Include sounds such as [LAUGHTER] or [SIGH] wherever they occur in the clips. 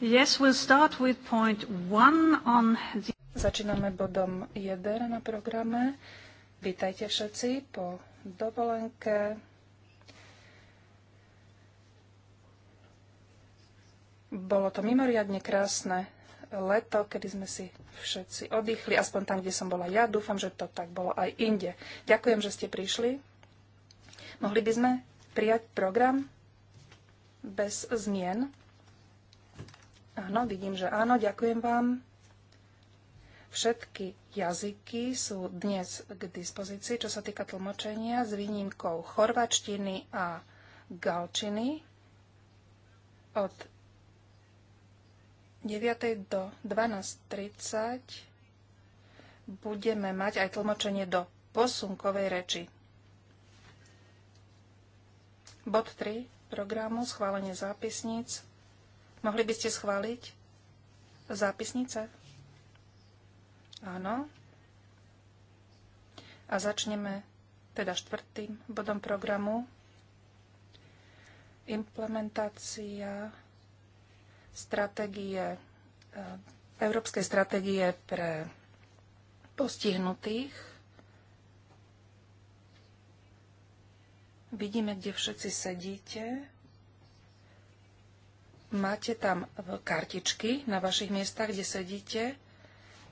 Yes, we'll start with point one on the... Začíname bodom 1 na programe. Vítajte všetci po dovolenke. Bolo to mimoriadne krásne leto, kedy sme si všetci oddychli, aspoň tam, kde som bola ja. Dúfam, že to tak bolo aj inde. Ďakujem, že ste prišli. Mohli by sme prijať program bez zmien? Áno, vidím, že áno, ďakujem vám. Všetky jazyky sú dnes k dispozícii, čo sa týka tlmočenia, s výnimkou chorvačtiny a galčiny od 9. do 12.30 budeme mať aj tlmočenie do posunkovej reči. Bod 3 programu schválenie zápisníc. Mohli by ste schváliť zápisnice? Áno. A začneme teda štvrtým bodom programu. Implementácia stratégie, e, európskej stratégie pre postihnutých Vidíme, kde všetci sedíte. Máte tam kartičky na vašich miestach, kde sedíte.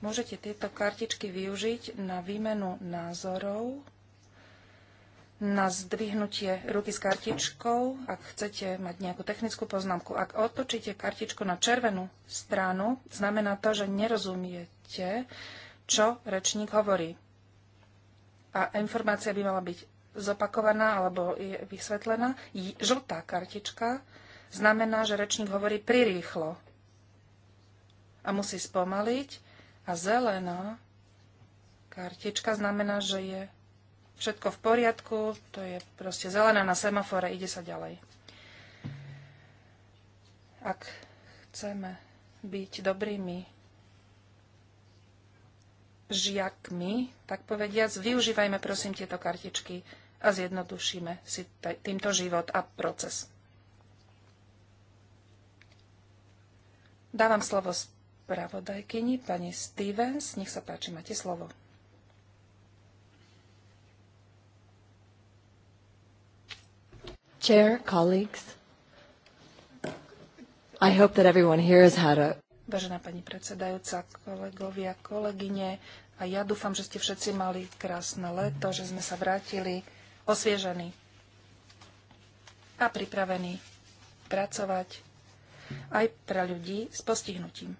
Môžete tieto kartičky využiť na výmenu názorov, na zdvihnutie ruky s kartičkou, ak chcete mať nejakú technickú poznámku. Ak otočíte kartičku na červenú stranu, znamená to, že nerozumiete, čo rečník hovorí. A informácia by mala byť zopakovaná alebo je vysvetlená. Žltá kartička znamená, že rečník hovorí prirýchlo a musí spomaliť. A zelená kartička znamená, že je všetko v poriadku, to je proste zelená na semafore, ide sa ďalej. Ak chceme byť dobrými žiakmi, tak povediac, využívajme prosím tieto kartičky a zjednodušíme si týmto život a proces. Dávam slovo spravodajkyni pani Stevens. Nech sa páči, máte slovo. Chair, colleagues, I hope that everyone here has had a... Vážená pani predsedajúca, kolegovia, kolegyne, a ja dúfam, že ste všetci mali krásne leto, že sme sa vrátili osviežený a pripravený pracovať aj pre ľudí s postihnutím.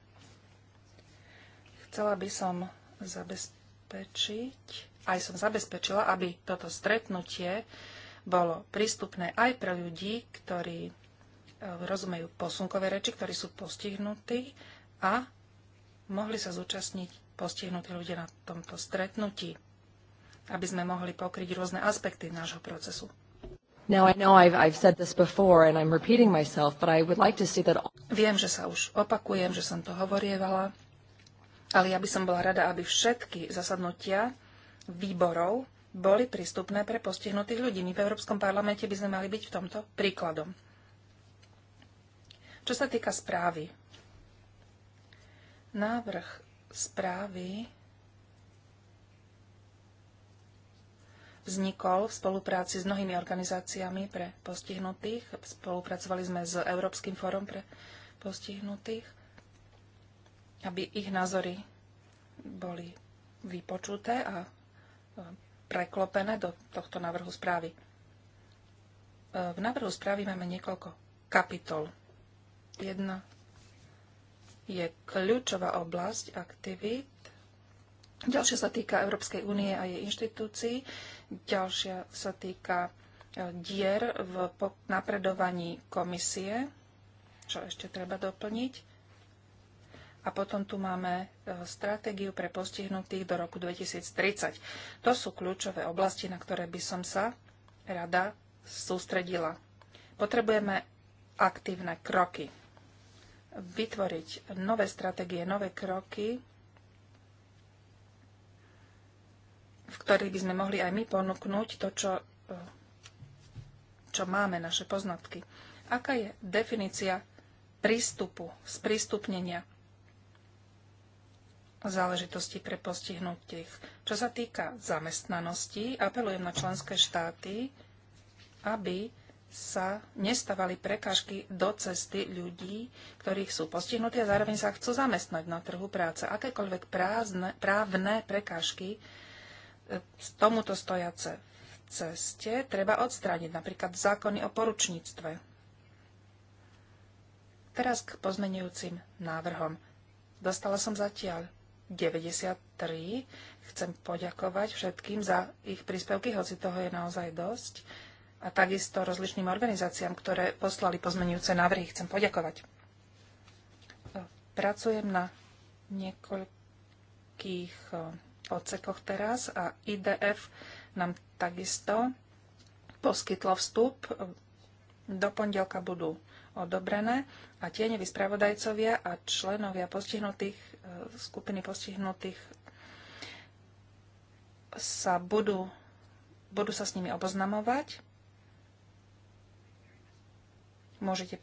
Chcela by som zabezpečiť, aj som zabezpečila, aby toto stretnutie bolo prístupné aj pre ľudí, ktorí e, rozumejú posunkové reči, ktorí sú postihnutí a mohli sa zúčastniť postihnutí ľudia na tomto stretnutí aby sme mohli pokryť rôzne aspekty nášho procesu. Viem, že sa už opakujem, že som to hovorievala, ale ja by som bola rada, aby všetky zasadnutia výborov boli prístupné pre postihnutých ľudí. My v Európskom parlamente by sme mali byť v tomto príkladom. Čo sa týka správy, návrh správy vznikol v spolupráci s mnohými organizáciami pre postihnutých. Spolupracovali sme s Európskym fórom pre postihnutých, aby ich názory boli vypočuté a preklopené do tohto návrhu správy. E, v návrhu správy máme niekoľko kapitol. Jedna je kľúčová oblasť aktivít. Ďalšia sa týka Európskej únie a jej inštitúcií. Ďalšia sa týka e, dier v napredovaní komisie, čo ešte treba doplniť. A potom tu máme e, stratégiu pre postihnutých do roku 2030. To sú kľúčové oblasti, na ktoré by som sa rada sústredila. Potrebujeme aktívne kroky. Vytvoriť nové stratégie, nové kroky v ktorých by sme mohli aj my ponúknuť to, čo, e, čo máme, naše poznatky. Aká je definícia prístupu, sprístupnenia záležitosti pre postihnutých? Čo sa týka zamestnanosti, apelujem na členské štáty, aby sa nestávali prekážky do cesty ľudí, ktorých sú postihnutí a zároveň sa chcú zamestnať na trhu práce. Akékoľvek prázdne, právne prekážky E, tomuto stojace v ceste treba odstrániť, napríklad zákony o poručníctve. Teraz k pozmenujúcim návrhom. Dostala som zatiaľ 93. Chcem poďakovať všetkým za ich príspevky, hoci toho je naozaj dosť. A takisto rozličným organizáciám, ktoré poslali pozmenujúce návrhy, chcem poďakovať. E, pracujem na niekoľkých e, odsekoch teraz a IDF nám takisto poskytlo vstup. Do pondelka budú odobrené a tieňoví spravodajcovia a členovia postihnutých, e, skupiny postihnutých sa budú, budú sa s nimi oboznamovať. Môžete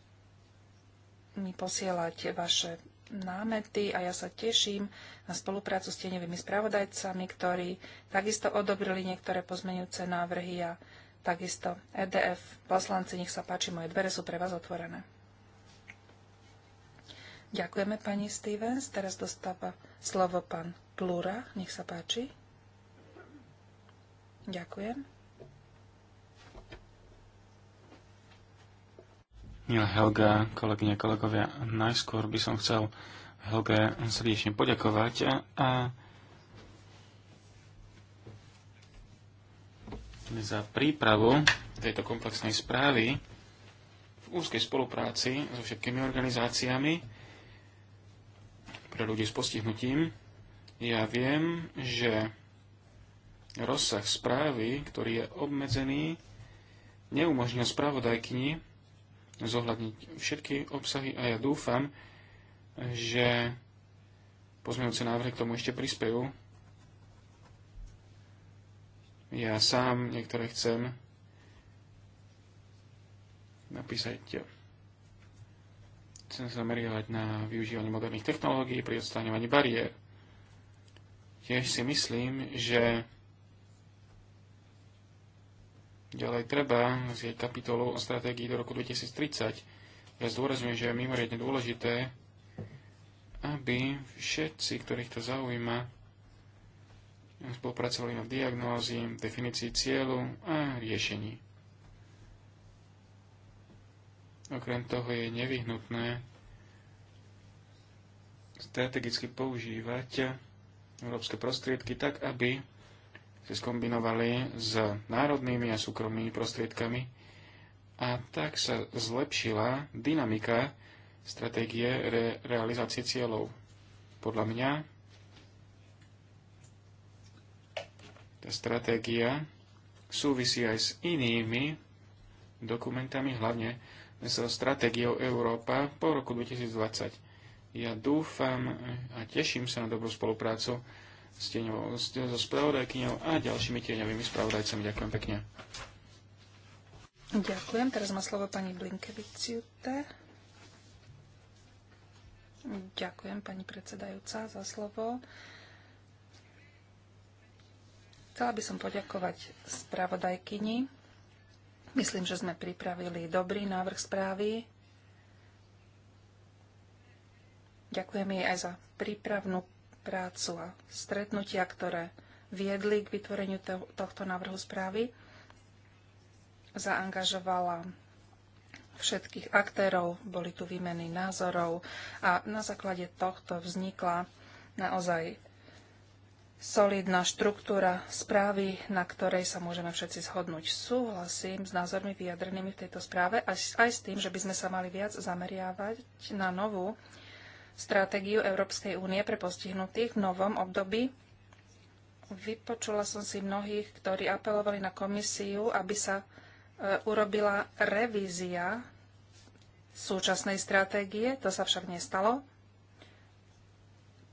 mi posielať vaše námety a ja sa teším na spoluprácu s tieňovými spravodajcami, ktorí takisto odobrili niektoré pozmenujúce návrhy a takisto EDF. Poslanci, nech sa páči, moje dvere sú pre vás otvorené. Ďakujeme pani Stevens. Teraz dostáva slovo pán Plura. Nech sa páči. Ďakujem. Helga, kolegyne, kolegovia, najskôr by som chcel Helge srdečne poďakovať a za prípravu tejto komplexnej správy v úzkej spolupráci so všetkými organizáciami pre ľudí s postihnutím. Ja viem, že rozsah správy, ktorý je obmedzený, neumožňuje spravodajkyni zohľadniť všetky obsahy a ja dúfam, že pozmeňujúce návrhy k tomu ešte prispejú. Ja sám niektoré chcem napísať chcem sa zameriavať na využívanie moderných technológií pri odstraňovaní bariér. Tiež si myslím, že Ďalej treba jej kapitolu o stratégii do roku 2030. Ja zdôrazňujem, že je mimoriadne dôležité, aby všetci, ktorých to zaujíma, spolupracovali na diagnózi, definícii cieľu a riešení. Okrem toho je nevyhnutné strategicky používať európske prostriedky tak, aby si skombinovali s národnými a súkromnými prostriedkami a tak sa zlepšila dynamika stratégie re- realizácie cieľov. Podľa mňa tá stratégia súvisí aj s inými dokumentami, hlavne s stratégiou Európa po roku 2020. Ja dúfam a teším sa na dobrú spoluprácu s tieňou, so spravodajkyňou a ďalšími tieňovými spravodajcami. Ďakujem pekne. Ďakujem. Teraz má slovo pani Blinkeviciute. Ďakujem, pani predsedajúca, za slovo. Chcela by som poďakovať spravodajkyni. Myslím, že sme pripravili dobrý návrh správy. Ďakujem jej aj za prípravnú prácu a stretnutia, ktoré viedli k vytvoreniu tohto návrhu správy. Zaangažovala všetkých aktérov, boli tu výmeny názorov a na základe tohto vznikla naozaj solidná štruktúra správy, na ktorej sa môžeme všetci zhodnúť. Súhlasím s názormi vyjadrenými v tejto správe aj s tým, že by sme sa mali viac zameriavať na novú stratégiu Európskej únie pre postihnutých v novom období. Vypočula som si mnohých, ktorí apelovali na komisiu, aby sa e, urobila revízia súčasnej stratégie. To sa však nestalo.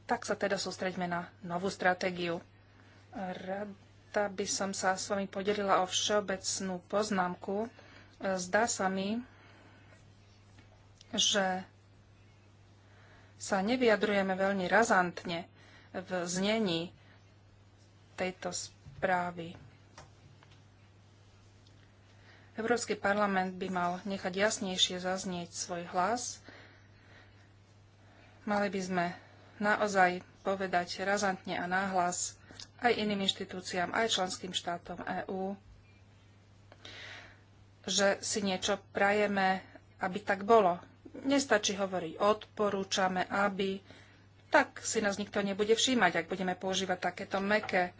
Tak sa teda sústreďme na novú stratégiu. Rada by som sa s vami podelila o všeobecnú poznámku. E, zdá sa mi, že sa nevyjadrujeme veľmi razantne v znení tejto správy. Európsky parlament by mal nechať jasnejšie zaznieť svoj hlas. Mali by sme naozaj povedať razantne a náhlas aj iným inštitúciám, aj členským štátom EÚ, že si niečo prajeme, aby tak bolo, Nestačí hovoriť odporúčame, aby, tak si nás nikto nebude všímať, ak budeme používať takéto meké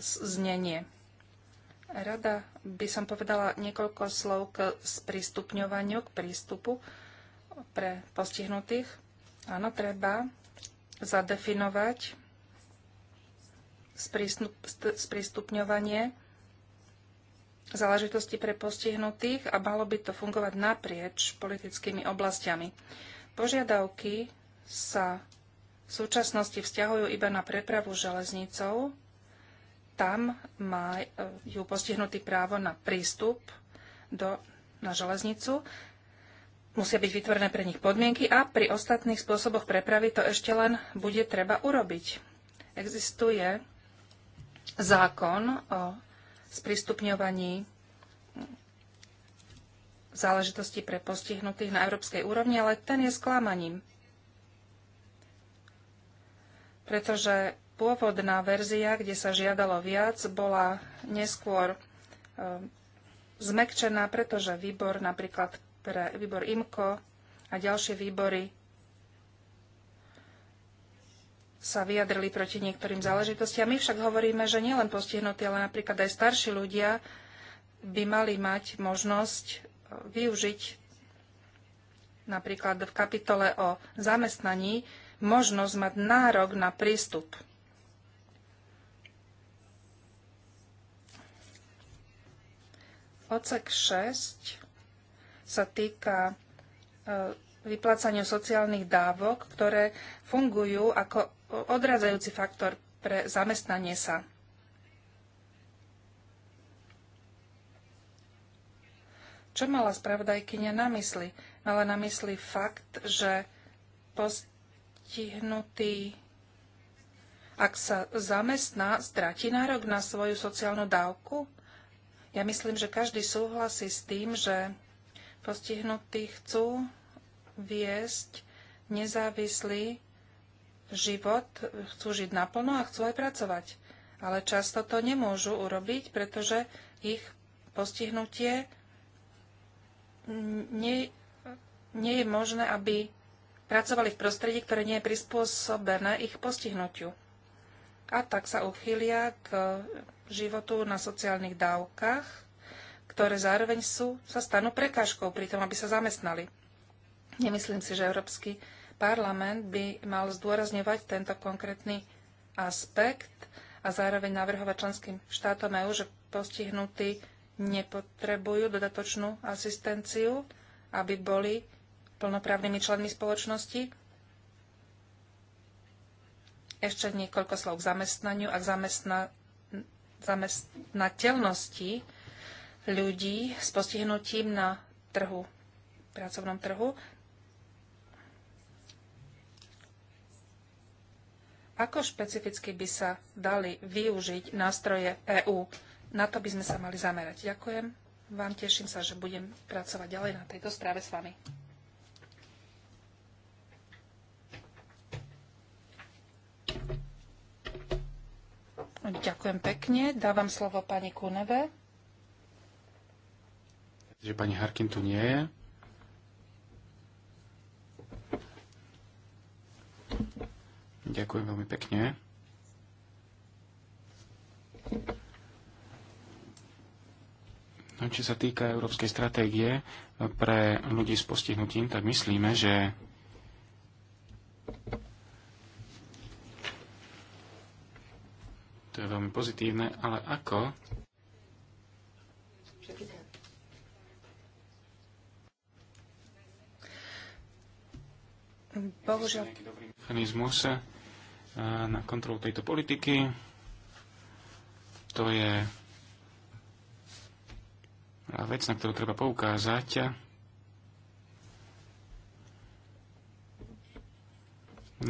znenie. Rada by som povedala niekoľko slov k sprístupňovaniu, k prístupu pre postihnutých. Áno, treba zadefinovať sprístup, sprístupňovanie záležitosti pre postihnutých a malo by to fungovať naprieč politickými oblastiami. Požiadavky sa v súčasnosti vzťahujú iba na prepravu železnicou. Tam majú e, postihnutý právo na prístup do, na železnicu. Musia byť vytvorené pre nich podmienky a pri ostatných spôsoboch prepravy to ešte len bude treba urobiť. Existuje zákon o sprístupňovaní záležitosti pre postihnutých na európskej úrovni, ale ten je sklamaním. Pretože pôvodná verzia, kde sa žiadalo viac, bola neskôr e, zmekčená, pretože výbor napríklad pre výbor IMCO a ďalšie výbory sa vyjadrili proti niektorým záležitostiam. My však hovoríme, že nielen postihnutí, ale napríklad aj starší ľudia by mali mať možnosť využiť napríklad v kapitole o zamestnaní možnosť mať nárok na prístup. Odsek 6 sa týka e, vyplácania sociálnych dávok, ktoré fungujú ako odrádzajúci faktor pre zamestnanie sa. Čo mala spravodajkyňa na mysli? Mala na mysli fakt, že postihnutý, ak sa zamestná, stratí nárok na svoju sociálnu dávku? Ja myslím, že každý súhlasí s tým, že postihnutí chcú viesť nezávislý život, chcú žiť naplno a chcú aj pracovať. Ale často to nemôžu urobiť, pretože ich postihnutie nie, nie je možné, aby pracovali v prostredí, ktoré nie je prispôsobené ich postihnutiu. A tak sa uchylia k životu na sociálnych dávkach, ktoré zároveň sú, sa stanú prekážkou pri tom, aby sa zamestnali. Nemyslím si, že Európsky Parlament by mal zdôrazňovať tento konkrétny aspekt a zároveň navrhovať členským štátom EÚ, že postihnutí nepotrebujú dodatočnú asistenciu, aby boli plnoprávnymi členmi spoločnosti. Ešte niekoľko slov k zamestnaniu a k zamestna, zamestnateľnosti ľudí s postihnutím na trhu, pracovnom trhu. Ako špecificky by sa dali využiť nástroje EÚ? Na to by sme sa mali zamerať. Ďakujem vám, teším sa, že budem pracovať ďalej na tejto správe s vami. Ďakujem pekne. Dávam slovo pani Kuneve. Že pani Harkin tu nie je. Ďakujem veľmi pekne. No, čo sa týka európskej stratégie pre ľudí s postihnutím, tak myslíme, že to je veľmi pozitívne, ale ako Bohužiaľ. Mechanizmus, na kontrolu tejto politiky. To je vec, na ktorú treba poukázať.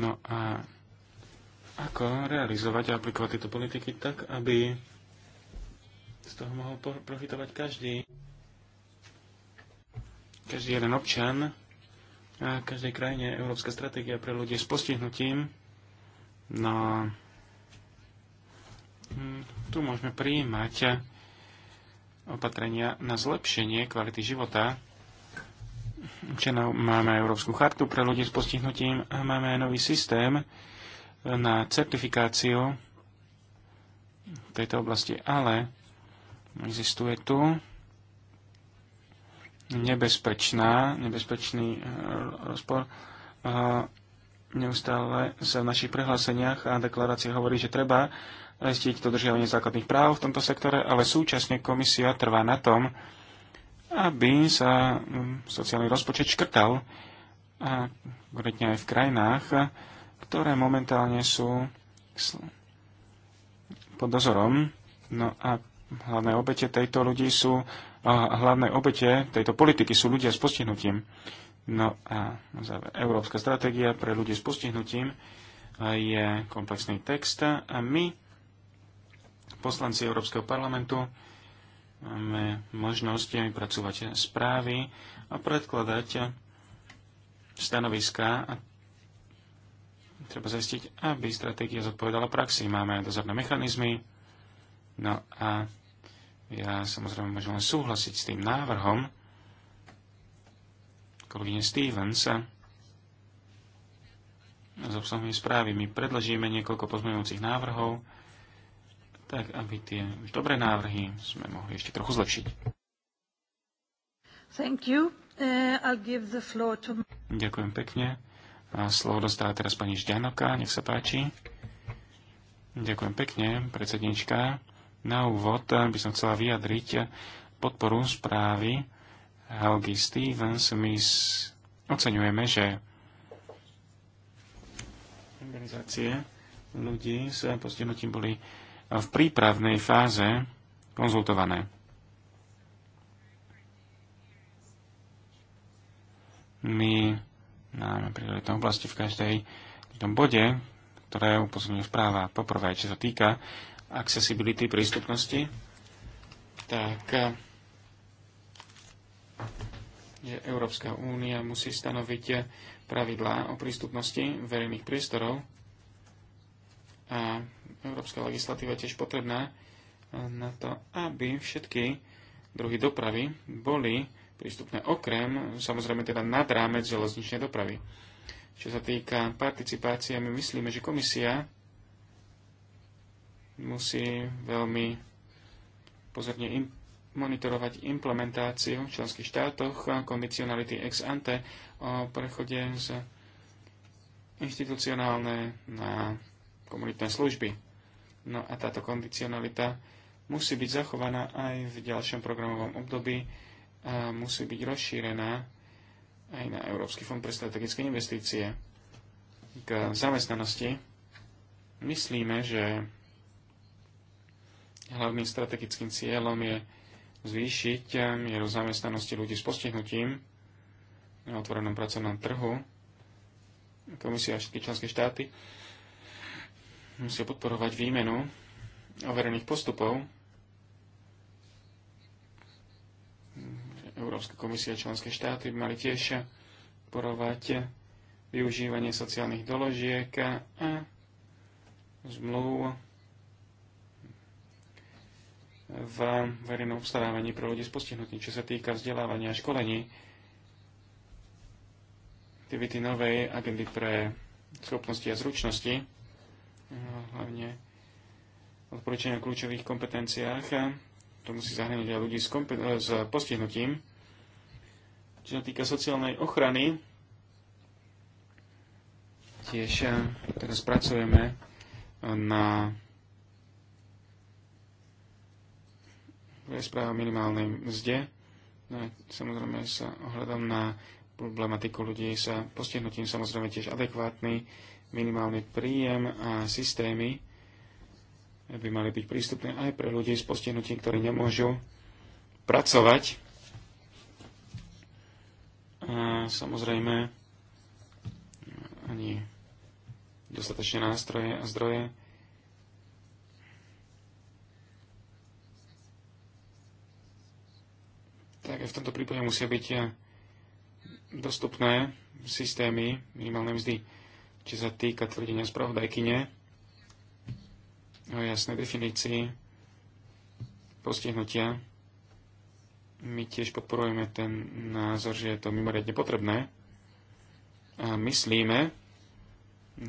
No a ako realizovať a aplikovať tieto politiky tak, aby z toho mohol profitovať každý, každý jeden občan a v každej krajine európska stratégia pre ľudí s postihnutím No, a hm, tu môžeme prijímať opatrenia na zlepšenie kvality života. Občanov máme Európsku chartu pre ľudí s postihnutím a máme aj nový systém na certifikáciu v tejto oblasti, ale existuje tu nebezpečná, nebezpečný eh, rozpor eh, Neustále sa v našich prehláseniach a deklaráciách hovorí, že treba zistiť dodržiavanie základných práv v tomto sektore, ale súčasne komisia trvá na tom, aby sa mm, sociálny rozpočet škrtal, a konkrétne aj v krajinách, ktoré momentálne sú pod dozorom. No a hlavné obete tejto ľudí sú, a hlavné obete tejto politiky sú ľudia s postihnutím. No a Európska stratégia pre ľudí s postihnutím je komplexný text a my, poslanci Európskeho parlamentu, máme možnosť vypracovať správy a predkladať stanoviská a treba zistiť, aby stratégia zodpovedala praxi. Máme dozorné mechanizmy, no a ja samozrejme môžem len súhlasiť s tým návrhom, kolegyne Stevens s obsahom správy. My predložíme niekoľko pozmeňujúcich návrhov, tak aby tie už dobré návrhy sme mohli ešte trochu zlepšiť. Thank you. Uh, I'll give the floor to... Ďakujem pekne. A slovo dostáva teraz pani Žďanoka, nech sa páči. Ďakujem pekne, predsednička. Na úvod by som chcela vyjadriť podporu správy Helgi Stevens, my oceňujeme, že organizácie ľudí s postihnutím boli v prípravnej fáze konzultované. My máme prioritné oblasti v každej v tom bode, ktoré upozorňuje správa. Poprvé, čo sa týka accessibility, prístupnosti, tak že Európska únia musí stanoviť pravidlá o prístupnosti verejných priestorov a európska legislatíva tiež potrebná na to, aby všetky druhy dopravy boli prístupné okrem, samozrejme teda nad rámec železničnej dopravy. Čo sa týka participácie, my myslíme, že komisia musí veľmi pozorne monitorovať implementáciu v členských štátoch kondicionality ex ante o prechode z inštitucionálne na komunitné služby. No a táto kondicionalita musí byť zachovaná aj v ďalšom programovom období a musí byť rozšírená aj na Európsky fond pre strategické investície. K zamestnanosti myslíme, že hlavným strategickým cieľom je zvýšiť eh, mieru zamestnanosti ľudí s postihnutím na otvorenom pracovnom trhu. Komisia a všetky členské štáty musia podporovať výmenu overených postupov. Európska komisia a členské štáty by mali tiež podporovať využívanie sociálnych doložiek a zmluv v verejnom obstarávaní pre ľudí s postihnutím, čo sa týka vzdelávania a školení, aktivity novej agendy pre schopnosti a zručnosti, hlavne odporúčania o kľúčových kompetenciách, to musí zahrnúť aj ľudí s, s postihnutím. Čo sa týka sociálnej ochrany, tiež eh, teraz pracujeme na správa o minimálnej mzde. No, samozrejme sa ohľadom na problematiku ľudí sa postihnutím samozrejme tiež adekvátny minimálny príjem a systémy by mali byť prístupné aj pre ľudí s postihnutím, ktorí nemôžu pracovať. A samozrejme no, ani dostatočné nástroje a zdroje tak aj v tomto prípade musia byť eh, dostupné systémy minimálnej mzdy. Či sa týka tvrdenia spravodajkyne o jasnej definícii postihnutia, my tiež podporujeme ten názor, že je to mimoriadne potrebné. A myslíme,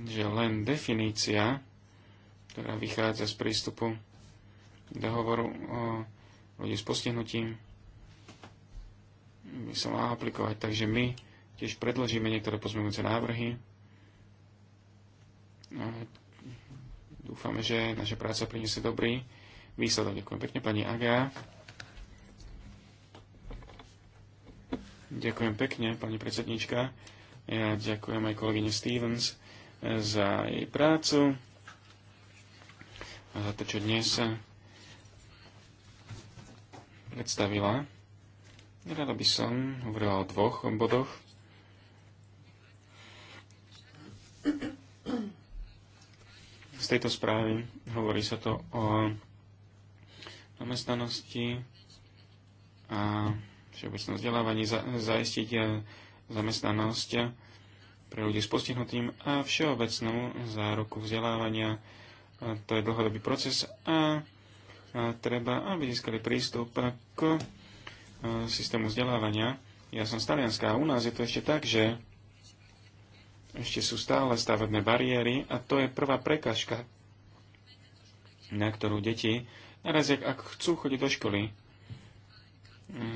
že len definícia, ktorá vychádza z prístupu dohovoru o ľudí s postihnutím, by sa mala aplikovať. Takže my tiež predložíme niektoré pozmeňujúce návrhy. A dúfame, že naša práca priniesie dobrý výsledok. Ďakujem pekne, pani Aga. Ďakujem pekne, pani predsednička. Ja ďakujem aj kolegyne Stevens eh, za jej prácu a za to, čo dnes predstavila. Rada by som hovorila o dvoch bodoch. Z tejto správy hovorí sa to o zamestnanosti a všeobecnom vzdelávaní za, zaistiť eh, zamestnanosť pre ľudí s postihnutým a všeobecnú záruku vzdelávania. To je dlhodobý proces a treba, aby získali prístup k Eh, systému vzdelávania. Ja som z Talianska a u nás je to ešte tak, že ešte sú stále stavebné bariéry a to je prvá prekažka, na ktorú deti naraz, ak chcú chodiť do školy. Eh,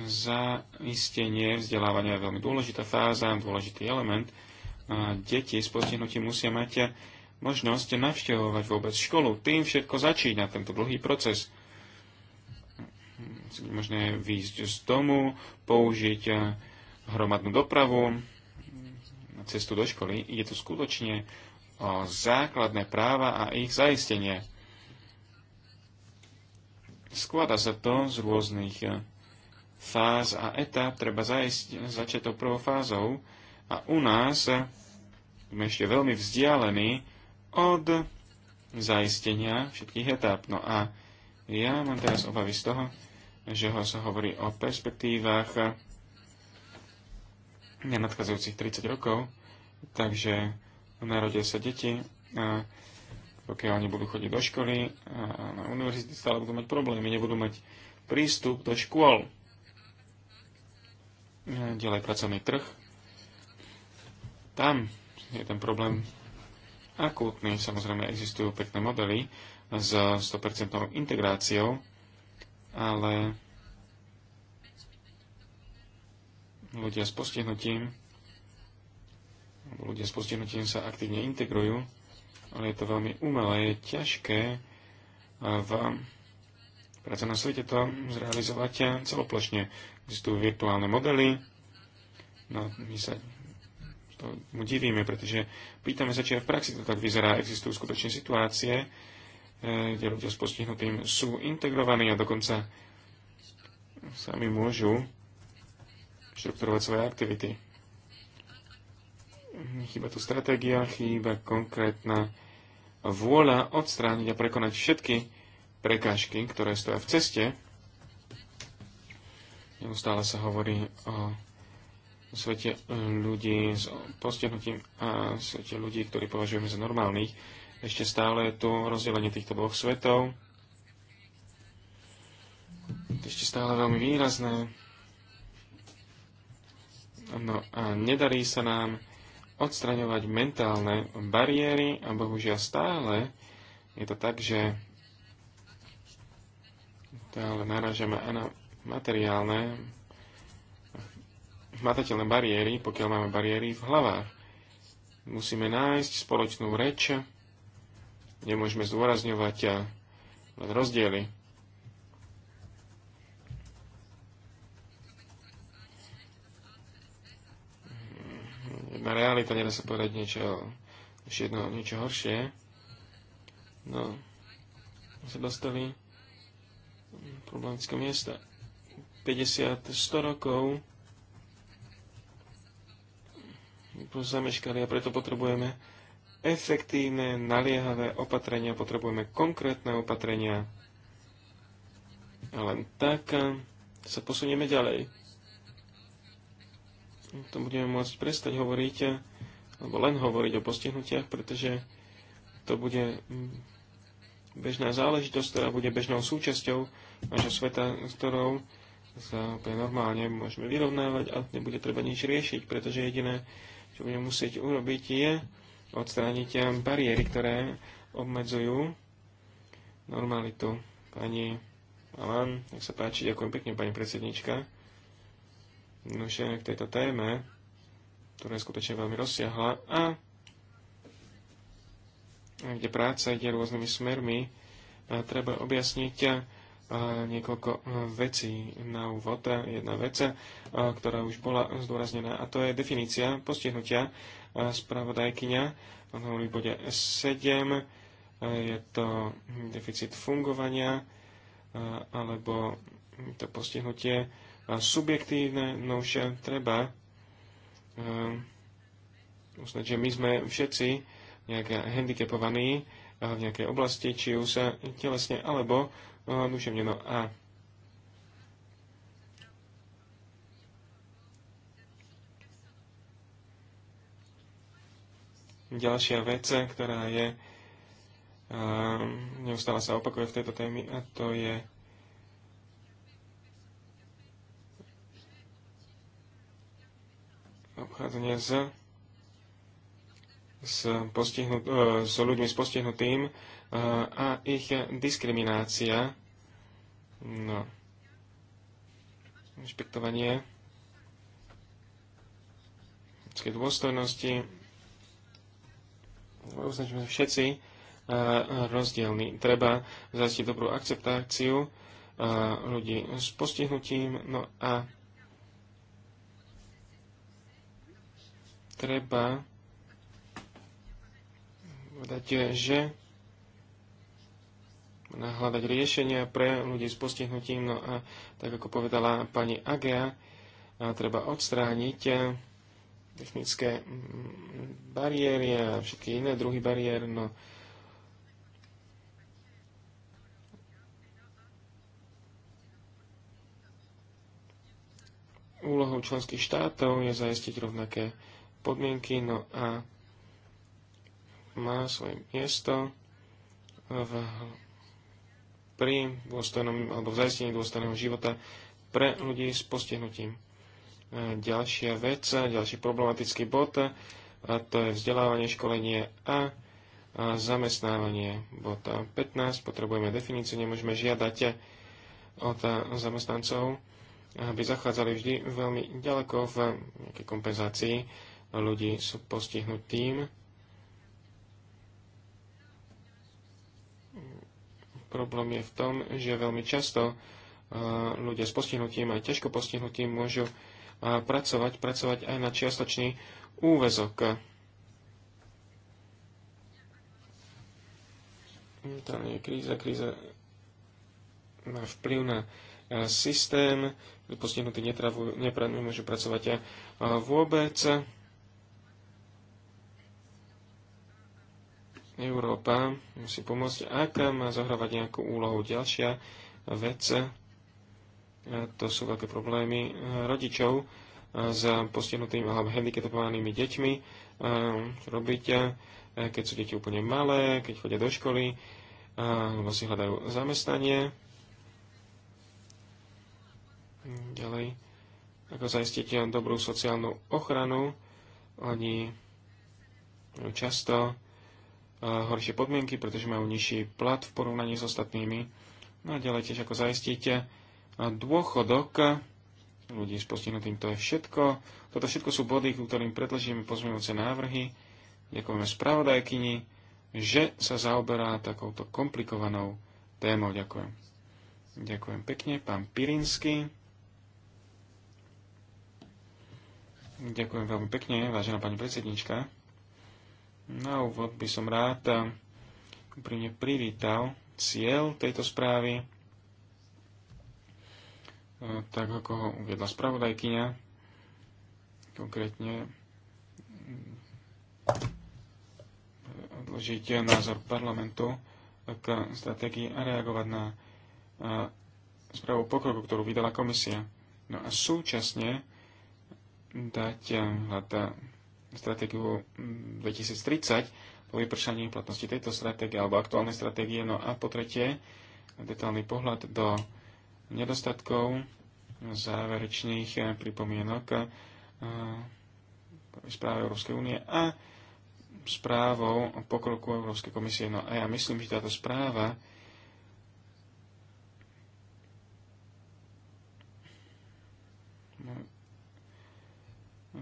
Zaistenie vzdelávania je veľmi dôležitá fáza, dôležitý element. A deti s postihnutím musia mať možnosť navštevovať vôbec školu. Tým všetko začína tento dlhý proces možné výjsť z domu, použiť eh, hromadnú dopravu, cestu do školy. Ide tu skutočne o eh, základné práva a ich zaistenie. Skladá sa to z rôznych eh, fáz a etap. Treba zaist- začať tou prvou fázou. A u nás sme ešte veľmi vzdialení od zaistenia všetkých etap. No a ja mám teraz obavy z toho, že ho sa hovorí o perspektívach eh, nenadchádzajúcich 30 rokov, takže narodia sa deti a pokiaľ nebudú chodiť do školy a eh, na univerzity stále budú mať problémy, nebudú mať prístup do škôl. Eh, ďalej pracovný trh. Tam je ten problém akútny. Samozrejme existujú pekné modely s 100% integráciou ale ľudia s postihnutím ľudia s postihnutím sa aktívne integrujú, ale je to veľmi umelé, je ťažké v práce na svete to zrealizovať celoplošne. Existujú virtuálne modely, no my sa to mu divíme, pretože pýtame sa, či aj v praxi to tak vyzerá. Existujú skutočne situácie, E, kde ľudia s postihnutým sú integrovaní a dokonca sami môžu štruktúrovať svoje aktivity. Chýba tu stratégia, chýba konkrétna vôľa odstrániť a prekonať všetky prekážky, ktoré stoja v ceste. Neustále sa hovorí o svete ľudí s postihnutím a svete ľudí, ktorí považujeme za normálnych ešte stále je tu rozdelenie týchto dvoch svetov. Ešte stále veľmi výrazné. No a nedarí sa nám odstraňovať mentálne bariéry a bohužiaľ stále je to tak, že stále narážame na materiálne hmatateľné bariéry, pokiaľ máme bariéry v hlavách. Musíme nájsť spoločnú reč Nemôžeme zdôrazňovať len rozdiely. Jedna realita, nedá sa povedať niečo, ešte jedno, niečo horšie. No, sa dostali problematické miesta. 50, 100 rokov zameškali a preto potrebujeme efektívne, naliehavé opatrenia, potrebujeme konkrétne opatrenia. A len tak eh, sa posunieme ďalej. To budeme môcť prestať hovoriť, eh, alebo len hovoriť o postihnutiach, pretože to bude mm, bežná záležitosť, ktorá bude bežnou súčasťou nášho sveta, s ktorou sa úplne normálne môžeme vyrovnávať a nebude treba nič riešiť, pretože jediné, čo budeme musieť urobiť, je odstrániť eh, bariéry, ktoré obmedzujú normalitu. Pani Alan, nech sa páči, ďakujem pekne, pani predsednička. No k tejto téme, ktorá je skutočne veľmi rozsiahla a kde práca ide rôznymi smermi, a eh, treba objasniť a eh, niekoľko vecí na úvod. Jedna vec, ktorá už bola zdôraznená, a to je definícia postihnutia spravodajkyňa. Hovorí v bode 7. E, je to deficit fungovania e, alebo to postihnutie e, subjektívne, no už treba uznať, že my sme všetci nejak handicapovaní v nejakej oblasti, či už sa telesne alebo duševne. No a Ďalšia vec, ktorá je, ehm, neustále sa opakuje v tejto témi, a to je obchádzanie s, s, postihnut, e, s ľuďmi s postihnutým e, a ich diskriminácia, no, rešpektovanie ľudskej dôstojnosti, uznať, že sme všetci eh, rozdielni. Treba zaistiť dobrú akceptáciu eh, ľudí s postihnutím, no a treba povedať, eh, že hľadať riešenia pre ľudí s postihnutím, no a tak ako povedala pani Agea, treba odstrániť technické mm, bariéry a všetky iné druhy bariér. No, úlohou členských štátov je zajistiť rovnaké podmienky, no a má svoje miesto v, pri dôstojnom, alebo v zaistení dôstojného života pre ľudí s postihnutím. Ďalšia vec, ďalší problematický bod, a to je vzdelávanie, školenie a zamestnávanie. Bod 15, potrebujeme definíciu, nemôžeme žiadať od zamestnancov, aby zachádzali vždy veľmi ďaleko v nejakej kompenzácii. Ľudí sú postihnutým. Problém je v tom, že veľmi často ľudia s postihnutím aj ťažko postihnutím môžu pracovať, pracovať aj na čiastočný úvezok. Tam je kríza, kríza má vplyv na e, systém, postihnutí nemôžu pracovať aj e, vôbec. Európa musí pomôcť, ak má zohrávať nejakú úlohu ďalšia vec, E, to sú veľké problémy e, rodičov e, s postihnutými alebo handicapovanými deťmi. Čo robíte, keď sú deti úplne malé, keď chodia do školy, alebo si hľadajú zamestnanie. Ďalej, ako zaistiť dobrú sociálnu ochranu. Oni často horšie podmienky, pretože majú nižší plat v porovnaní s ostatnými. No a ďalej tiež ako zaistíte dôchodok ľudí s postihnutým. To je všetko. Toto všetko sú body, ku ktorým predložíme pozmeňujúce návrhy. Ďakujeme spravodajkyni, že sa zaoberá takouto komplikovanou témou. Ďakujem. Ďakujem pekne. Pán Pirinsky. Ďakujem veľmi pekne, vážená pani predsednička. Na úvod by som rád úprimne privítal cieľ tejto správy E, tak ako ho uviedla spravodajkyňa, konkrétne mm, odložiť názor parlamentu k stratégii a reagovať na e, správu pokroku, ktorú vydala komisia. No a súčasne dať hľada stratégiu 2030 po vypršaní platnosti tejto stratégie alebo aktuálnej stratégie. No a po tretie, detálny pohľad do nedostatkov, záverečných eh, pripomienok eh, správy Európskej únie a správou o pokroku Európskej komisie. No a ja myslím, že táto správa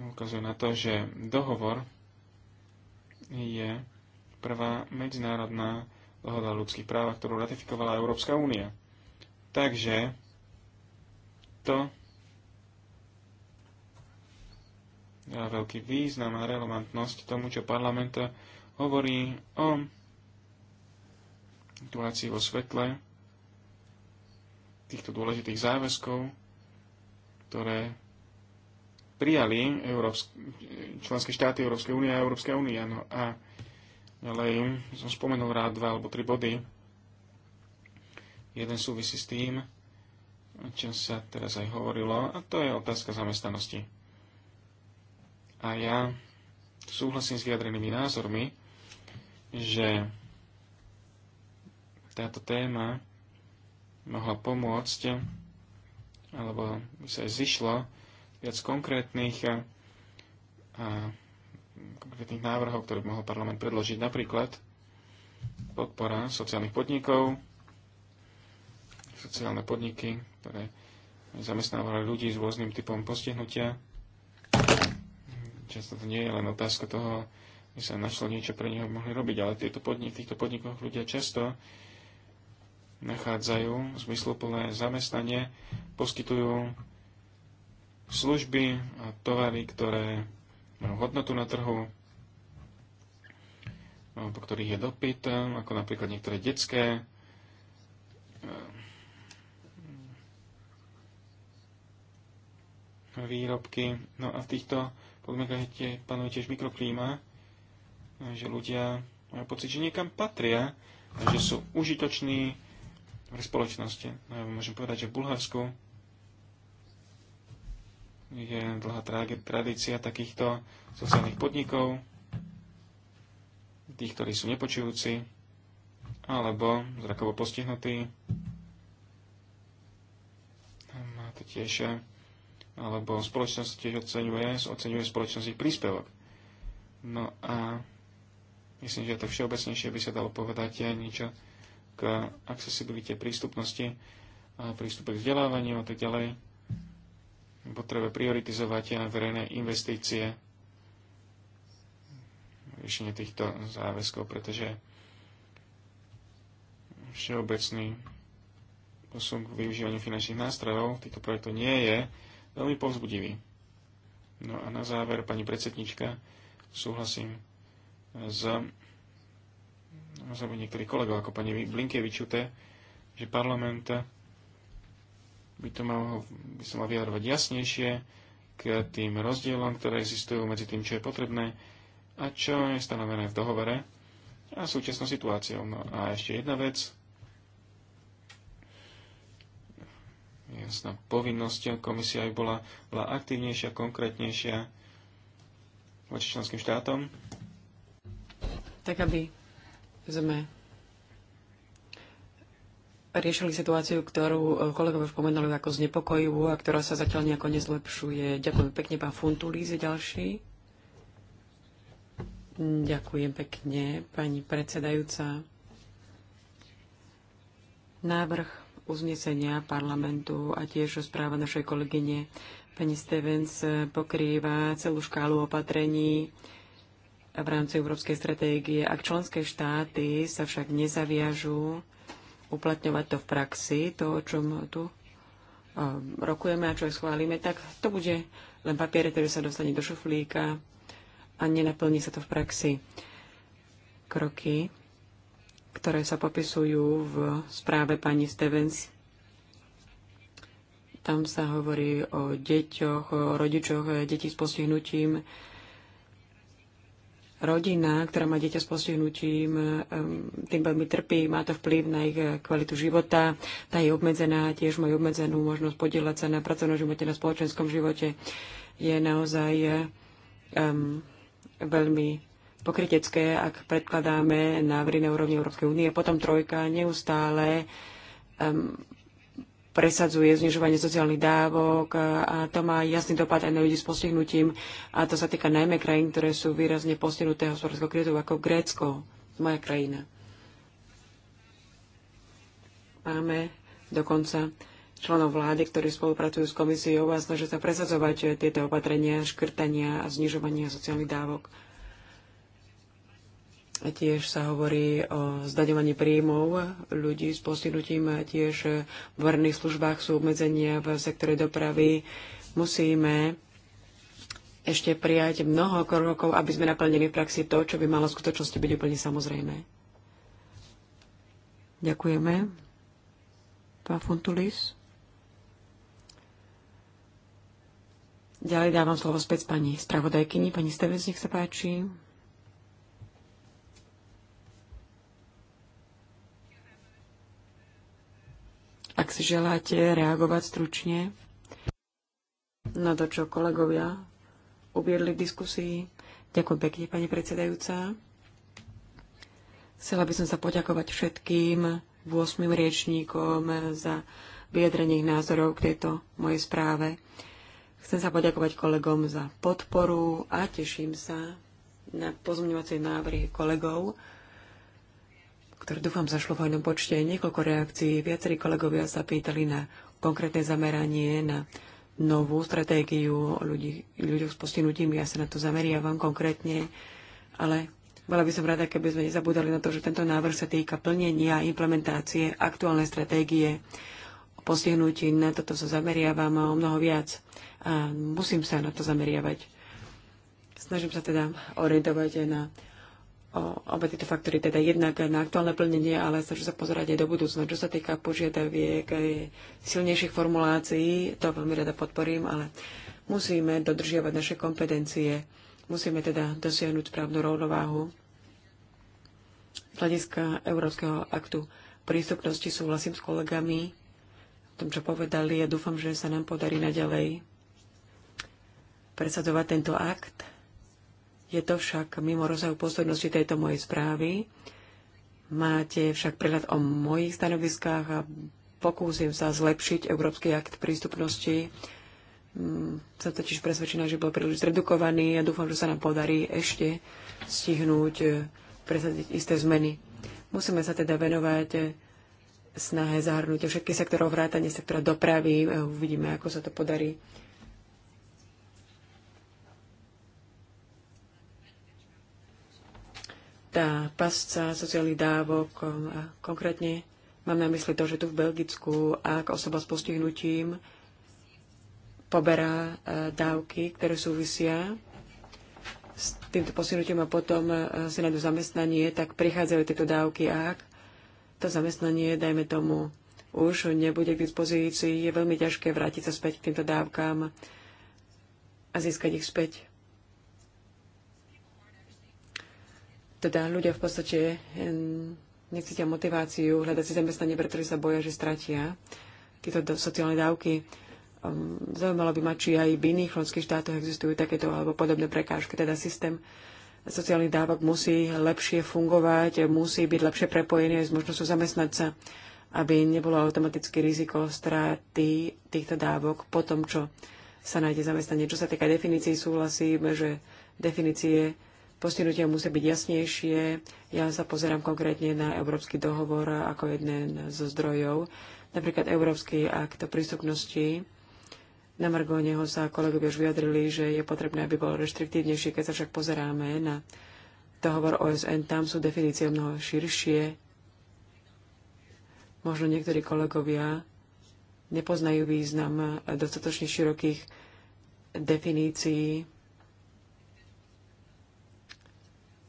ukazuje na to, že dohovor je prvá medzinárodná dohoda o ľudských právach, ktorú ratifikovala Európska únia. Takže to dá veľký význam a relevantnosť tomu, čo parlament hovorí o situácii vo svetle týchto dôležitých záväzkov, ktoré prijali Európsk- členské štáty Európskej únie a Európska únia. No a ďalej som spomenul rád dva alebo tri body, Jeden súvisí s tým, o čom sa teraz aj hovorilo, a to je otázka zamestnanosti. A ja súhlasím s vyjadrenými názormi, že táto téma mohla pomôcť, alebo by sa aj zišlo viac konkrétnych a, a konkrétnych návrhov, ktoré by mohol parlament predložiť. Napríklad podpora sociálnych podnikov, sociálne podniky, ktoré zamestnávali ľudí s rôznym typom postihnutia. Často to nie je len otázka toho, že sa našlo niečo pre neho mohli robiť, ale tieto podnik, v týchto podnikoch ľudia často nachádzajú zmysluplné zamestnanie, poskytujú služby a tovary, ktoré majú hodnotu na trhu, po ktorých je dopyt, ako napríklad niektoré detské výrobky. No a v týchto podmienkach tie, panuje tiež mikroklíma, že ľudia majú pocit, že niekam patria a že sú užitoční v spoločnosti. No ja môžem povedať, že v Bulharsku je dlhá tradícia takýchto sociálnych podnikov, tých, ktorí sú nepočujúci, alebo zrakovo postihnutí. Má to tiež alebo spoločnosť tiež oceňuje, oceňuje spoločnosť ich príspevok. No a myslím, že to všeobecnejšie by sa dalo povedať aj niečo k accesibilite prístupnosti, a prístupe k vzdelávaniu a tak ďalej. Potrebe prioritizovať aj verejné investície, riešenie týchto záväzkov, pretože všeobecný posun k využívaniu finančných nástrojov týchto projektov nie je veľmi povzbudivý. No a na záver, pani predsednička, súhlasím s alebo niektorých kolegov, ako pani Blinkevičute, že parlament by to mal, by sa mal vyjadrovať jasnejšie k tým rozdielom, ktoré existujú medzi tým, čo je potrebné a čo je stanovené v dohovore a súčasnou situáciou. No a ešte jedna vec, jasná povinnosť. Komisia aj bola, bola aktívnejšia, konkrétnejšia voči členským štátom. Tak, aby sme riešili situáciu, ktorú eh, kolegovia spomenuli ako znepokojivú a ktorá sa zatiaľ nejako nezlepšuje. Ďakujem pekne, pán Funtulíz je ďalší. Ďakujem pekne, pani predsedajúca. Návrh uznesenia parlamentu a tiež správa našej kolegyne pani Stevens pokrýva celú škálu opatrení v rámci európskej stratégie. Ak členské štáty sa však nezaviažú uplatňovať to v praxi, to, o čom tu um, rokujeme a čo schválime, tak to bude len papier, ktorý sa dostane do šuflíka a nenaplní sa to v praxi. Kroky ktoré sa popisujú v správe pani Stevens. Tam sa hovorí o deťoch, o rodičoch, detí s postihnutím. Rodina, ktorá má dieťa s postihnutím, tým veľmi trpí, má to vplyv na ich eh, kvalitu života, tá je obmedzená, tiež majú obmedzenú možnosť podielať sa na pracovnom živote, na spoločenskom živote. Je naozaj um, veľmi pokrytecké, ak predkladáme návrhy na úrovni Európskej únie. Potom trojka neustále um, presadzuje znižovanie sociálnych dávok a to má jasný dopad aj na ľudí s postihnutím a to sa týka najmä krajín, ktoré sú výrazne postihnuté hospodárskou krízou ako Grécko, moja krajina. Máme dokonca členov vlády, ktorí spolupracujú s komisiou a snažia sa presadzovať tieto opatrenia, škrtania a znižovania sociálnych dávok. Tiež sa hovorí o zdaňovaní príjmov ľudí s postihnutím, tiež v verných službách sú obmedzenia v sektore dopravy. Musíme ešte prijať mnoho krokov, aby sme naplnili v praxi to, čo by malo v skutočnosti byť úplne samozrejme. Ďakujeme. Pán Funtulis. Ďalej dávam slovo späť pani spravodajkyni. Pani Stevens, nech sa páči. Ak si želáte reagovať stručne na to, čo kolegovia uviedli v diskusii. Ďakujem pekne, pani predsedajúca. Chcela by som sa poďakovať všetkým 8 riečníkom za vyjadrenie ich názorov k tejto mojej správe. Chcem sa poďakovať kolegom za podporu a teším sa na pozmeňovacie návrhy kolegov ktoré dúfam zašlo v hojnom počte. Niekoľko reakcií, viacerí kolegovia sa pýtali na konkrétne zameranie na novú stratégiu o ľudí, ľuďoch s postihnutím. Ja sa na to zameriavam konkrétne, ale bola by som rada, keby sme nezabudali na to, že tento návrh sa týka plnenia a implementácie aktuálnej stratégie o postihnutí. Na toto sa zameriavam o mnoho viac a musím sa na to zameriavať. Snažím sa teda orientovať aj na obe tieto faktory, teda jednak na aktuálne plnenie, ale snažím sa pozerať aj do budúcna. Čo sa týka požiadaviek aj silnejších formulácií, to veľmi rada podporím, ale musíme dodržiavať naše kompetencie. Musíme teda dosiahnuť správnu rovnováhu z hľadiska Európskeho aktu prístupnosti súhlasím s kolegami v tom, čo povedali a ja dúfam, že sa nám podarí naďalej presadzovať tento akt je to však mimo rozsahu pôsobnosti tejto mojej správy. Máte však prehľad o mojich stanoviskách a pokúsim sa zlepšiť Európsky akt prístupnosti. Mm, som totiž presvedčená, že bol príliš zredukovaný a dúfam, že sa nám podarí ešte stihnúť eh, presadiť isté zmeny. Musíme sa teda venovať eh, snahe zahrnúť všetky sektorov vrátane sektora dopravy. Eh, uvidíme, ako sa to podarí. tá pasca sociálnych dávok, um, a konkrétne mám na mysli to, že tu v Belgicku, ak osoba s postihnutím poberá uh, dávky, ktoré súvisia s týmto postihnutím a potom uh, si nájdu zamestnanie, tak prichádzajú tieto dávky, ak to zamestnanie, dajme tomu, už nebude k dispozícii, je veľmi ťažké vrátiť sa späť k týmto dávkám a získať ich späť. Teda ľudia v podstate eh, necítia motiváciu hľadať si zamestnanie, pretože sa boja, že stratia tieto sociálne dávky. Ehm, zaujímalo by ma, či aj v iných členských štátoch existujú takéto alebo podobné prekážky. Teda systém sociálnych dávok musí lepšie fungovať, musí byť lepšie prepojený aj s možnosťou zamestnať sa, aby nebolo automaticky riziko straty týchto dávok po tom, čo sa nájde zamestnanie. Čo sa týka definícií, súhlasí, že definície postihnutia musia byť jasnejšie. Ja sa pozerám konkrétne na Európsky dohovor ako jeden zo zdrojov. Napríklad Európsky akt o prístupnosti. Na Margóne sa kolegovia už vyjadrili, že je potrebné, aby bol reštriktívnejšie. Keď sa však pozeráme na dohovor OSN, tam sú definície mnoho širšie. Možno niektorí kolegovia nepoznajú význam dostatočne širokých definícií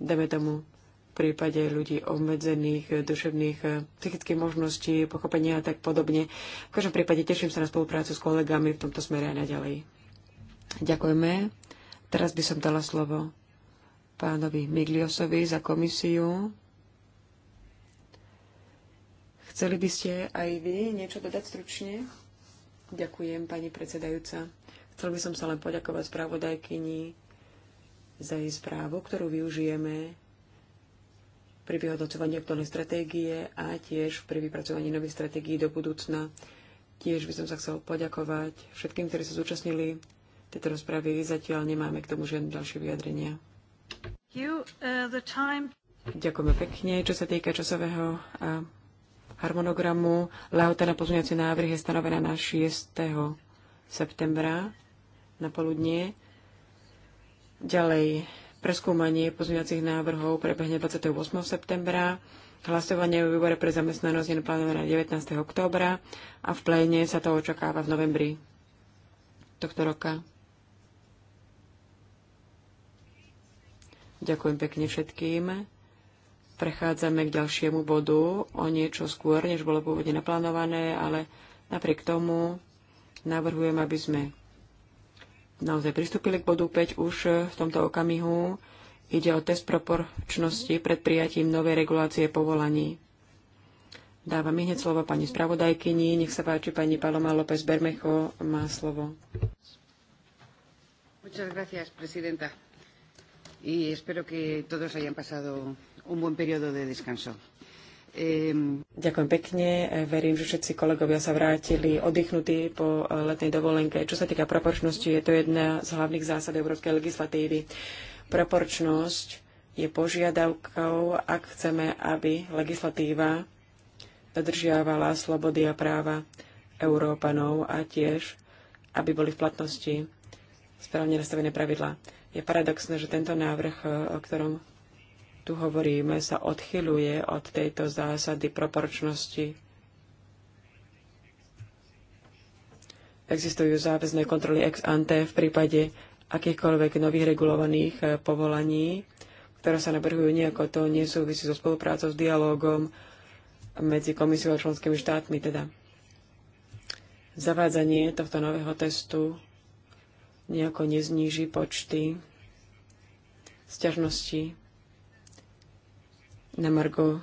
Dáme tomu v prípade ľudí obmedzených eh, duševných eh, psychických možností, pochopenia a tak podobne. V každom prípade teším sa na spoluprácu s kolegami v tomto smere aj naďalej. Ďakujeme. Teraz by som dala slovo pánovi Migliosovi za komisiu. Chceli by ste aj vy niečo dodať stručne? Ďakujem, pani predsedajúca. Chcel by som sa len poďakovať spravodajkyni za jej správu, ktorú využijeme pri vyhodnocovaní aktuálnej stratégie a tiež pri vypracovaní nových stratégií do budúcna. Tiež by som sa chcel poďakovať všetkým, ktorí sa zúčastnili tejto rozpravy. Zatiaľ nemáme k tomu žiadne ďalšie vyjadrenia. You, uh, time... Ďakujeme pekne. Čo sa týka časového uh, harmonogramu, lehota na pozmeňovacie návrhy je stanovená na 6. septembra na poludnie Ďalej, preskúmanie pozmeňacích návrhov prebehne 28. septembra. Hlasovanie o výbore pre zamestnanosť je naplánované 19. októbra a v pléne sa to očakáva v novembri tohto roka. Ďakujem pekne všetkým. Prechádzame k ďalšiemu bodu o niečo skôr, než bolo pôvodne naplánované, ale napriek tomu navrhujem, aby sme naozaj pristúpili k bodu 5 už e, v tomto okamihu. Ide o test proporčnosti pred prijatím novej regulácie povolaní. Dávam hneď slovo pani spravodajkyni. Nech sa páči, pani Paloma López Bermecho má slovo. Muchas gracias, presidenta. Y espero que todos hayan pasado un buen periodo de descanso. Ďakujem pekne. Verím, že všetci kolegovia sa vrátili oddychnutí po eh, letnej dovolenke. Čo sa týka proporčnosti, je to jedna z hlavných zásad európskej legislatívy. Proporčnosť je požiadavkou, ak chceme, aby legislatíva dodržiavala slobody a práva Európanov a tiež, aby boli v platnosti správne nastavené pravidlá. Je paradoxné, že tento návrh, eh, o ktorom tu hovoríme, sa odchyluje od tejto zásady proporčnosti. Existujú záväzné kontroly ex ante v prípade akýchkoľvek nových regulovaných eh, povolaní, ktoré sa navrhujú nejako to nesúvisí so spoluprácou s dialogom medzi komisiou a členskými štátmi. Teda zavádzanie tohto nového testu nejako nezníži počty sťažností na Margo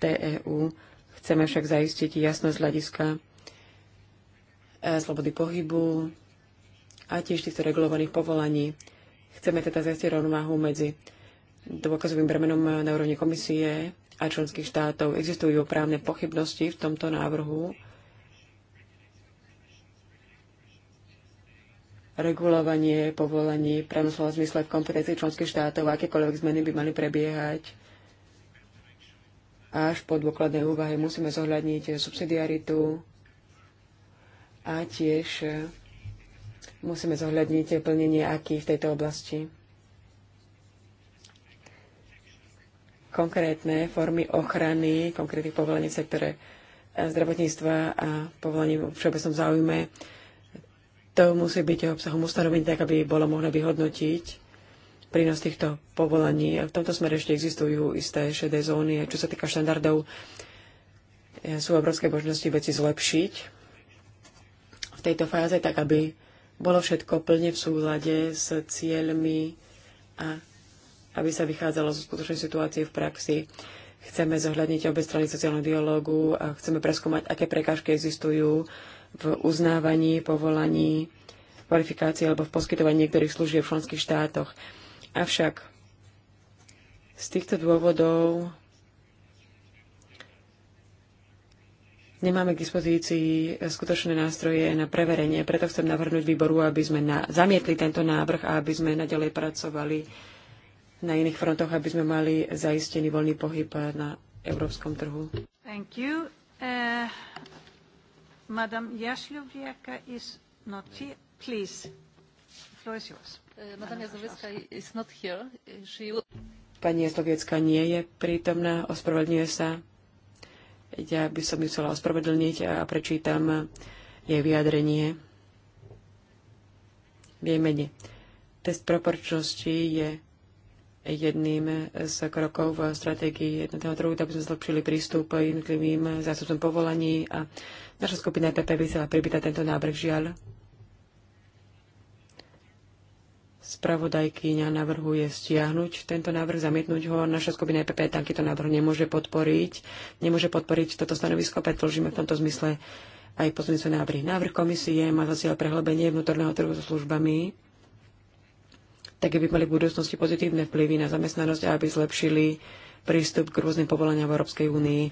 TEU. Chceme však zaistiť jasnosť hľadiska e, slobody pohybu a tiež týchto regulovaných povolaní. Chceme teda zaistiť rovnováhu medzi dôkazovým bremenom na úrovni komisie a členských štátov. Existujú právne pochybnosti v tomto návrhu. Regulovanie povolanie, v zmysle v kompetencii členských štátov, akékoľvek zmeny by mali prebiehať až po dôkladnej úvahe musíme zohľadniť subsidiaritu a tiež e, musíme zohľadniť plnenie aký v tejto oblasti. Konkrétne formy ochrany, konkrétnych povolení v sektore e, zdravotníctva a povolení v všeobecnom záujme, to musí byť obsahom ustanovení, tak aby bolo možné vyhodnotiť prínos týchto povolaní. a V tomto smere ešte existujú isté šedé zóny, čo sa týka štandardov. Eh, sú obrovské možnosti veci zlepšiť v tejto fáze, tak aby bolo všetko plne v súlade s cieľmi a aby sa vychádzalo zo skutočnej situácie v praxi. Chceme zohľadniť obe strany sociálneho dialógu a chceme preskúmať, aké prekážky existujú v uznávaní, povolaní, kvalifikácii alebo v poskytovaní niektorých služieb v členských štátoch. Avšak z týchto dôvodov nemáme k dispozícii skutočné nástroje na preverenie. Preto chcem navrhnúť výboru, aby sme na, zamietli tento návrh a aby sme nadalej pracovali na iných frontoch, aby sme mali zaistený voľný pohyb na európskom trhu. Thank you. Uh, eh, Madam Jašľoviaka is not here. Please, the floor is yours. Pani Jazlowiecka nie je prítomná, ospravedlňuje sa. Ja by som ju chcela ospravedlniť a prečítam jej vyjadrenie. Vieme, nie. Test proporčnosti je jedným z krokov v stratégii jednotného druhu, aby sme zlepšili prístup jednotlivým zástupcom povolaní a naša skupina PP by chcela pribytať tento návrh žiaľ Spravodajkyňa navrhuje stiahnuť tento návrh, zamietnúť ho. Naša skupina EPP takýto návrh nemôže podporiť. Nemôže podporiť toto stanovisko, predložíme v tomto zmysle aj pozmeňujúce návrhy. Návrh komisie má za cieľ prehlbenie vnútorného trhu so službami, tak aby mali v budúcnosti pozitívne vplyvy na zamestnanosť a aby zlepšili prístup k rôznym povoleniam v Európskej únii.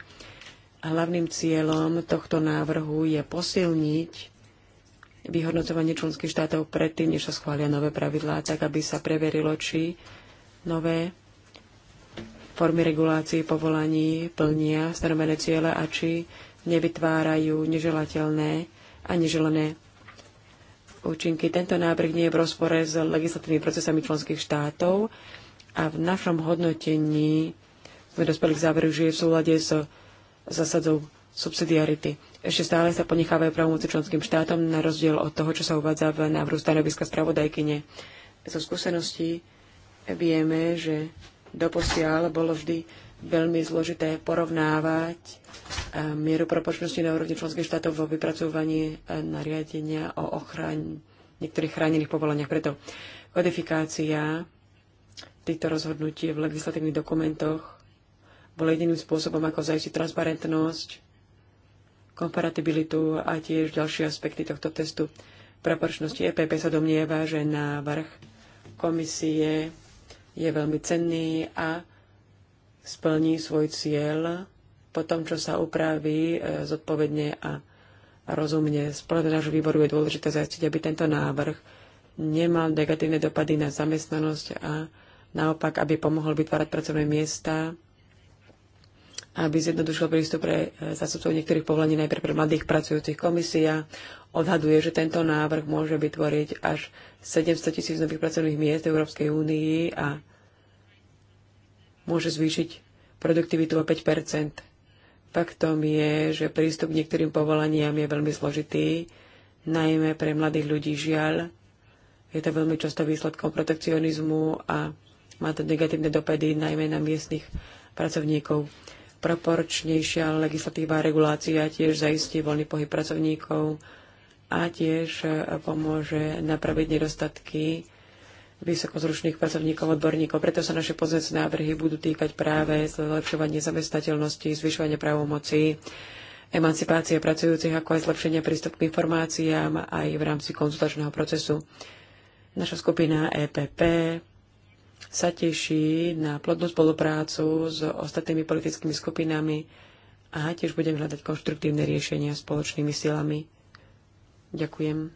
Hlavným cieľom tohto návrhu je posilniť vyhodnotovanie členských štátov predtým, než sa schvália nové pravidlá, tak aby sa preverilo, či nové formy regulácií povolaní plnia stanovené ciele a či nevytvárajú neželateľné a neželené účinky. Tento návrh nie je v rozpore s legislatívnymi procesami členských štátov a v našom hodnotení sme dospeli k záveru, že je v súlade s zásadou subsidiarity. Ešte stále sa ponechávajú právomoci členským štátom na rozdiel od toho, čo sa uvádza v návrhu stanoviska spravodajkyne. Zo skúseností vieme, že doposiaľ bolo vždy veľmi zložité porovnávať eh, mieru propočnosti na úrovni členských štátov vo vypracovaní eh, nariadenia o ochrane niektorých chránených povoleniach. Preto kodifikácia týchto rozhodnutí v legislatívnych dokumentoch bola jediným spôsobom, ako zajistiť transparentnosť komparatibilitu a tiež ďalšie aspekty tohto testu proporčnosti. EPP sa domnieva, že návrh komisie je veľmi cenný a splní svoj cieľ po tom, čo sa upraví e, zodpovedne a rozumne. Z pohľadu nášho výboru je dôležité zajistiť, aby tento návrh nemal negatívne dopady na zamestnanosť a naopak, aby pomohol vytvárať pracovné miesta aby zjednodušil prístup pre e, zástupcov niektorých povolení najprv pre mladých pracujúcich komisia. Odhaduje, že tento návrh môže vytvoriť až 700 tisíc nových pracovných miest v Európskej únii a môže zvýšiť produktivitu o 5 Faktom je, že prístup k niektorým povolaniam je veľmi zložitý, najmä pre mladých ľudí žiaľ. Je to veľmi často výsledkom protekcionizmu a má to negatívne dopady najmä na miestnych pracovníkov proporčnejšia legislatíva a regulácia tiež zaistí voľný pohyb pracovníkov a tiež e, pomôže napraviť nedostatky vysokozručných pracovníkov, odborníkov. Preto sa naše pozornosť návrhy budú týkať práve zlepšovania zamestnateľnosti, zvyšovania právomocí, emancipácie pracujúcich, ako aj zlepšenia prístup k informáciám aj v rámci konzultačného procesu. Naša skupina EPP sa teší na plodnú spoluprácu s ostatnými politickými skupinami a tiež budem hľadať konštruktívne riešenia spoločnými silami. Ďakujem.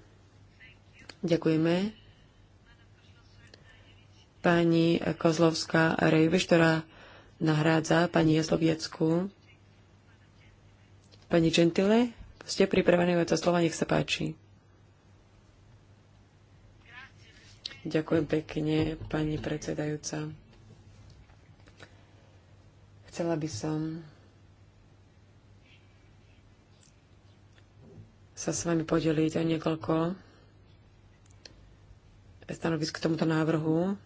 Ďakujeme. Pani Kozlovská Rejveš, ktorá nahrádza pani Jaslovieckú. Pani Gentile, ste pripravení na to slova, nech sa páči. Ďakujem pekne, pani predsedajúca. Chcela by som sa s vami podeliť aj niekoľko stanovisk k tomuto návrhu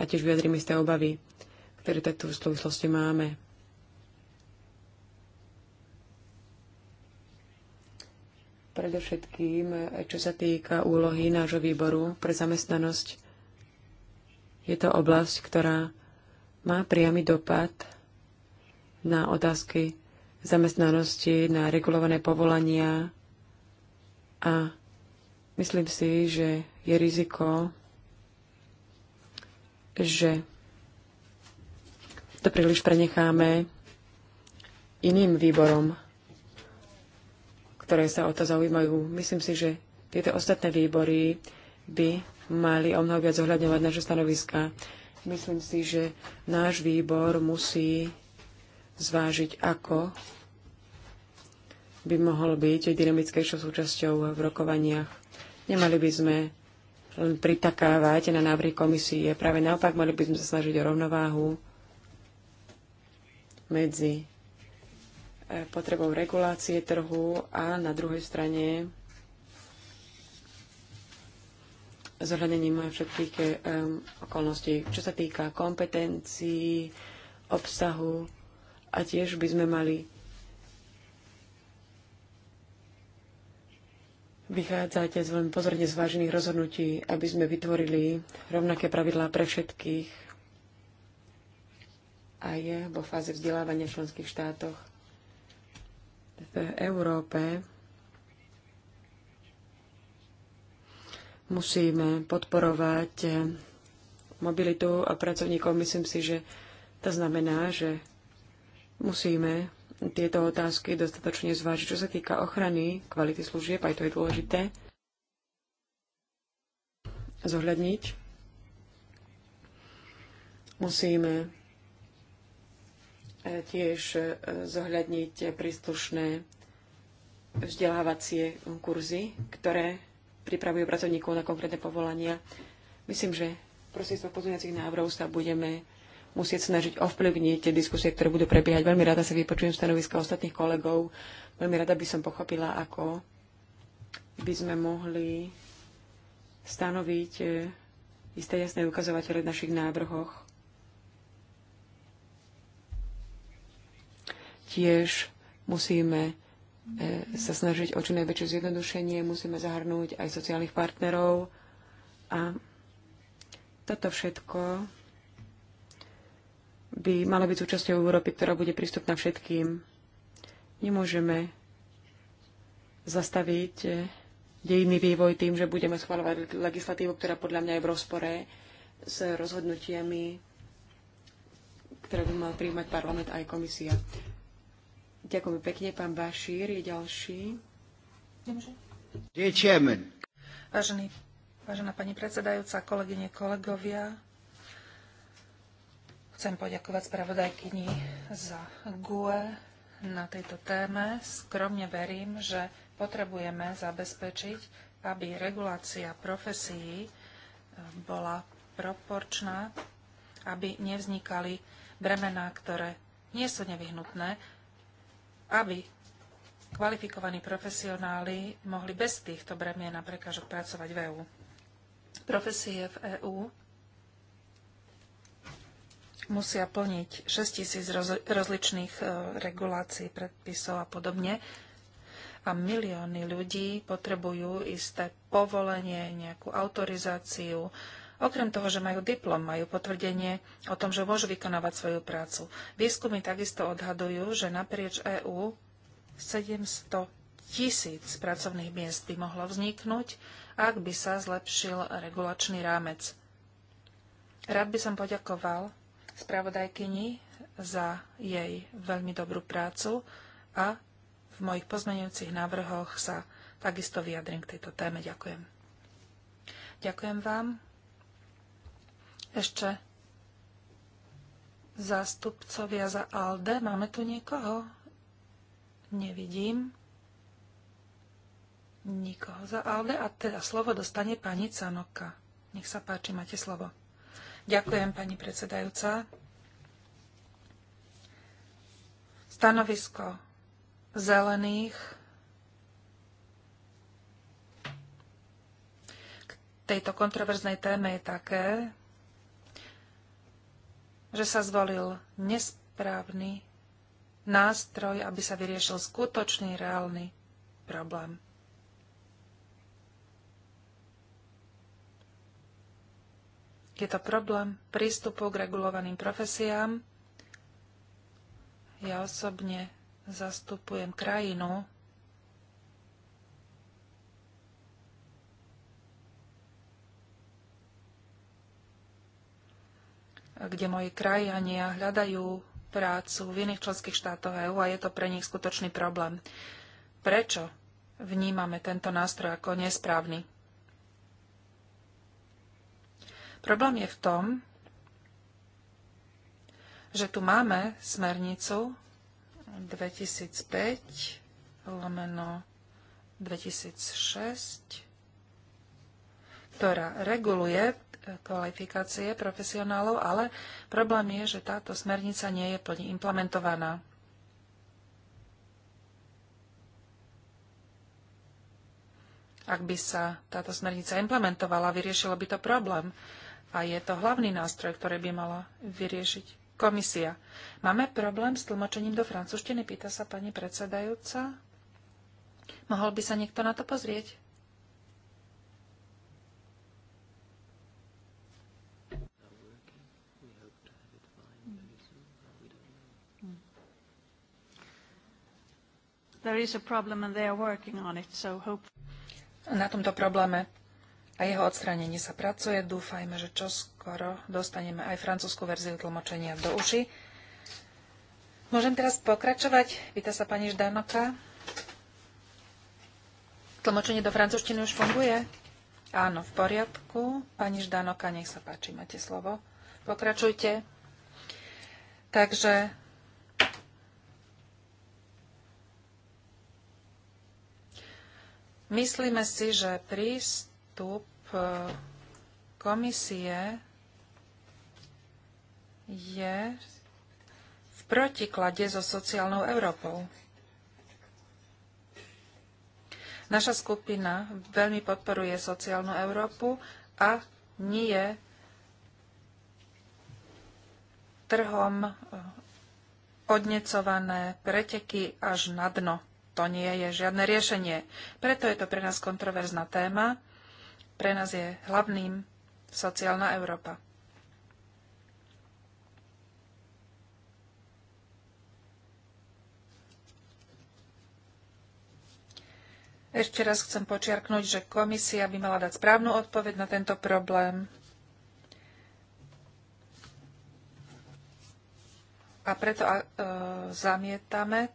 a tiež vyjadrím isté obavy, ktoré takto v súvislosti máme. Predovšetkým, čo sa týka úlohy nášho výboru pre zamestnanosť, je to oblasť, ktorá má priamy dopad na otázky zamestnanosti, na regulované povolania a myslím si, že je riziko, že to príliš prenecháme iným výborom ktoré sa o to zaujímajú. Myslím si, že tieto ostatné výbory by mali o mnoho viac zohľadňovať naše stanoviska. Myslím si, že náš výbor musí zvážiť, ako by mohol byť dynamickejšou súčasťou v rokovaniach. Nemali by sme len pritakávať na návrhy komisie. Práve naopak, mali by sme sa snažiť o rovnováhu medzi E, potrebou regulácie trhu a na druhej strane zohľadením všetkých um, okolností, čo sa týka kompetencií, obsahu a tiež by sme mali vychádzať z veľmi pozorne zvážených rozhodnutí, aby sme vytvorili rovnaké pravidlá pre všetkých aj vo fáze vzdelávania v členských štátoch v Európe musíme podporovať mobilitu a pracovníkov. Myslím si, že to znamená, že musíme tieto otázky dostatočne zvážiť. Čo sa týka ochrany kvality služieb, aj to je dôležité zohľadniť. Musíme tiež e, zohľadniť príslušné vzdelávacie kurzy, ktoré pripravujú pracovníkov na konkrétne povolania. Myslím, že prosím pozmeňovacích návrhov sa budeme musieť snažiť ovplyvniť tie diskusie, ktoré budú prebiehať. Veľmi rada sa vypočujem stanoviska ostatných kolegov. Veľmi rada by som pochopila, ako by sme mohli stanoviť e, isté jasné ukazovatele v našich návrhoch Tiež musíme e, sa snažiť o čo najväčšie zjednodušenie, musíme zahrnúť aj sociálnych partnerov a toto všetko by malo byť súčasťou Európy, ktorá bude prístupná všetkým. Nemôžeme zastaviť e, dejinný vývoj tým, že budeme schváľovať legislatívu, ktorá podľa mňa je v rozpore s rozhodnutiami, ktoré by mal príjmať parlament aj komisia. Ďakujem pekne, pán Bašír je ďalší. Vážený, vážená pani predsedajúca, kolegyne, kolegovia, chcem poďakovať spravodajkyni za GUE na tejto téme. Skromne verím, že potrebujeme zabezpečiť, aby regulácia profesí eh, bola proporčná, aby nevznikali bremená, ktoré nie sú nevyhnutné aby kvalifikovaní profesionáli mohli bez týchto bremien a prekážok pracovať v EÚ. Profesie v EÚ musia plniť 6000 tisíc rozličných e, regulácií, predpisov a podobne. A milióny ľudí potrebujú isté povolenie, nejakú autorizáciu, Okrem toho, že majú diplom, majú potvrdenie o tom, že môžu vykonávať svoju prácu. Výskumy takisto odhadujú, že naprieč EÚ 700 tisíc pracovných miest by mohlo vzniknúť, ak by sa zlepšil regulačný rámec. Rád by som poďakoval spravodajkyni za jej veľmi dobrú prácu a v mojich pozmeňujúcich návrhoch sa takisto vyjadrím k tejto téme. Ďakujem. Ďakujem vám. Ešte zástupcovia za ALDE. Máme tu niekoho? Nevidím. Nikoho za ALDE. A teda slovo dostane pani Canoka. Nech sa páči, máte slovo. Ďakujem, pani predsedajúca. Stanovisko zelených k tejto kontroverznej téme je také, že sa zvolil nesprávny nástroj, aby sa vyriešil skutočný, reálny problém. Je to problém prístupu k regulovaným profesiám. Ja osobne zastupujem krajinu, kde moji krajania hľadajú prácu v iných členských štátoch EÚ a je to pre nich skutočný problém. Prečo vnímame tento nástroj ako nesprávny? Problém je v tom, že tu máme smernicu 2005 lomeno 2006 ktorá reguluje e, kvalifikácie profesionálov, ale problém je, že táto smernica nie je plne implementovaná. Ak by sa táto smernica implementovala, vyriešilo by to problém. A je to hlavný nástroj, ktorý by mala vyriešiť komisia. Máme problém s tlmočením do francúzštiny, pýta sa pani predsedajúca. Mohol by sa niekto na to pozrieť? there is a problem and they are working on it, so hope... Na tomto probléme a jeho odstránenie sa pracuje. Dúfajme, že čoskoro dostaneme aj francúzsku verziu tlmočenia do uši. Môžem teraz pokračovať? Víta sa pani Ždanoka. Tlmočenie do francúzštiny už funguje? Áno, v poriadku. Pani Ždanoka, nech sa páči, máte slovo. Pokračujte. Takže Myslíme si, že prístup e, komisie je v protiklade so sociálnou Európou. Naša skupina veľmi podporuje sociálnu Európu a nie trhom e, odnecované preteky až na dno to nie je žiadne riešenie. Preto je to pre nás kontroverzná téma. Pre nás je hlavným sociálna Európa. Ešte raz chcem počiarknúť, že komisia by mala dať správnu odpoveď na tento problém. A preto e, zamietame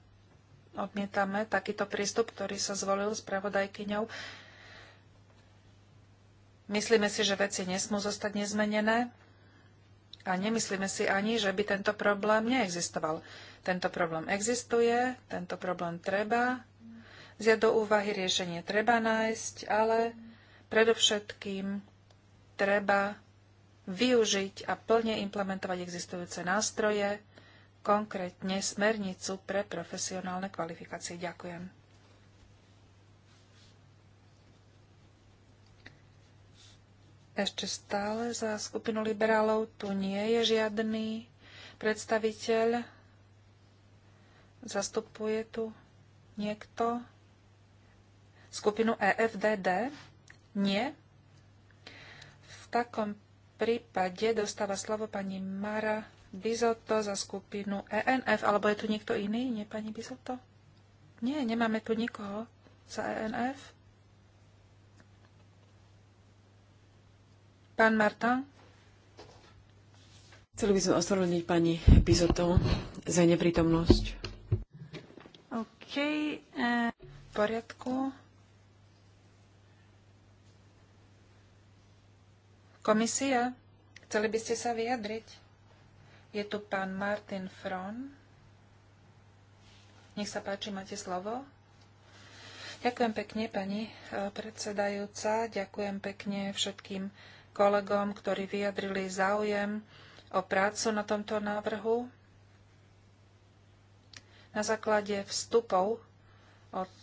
Odmietame takýto prístup, ktorý sa zvolil spravodajkyňou. Myslíme si, že veci nesmú zostať nezmenené a nemyslíme si ani, že by tento problém neexistoval. Tento problém existuje, tento problém treba vziať do úvahy, riešenie treba nájsť, ale predovšetkým treba využiť a plne implementovať existujúce nástroje, konkrétne smernicu pre profesionálne kvalifikácie. Ďakujem. Ešte stále za skupinu liberálov tu nie je žiadny predstaviteľ. Zastupuje tu niekto skupinu EFDD? Nie. V takom prípade dostáva slovo pani Mara Bizoto za skupinu ENF, alebo je tu niekto iný? Nie, pani Bizoto? Nie, nemáme tu nikoho za ENF. Pán Martin? Chceli by sme ospravedlniť pani Bizoto za neprítomnosť. OK. E, v poriadku. Komisia, chceli by ste sa vyjadriť? Je tu pán Martin Fron. Nech sa páči, máte slovo. Ďakujem pekne, pani e, predsedajúca. Ďakujem pekne všetkým kolegom, ktorí vyjadrili záujem o prácu na tomto návrhu. Na základe vstupov od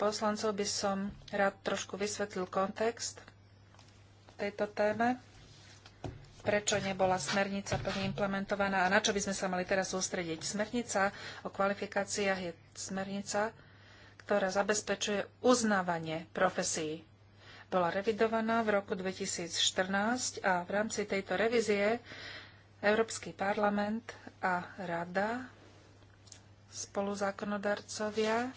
poslancov by som rád trošku vysvetlil kontext tejto téme prečo nebola smernica plne implementovaná a na čo by sme sa mali teraz sústrediť. Smernica o kvalifikáciách je smernica, ktorá zabezpečuje uznávanie profesí. Bola revidovaná v roku 2014 a v rámci tejto revízie Európsky parlament a Rada spoluzákonodarcovia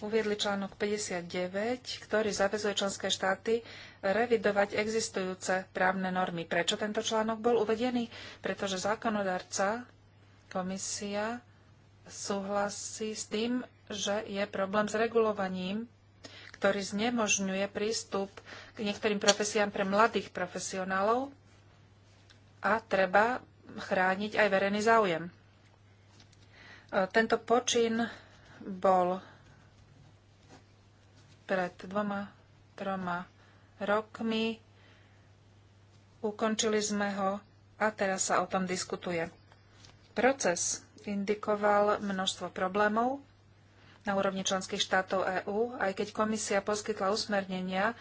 uviedli článok 59, ktorý zavezuje členské štáty revidovať existujúce právne normy. Prečo tento článok bol uvedený? Pretože zákonodárca, komisia, súhlasí s tým, že je problém s regulovaním, ktorý znemožňuje prístup k niektorým profesiám pre mladých profesionálov a treba chrániť aj verejný záujem. E, tento počin bol pred dvoma, troma rokmi. Ukončili sme ho a teraz sa o tom diskutuje. Proces indikoval množstvo problémov na úrovni členských štátov EÚ, aj keď komisia poskytla usmernenia,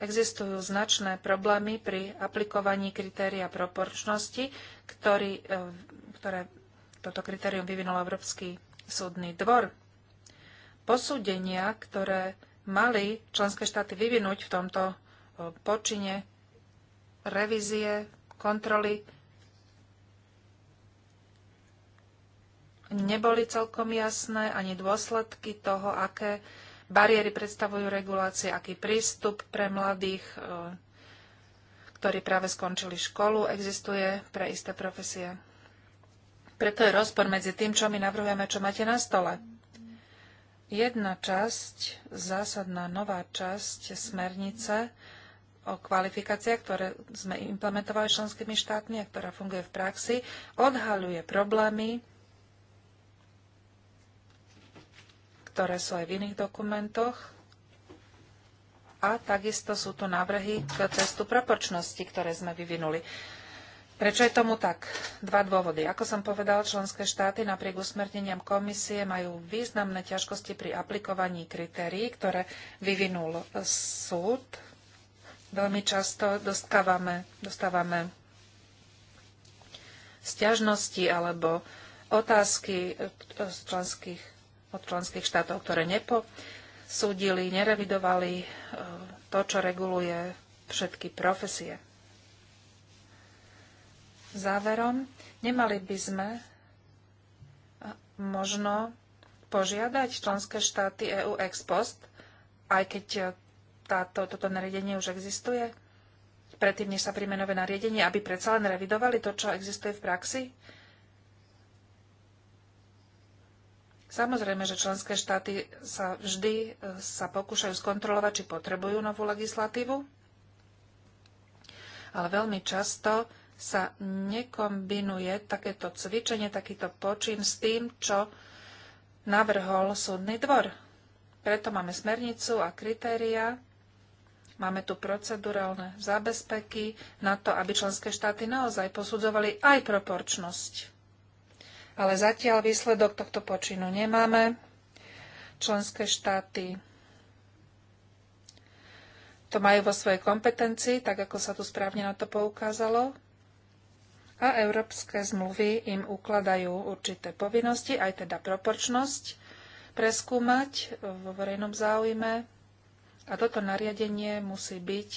existujú značné problémy pri aplikovaní kritéria proporčnosti, ktorý, e, ktoré toto kritérium vyvinul Európsky súdny dvor. Posúdenia, ktoré mali členské štáty vyvinúť v tomto počine revízie, kontroly neboli celkom jasné, ani dôsledky toho, aké bariéry predstavujú regulácie, aký prístup pre mladých, e, ktorí práve skončili školu, existuje pre isté profesie. Preto je rozpor medzi tým, čo my navrhujeme, čo máte na stole. Jedna časť, zásadná nová časť smernice o kvalifikáciách, ktoré sme implementovali členskými štátmi a ktorá funguje v praxi, odhaľuje problémy, ktoré sú aj v iných dokumentoch. A takisto sú tu návrhy k testu proporčnosti, ktoré sme vyvinuli. Prečo je tomu tak? Dva dôvody. Ako som povedal, členské štáty napriek usmerneniam komisie majú významné ťažkosti pri aplikovaní kritérií, ktoré vyvinul súd veľmi často dostávame, dostávame stiažnosti alebo otázky od členských, od členských štátov, ktoré neposúdili, nerevidovali e, to, čo reguluje všetky profesie. Záverom, nemali by sme možno požiadať členské štáty EU ex post, aj keď táto, toto nariadenie už existuje? Predtým, než sa príjme nové nariadenie, aby predsa len revidovali to, čo existuje v praxi? Samozrejme, že členské štáty sa vždy e, sa pokúšajú skontrolovať, či potrebujú novú legislatívu, ale veľmi často sa nekombinuje takéto cvičenie, takýto počin s tým, čo navrhol súdny dvor. Preto máme smernicu a kritéria, Máme tu procedurálne zábezpeky na to, aby členské štáty naozaj posudzovali aj proporčnosť. Ale zatiaľ výsledok tohto počinu nemáme. Členské štáty to majú vo svojej kompetencii, tak ako sa tu správne na to poukázalo. A európske zmluvy im ukladajú určité povinnosti, aj teda proporčnosť preskúmať vo verejnom záujme a toto nariadenie musí byť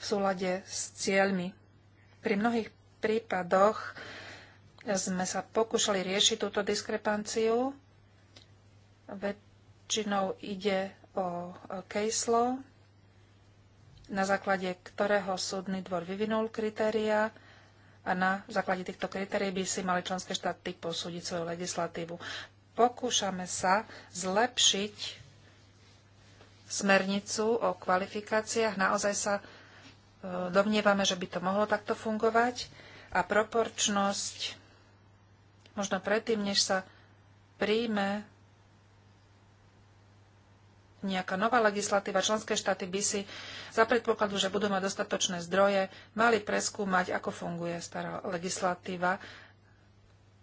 v súlade s cieľmi. Pri mnohých prípadoch sme sa pokúšali riešiť túto diskrepanciu. Väčšinou ide o case law, na základe ktorého súdny dvor vyvinul kritéria a na základe týchto kritérií by si mali členské štáty posúdiť svoju legislatívu pokúšame sa zlepšiť smernicu o kvalifikáciách. Naozaj sa e, domnievame, že by to mohlo takto fungovať. A proporčnosť, možno predtým, než sa príjme nejaká nová legislatíva, členské štáty by si za predpokladu, že budú mať dostatočné zdroje, mali preskúmať, ako funguje stará legislatíva,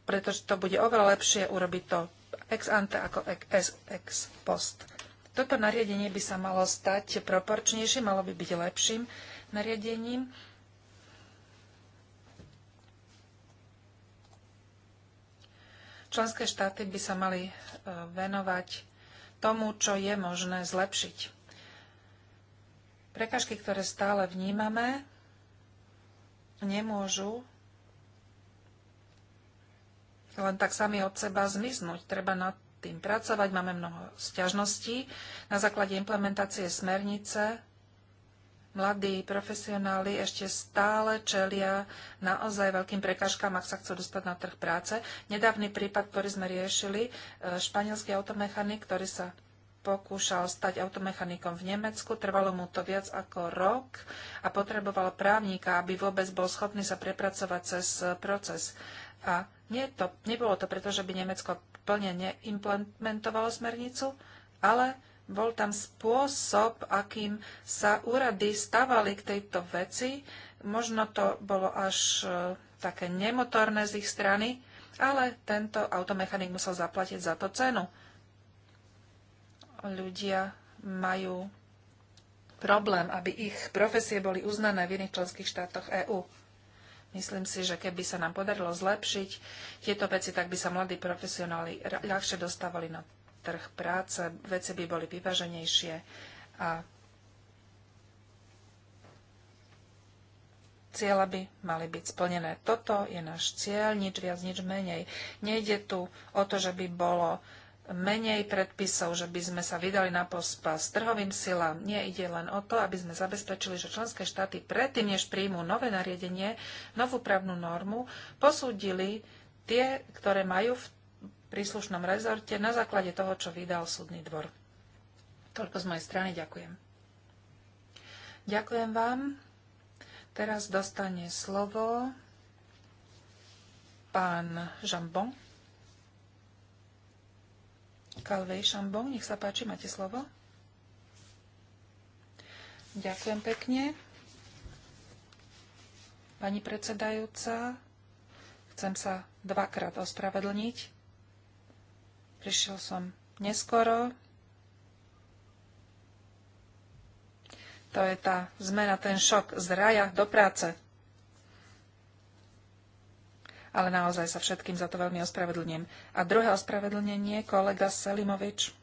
pretože to bude oveľa lepšie urobiť to ex ante ako ex, ex post. Toto nariadenie by sa malo stať proporčnejším, malo by byť lepším nariadením. Členské štáty by sa mali e, venovať tomu, čo je možné zlepšiť. Prekažky, ktoré stále vnímame, nemôžu len tak sami od seba zmiznúť. Treba nad tým pracovať. Máme mnoho sťažností. Na základe implementácie smernice mladí profesionáli ešte stále čelia naozaj veľkým prekážkam, ak sa chcú dostať na trh práce. Nedávny prípad, ktorý sme riešili, e, španielský automechanik, ktorý sa pokúšal stať automechanikom v Nemecku, trvalo mu to viac ako rok a potreboval právnika, aby vôbec bol schopný sa prepracovať cez eh, proces. A nie to, nebolo to preto, že by Nemecko plne neimplementovalo smernicu, ale bol tam spôsob, akým sa úrady stavali k tejto veci. Možno to bolo až eh, také nemotorné z ich strany, ale tento automechanik musel zaplatiť za to cenu ľudia majú problém, aby ich profesie boli uznané v iných členských štátoch EÚ. Myslím si, že keby sa nám podarilo zlepšiť tieto veci, tak by sa mladí profesionáli ľahšie dostávali na trh práce, veci by boli vyváženejšie a cieľa by mali byť splnené. Toto je náš cieľ, nič viac, nič menej. Nejde tu o to, že by bolo menej predpisov, že by sme sa vydali na s trhovým silám. Nie ide len o to, aby sme zabezpečili, že členské štáty predtým, než príjmú nové nariadenie, novú právnu normu, posúdili tie, ktoré majú v príslušnom rezorte na základe toho, čo vydal súdny dvor. Toľko z mojej strany. Ďakujem. Ďakujem vám. Teraz dostane slovo pán Jambon. Kalvej Šambon, nech sa páči, máte slovo. Ďakujem pekne. Pani predsedajúca, chcem sa dvakrát ospravedlniť. Prišiel som neskoro. To je tá zmena, ten šok z raja do práce ale naozaj sa všetkým za to veľmi ospravedlňujem. A druhé ospravedlnenie, kolega Selimovič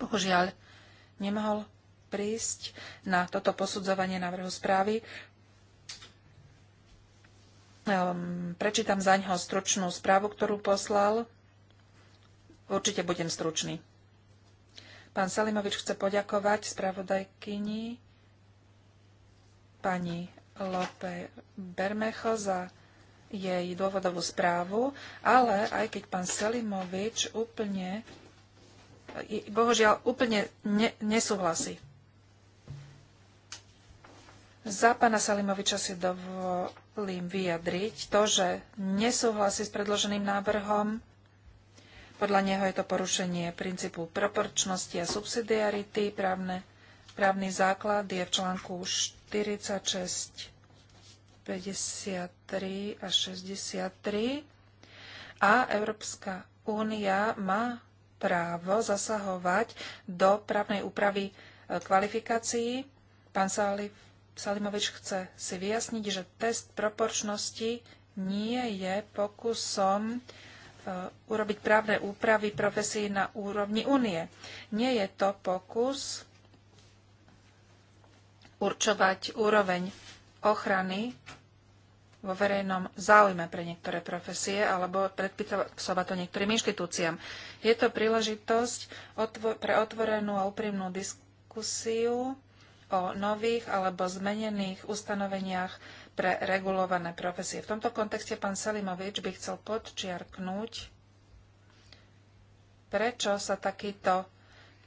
bohužiaľ nemohol prísť na toto posudzovanie návrhu správy. Ehm, prečítam za ňoho stručnú správu, ktorú poslal. Určite budem stručný. Pán Salimovič chce poďakovať spravodajkyni pani Lope Bermecho za jej dôvodovú správu, ale aj keď pán Selimovič úplne, bohužiaľ, úplne ne, nesúhlasí. Za pána Salimoviča si dovolím vyjadriť to, že nesúhlasí s predloženým návrhom. Podľa neho je to porušenie princípu proporčnosti a subsidiarity. Právne, právny základ je v článku 46 53 a 63. A Európska únia má právo zasahovať do právnej úpravy e, kvalifikácií. Pán Salimovič chce si vyjasniť, že test proporčnosti nie je pokusom e, urobiť právne úpravy profesí na úrovni únie. Nie je to pokus určovať úroveň ochrany vo verejnom záujme pre niektoré profesie alebo predpisovať to niektorým inštitúciám. Je to príležitosť pre otvorenú a úprimnú diskusiu o nových alebo zmenených ustanoveniach pre regulované profesie. V tomto kontexte pán Selimovič by chcel podčiarknúť, prečo sa takýto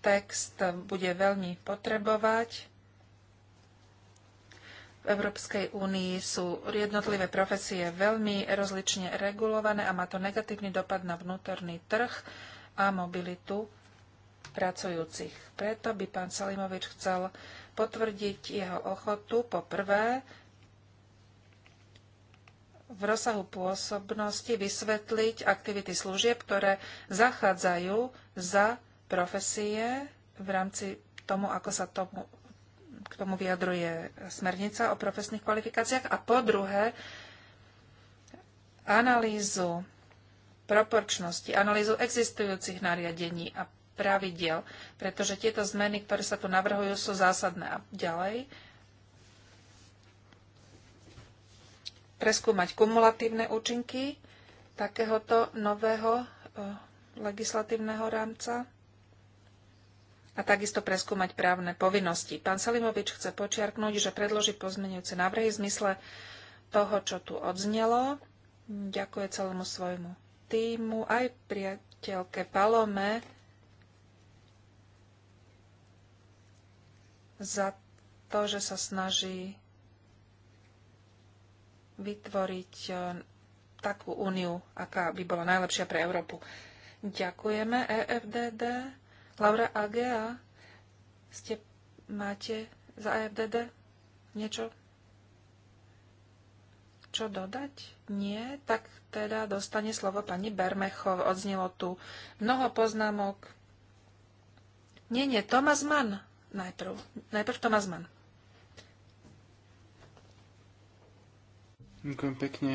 text bude veľmi potrebovať v Európskej únii sú jednotlivé profesie veľmi rozlične regulované a má to negatívny dopad na vnútorný trh a mobilitu pracujúcich. Preto by pán Salimovič chcel potvrdiť jeho ochotu po prvé v rozsahu pôsobnosti vysvetliť aktivity služieb, ktoré zachádzajú za profesie v rámci tomu, ako sa tomu k tomu vyjadruje smernica o profesných kvalifikáciách. A po druhé, analýzu proporčnosti, analýzu existujúcich nariadení a pravidiel, pretože tieto zmeny, ktoré sa tu navrhujú, sú zásadné. A ďalej, preskúmať kumulatívne účinky takéhoto nového eh, legislatívneho rámca a takisto preskúmať právne povinnosti. Pán Salimovič chce počiarknúť, že predloží pozmenujúce návrhy v zmysle toho, čo tu odznelo. Ďakuje celému svojmu týmu, aj priateľke Palome za to, že sa snaží vytvoriť e, takú úniu, aká by bola najlepšia pre Európu. Ďakujeme EFDD. Laura Agea, ste, máte za AFDD e niečo, čo dodať? Nie? Tak teda dostane slovo pani Bermechov. Odznelo tu mnoho poznámok. Nie, nie, Thomas Mann najprv. Najprv Thomas Mann. Ďakujem pekne.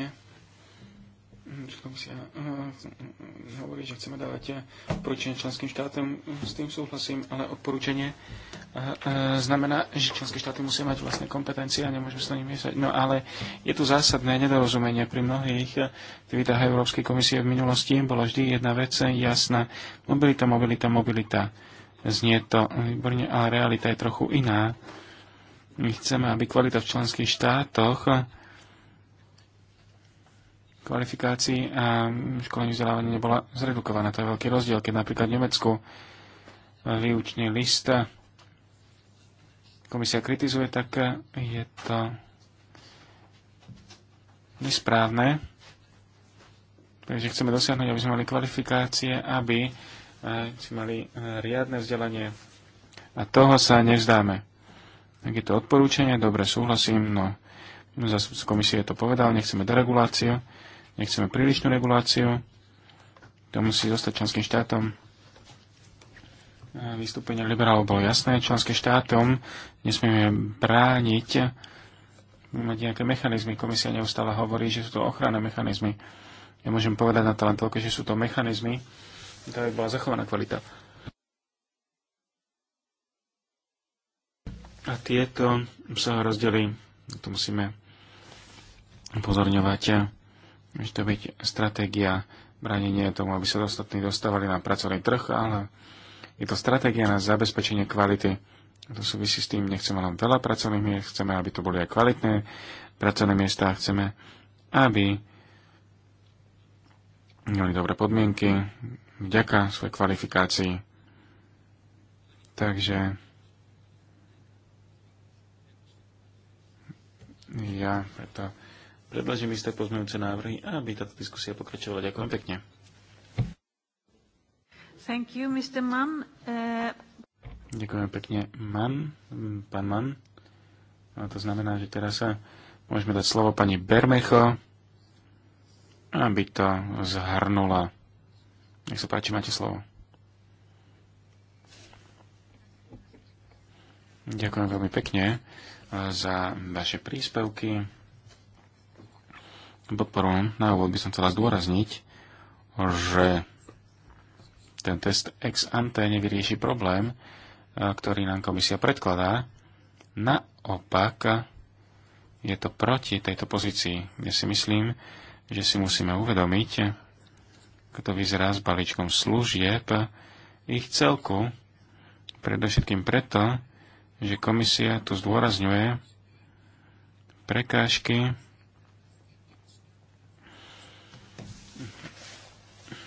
Mhm, čo komisia mhm, mhm, hovorí, že chceme dávať odporúčanie eh, členským štátom, eh, s tým súhlasím, ale odporúčanie eh, znamená, že členské štáty musia mať vlastné kompetencie a nemôžeme sa ním miesať. No ale je tu zásadné nedorozumenie pri mnohých aktivitách Európskej komisie v minulosti. Bola vždy jedna vec jasná. Mobilita, mobilita, mobilita. Znie to výborne, ale realita je trochu iná. My chceme, aby kvalita v členských štátoch kvalifikácií a školení vzdelávania nebola zredukovaná. To je veľký rozdiel, keď napríklad v Nemecku výučný list komisia kritizuje, tak je to nesprávne. Takže chceme dosiahnuť, aby sme mali kvalifikácie, aby eh, si mali eh, riadne vzdelanie. A toho sa nevzdáme. Tak je to odporúčanie, dobre, súhlasím, no zastupca komisie to povedal, nechceme dereguláciu, nechceme prílišnú reguláciu, to musí zostať členským štátom. Vystúpenie liberálov bolo jasné, členským štátom nesmieme brániť mať nejaké mechanizmy. Komisia neustále hovorí, že sú to ochranné mechanizmy. Ja môžem povedať na to len toľko, že sú to mechanizmy, by bola zachovaná kvalita. A tieto sa rozdelí, to musíme upozorňovať Môže to byť stratégia bránenie tomu, aby sa dostatní dostávali na pracovný trh, ale je to stratégia na zabezpečenie kvality. To súvisí s tým, nechceme len veľa pracovných miest, chceme, aby to boli aj kvalitné pracovné miesta, chceme, aby mali dobré podmienky vďaka svojej kvalifikácii. Takže ja preto predložím isté pozmeňujúce návrhy, aby táto diskusia pokračovala. Ďakujem pekne. Thank you, Mr. Mann. Uh... Ďakujem pekne, Mann, pán Mann. A to znamená, že teraz sa môžeme dať slovo pani Bermecho, aby to zhrnula. Nech sa páči, máte slovo. Ďakujem veľmi pekne eh, za vaše príspevky podporujem. Na úvod by som chcel zdôrazniť, že ten test ex ante nevyrieši problém, e, ktorý nám komisia predkladá. Naopak je to proti tejto pozícii. Ja si myslím, že si musíme uvedomiť, ako to vyzerá s balíčkom služieb, ich celku, predovšetkým preto, že komisia tu zdôrazňuje prekážky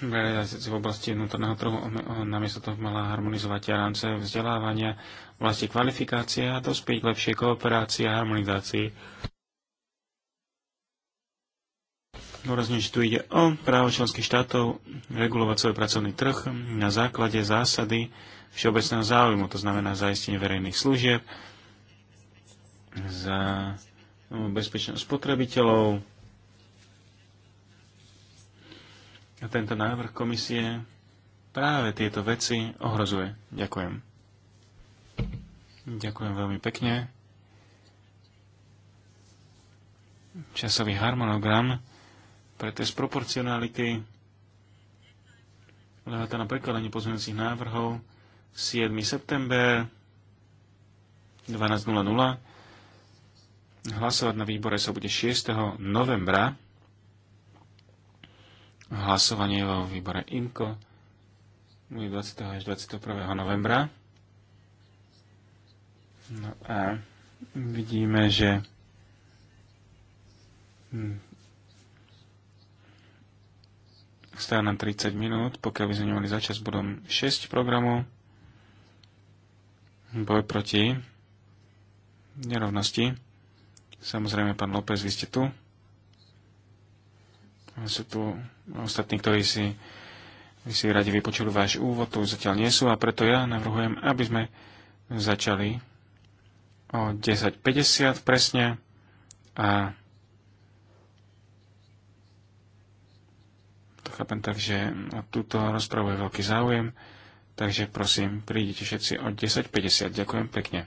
realizácii v oblasti vnútorného trhu, namiesto toho mala harmonizovať rámce vzdelávania, vlasti kvalifikácie a dospieť k lepšej kooperácii a harmonizácii. Dôrazne, že tu ide o právo členských štátov regulovať svoj pracovný trh na základe zásady všeobecného záujmu, to znamená zaistenie verejných služieb, za bezpečnosť spotrebiteľov, A tento návrh komisie práve tieto veci ohrozuje. Ďakujem. Ďakujem veľmi pekne. Časový harmonogram pre test proporcionality lehota na prekladanie pozmeňujúcich návrhov 7. september 12.00. Hlasovať na výbore sa bude 6. novembra hlasovanie vo výbore IMKO 20. až 21. novembra. No a vidíme, že hm, stále nám 30 minút, pokiaľ by sme nemali začas budom 6 programov. boj proti nerovnosti. Samozrejme, pán López, vy ste tu. Sú tu ostatní, ktorí si, si radi vypočuli váš úvod, tu zatiaľ nie sú a preto ja navrhujem, aby sme začali o 10.50 presne a to chápem tak, že o túto rozpravu je veľký záujem, takže prosím, prídite všetci o 10.50. Ďakujem pekne.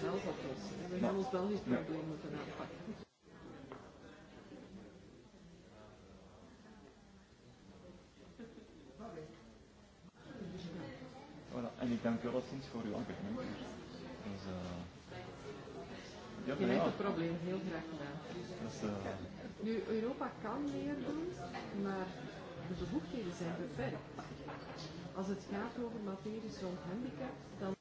Belgisch. We hebben ons Belgisch probleem moeten aanpakken. en ik dank u alleszins voor uw engagement. Dus, uh, ja, Je hebt het probleem heel graag gedaan. nu, Europa kan meer doen, maar de bevoegdheden zijn beperkt. Als het gaat over materie zo'n handicap, dan...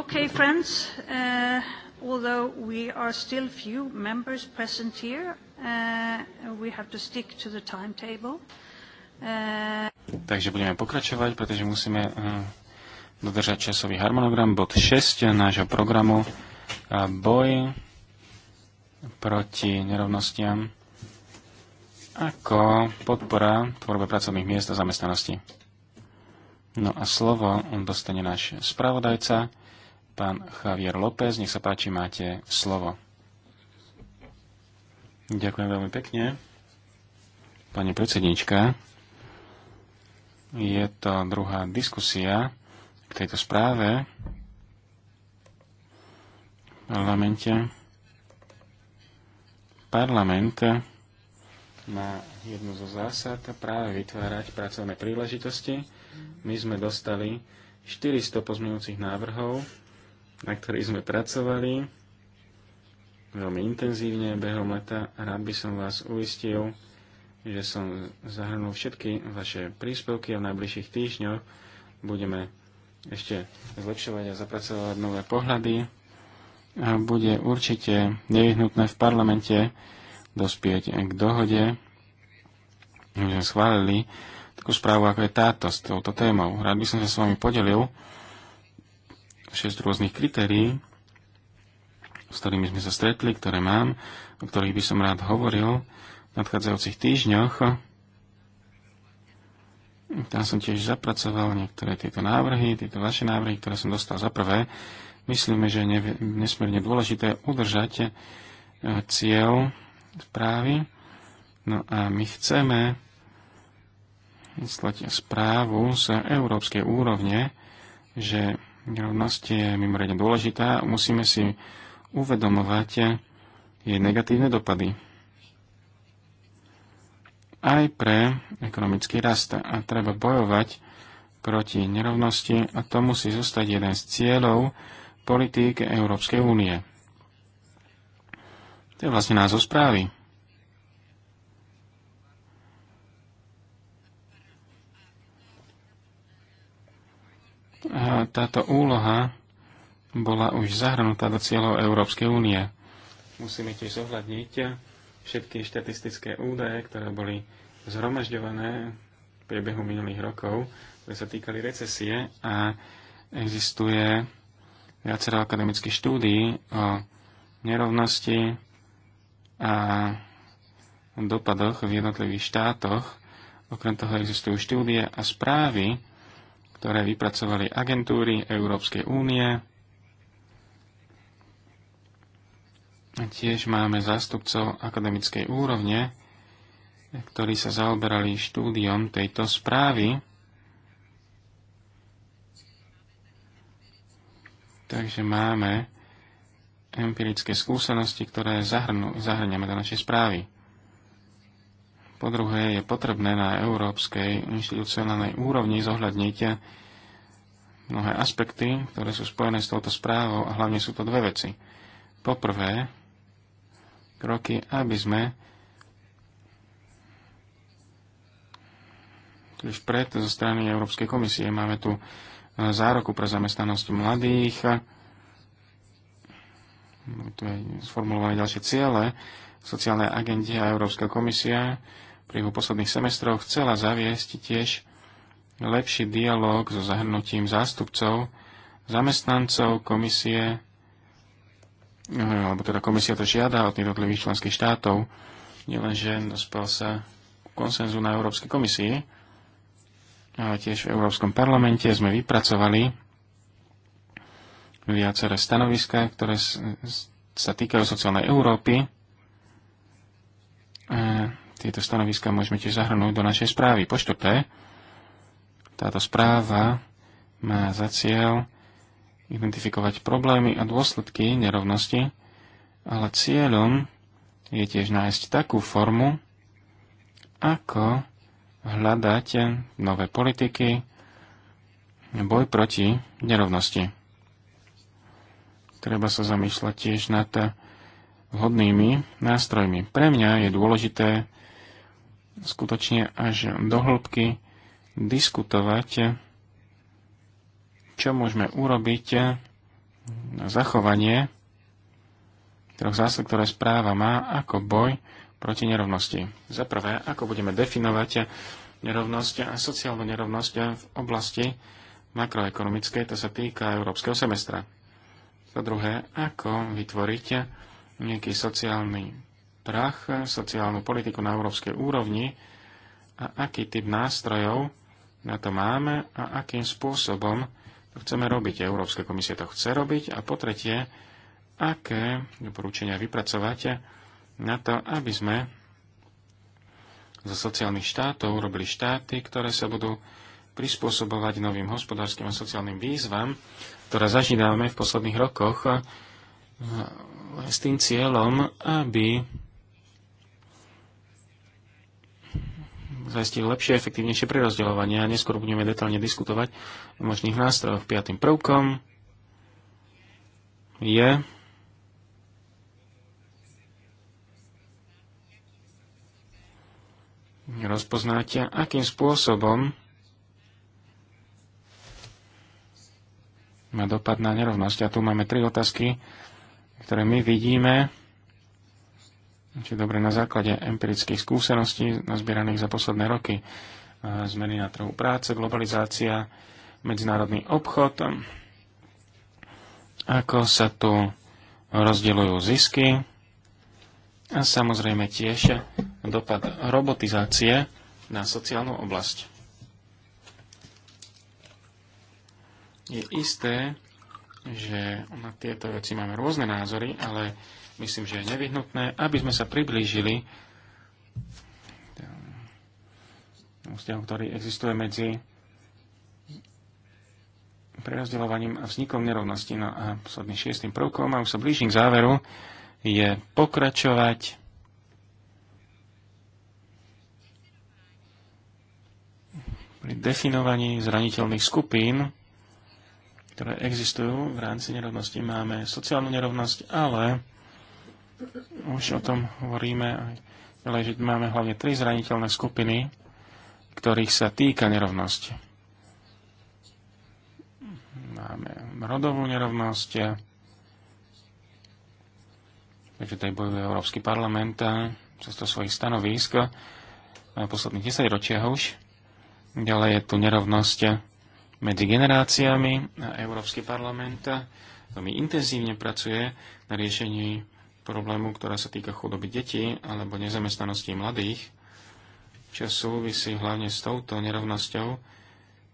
Okay, friends, uh, although we are still few members present here, uh, we have to stick to the timetable. Uh, Takže budeme pokračovať, pretože musíme dodržať časový harmonogram. Bod 6 nášho programu boj proti nerovnostiam ako podpora tvorbe pracovných miest a zamestnanosti. No a slovo dostane náš spravodajca, Pán Javier López, nech sa páči, máte slovo. Ďakujem veľmi pekne. Pani predsednička, je to druhá diskusia k tejto správe v parlamente. Parlament má jednu zo zásad práve vytvárať pracovné príležitosti. My sme dostali 400 pozmeňujúcich návrhov na ktorých sme pracovali veľmi intenzívne behom leta. Rád by som vás uistil, že som zahrnul všetky vaše príspevky a v najbližších týždňoch budeme ešte zlepšovať a zapracovať nové pohľady a bude určite nevyhnutné v parlamente dospieť k dohode, že schválili takú správu, ako je táto s touto témou. Rád by som sa s vami podelil 6 rôznych kritérií, s ktorými sme sa stretli, ktoré mám, o ktorých by som rád hovoril v nadchádzajúcich týždňoch. Tam som tiež zapracoval niektoré tieto návrhy, tieto vaše návrhy, ktoré som dostal za prvé. Myslíme, že je nesmierne dôležité udržať e, cieľ správy. No a my chceme vyslať správu z európskej úrovne, že nerovnosť je mimoriadne dôležitá. Musíme si uvedomovať jej negatívne dopady. Aj pre ekonomický rast a treba bojovať proti nerovnosti a to musí zostať jeden z cieľov politík Európskej únie. To je vlastne názov správy. táto úloha bola už zahrnutá do cieľov Európskej únie. Musíme tiež zohľadniť všetky štatistické údaje, ktoré boli zhromažďované v priebehu minulých rokov, ktoré sa týkali recesie a existuje viacero akademických štúdií o nerovnosti a dopadoch v jednotlivých štátoch. Okrem toho existujú štúdie a správy ktoré vypracovali agentúry Európskej únie. Tiež máme zástupcov akademickej úrovne, ktorí sa zaoberali štúdiom tejto správy. Takže máme empirické skúsenosti, ktoré zahrnú, zahrňame do našej správy. Po druhé, je potrebné na európskej inštitucionálnej úrovni zohľadniť mnohé aspekty, ktoré sú spojené s touto správou a hlavne sú to dve veci. Po prvé, kroky, aby sme už pred zo strany Európskej komisie máme tu e, zároku pre zamestnanosť mladých, tu je sformulované ďalšie ciele, sociálnej agendy a Európska komisia pri jeho posledných semestroch chcela zaviesť tiež lepší dialog so zahrnutím zástupcov, zamestnancov komisie, eh, alebo teda komisia to žiada od jednotlivých členských štátov, nielenže dospel sa konsenzu na Európskej komisii, ale tiež v Európskom parlamente sme vypracovali viaceré stanoviska, ktoré sa týkajú sociálnej Európy. Eh, tieto stanoviska môžeme tiež zahrnúť do našej správy. Po štvrté, táto správa má za cieľ identifikovať problémy a dôsledky nerovnosti, ale cieľom je tiež nájsť takú formu, ako hľadať nové politiky, boj proti nerovnosti. Treba sa zamýšľať tiež nad vhodnými nástrojmi. Pre mňa je dôležité skutočne až do hĺbky diskutovať, čo môžeme urobiť na zachovanie troch zásad, ktoré správa má ako boj proti nerovnosti. Za prvé, ako budeme definovať nerovnosť a sociálnu nerovnosť v oblasti makroekonomickej, to sa týka európskeho semestra. Za druhé, ako vytvoriť nejaký sociálny prach, sociálnu politiku na európskej úrovni a aký typ nástrojov na to máme a akým spôsobom to chceme robiť. Európska komisia to chce robiť a po tretie, aké doporučenia vypracovať na to, aby sme zo sociálnych štátov robili štáty, ktoré sa budú prispôsobovať novým hospodárskym a sociálnym výzvam, ktoré zažívame v posledných rokoch eh, s tým cieľom, aby zajistiť lepšie, efektívnejšie prerozdeľovanie a neskôr budeme detálne diskutovať o možných nástrojoch. Piatým prvkom je rozpoznáte, akým spôsobom má dopad na nerovnosť. A tu máme tri otázky, ktoré my vidíme či dobre na základe empirických skúseností nazbieraných za posledné roky, e, zmeny na trhu práce, globalizácia, medzinárodný obchod, ako sa tu rozdeľujú zisky a samozrejme tiež dopad robotizácie na sociálnu oblasť. Je isté, že na tieto veci máme rôzne názory, ale myslím, že je nevyhnutné, aby sme sa priblížili vzťahu, ktorý existuje medzi prerozdeľovaním a vznikom nerovnosti. No a posledným šiestým prvkom, a už sa blížim k záveru, je pokračovať pri definovaní zraniteľných skupín, ktoré existujú v rámci nerovnosti. Máme sociálnu nerovnosť, ale už o tom hovoríme aj ale že máme hlavne tri zraniteľné skupiny, ktorých sa týka nerovnosť. Máme rodovú nerovnosť, takže tady bojuje Európsky parlament eh, cez to svojich stanovisk posledných 10 ročia už. Ďalej je tu nerovnosť eh, medzi generáciami a Európsky parlament eh, veľmi intenzívne pracuje na riešení problému, ktorá sa týka chudoby detí alebo nezamestnanosti mladých, čo súvisí hlavne s touto nerovnosťou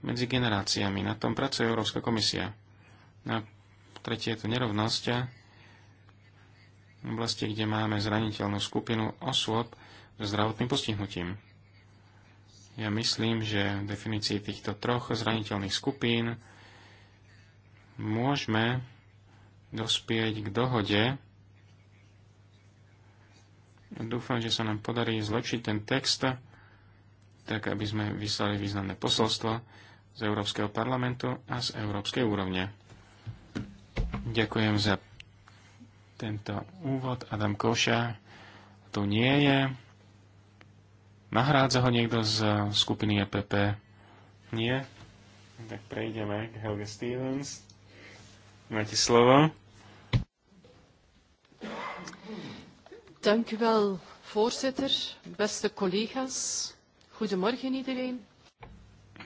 medzi generáciami. Na tom pracuje Európska komisia. Na tretie je to nerovnosť v oblasti, kde máme zraniteľnú skupinu osôb so zdravotným postihnutím. Ja myslím, že v definícii týchto troch zraniteľných skupín môžeme dospieť k dohode Dúfam, že sa nám podarí zlepšiť ten text, tak aby sme vyslali významné posolstvo z Európskeho parlamentu a z európskej úrovne. Ďakujem za tento úvod. Adam Koša tu nie je. Nahrádza ho niekto z skupiny EPP? Nie? Tak prejdeme k Helge Stevens. Máte slovo. Dank u wel, voorzitter. Beste collega's, goedemorgen iedereen.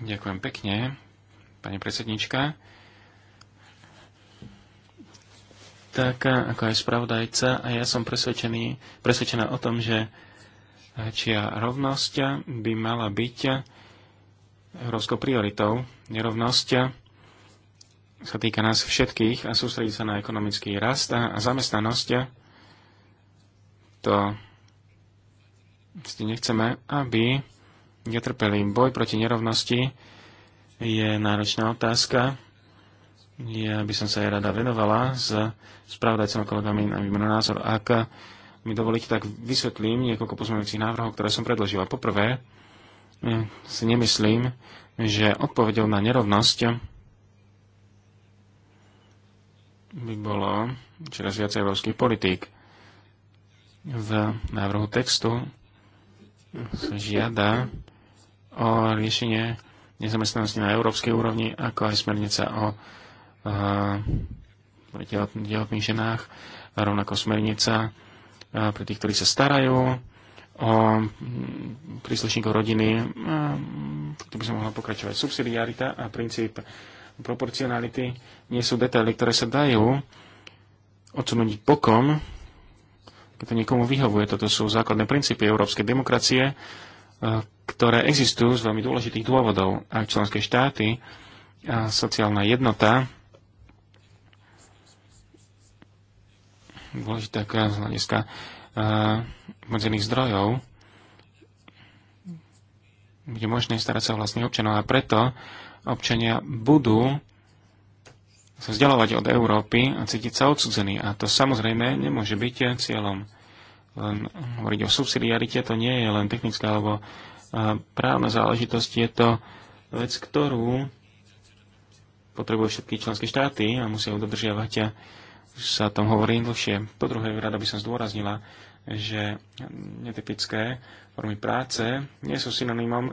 Ďakujem pekne, pani predsednička. Tak ako aj spravodajca, a ja som presvedčený, presvedčená o tom, že čia rovnosť by mala byť európskou prioritou. Nerovnosť sa týka nás všetkých a sústredí sa na ekonomický rast a zamestnanosť to nechceme, aby netrpeli. Boj proti nerovnosti je náročná otázka. Ja by som sa aj rada venovala s spravodajcom kolegami na výmenu názor. Ak mi dovolíte, tak vysvetlím niekoľko pozmeňujúcich návrhov, ktoré som predložila. Poprvé, hm, si nemyslím, že odpovedou na nerovnosť by bolo čoraz viac európskych politík v návrhu textu sa žiada o riešenie nezamestnanosti na európskej úrovni, ako aj smernica o tehotných ženách, rovnako smernica a, pre tých, ktorí sa starajú o príslušníkov rodiny. Tu by som mohla pokračovať. Subsidiarita a princíp proporcionality nie sú detaily, ktoré sa dajú odsunúť bokom, keď to niekomu vyhovuje. Toto sú základné princípy európskej demokracie, e, ktoré existujú z veľmi dôležitých dôvodov. Aj členské štáty a sociálna jednota dôležitá z hľadiska e, medzených zdrojov bude možné starať sa vlastných občanov a preto občania budú sa vzdialovať od Európy a cítiť sa odsudzený. A to samozrejme nemôže byť cieľom. Len hovoriť o subsidiarite to nie je len technická alebo právna záležitosť. Je to vec, ktorú potrebujú všetky členské štáty a musia udržiavať, dodržiavať. A sa tom hovorí dlhšie. Po druhé, rada by som zdôraznila, že netypické formy práce nie sú synonymom e,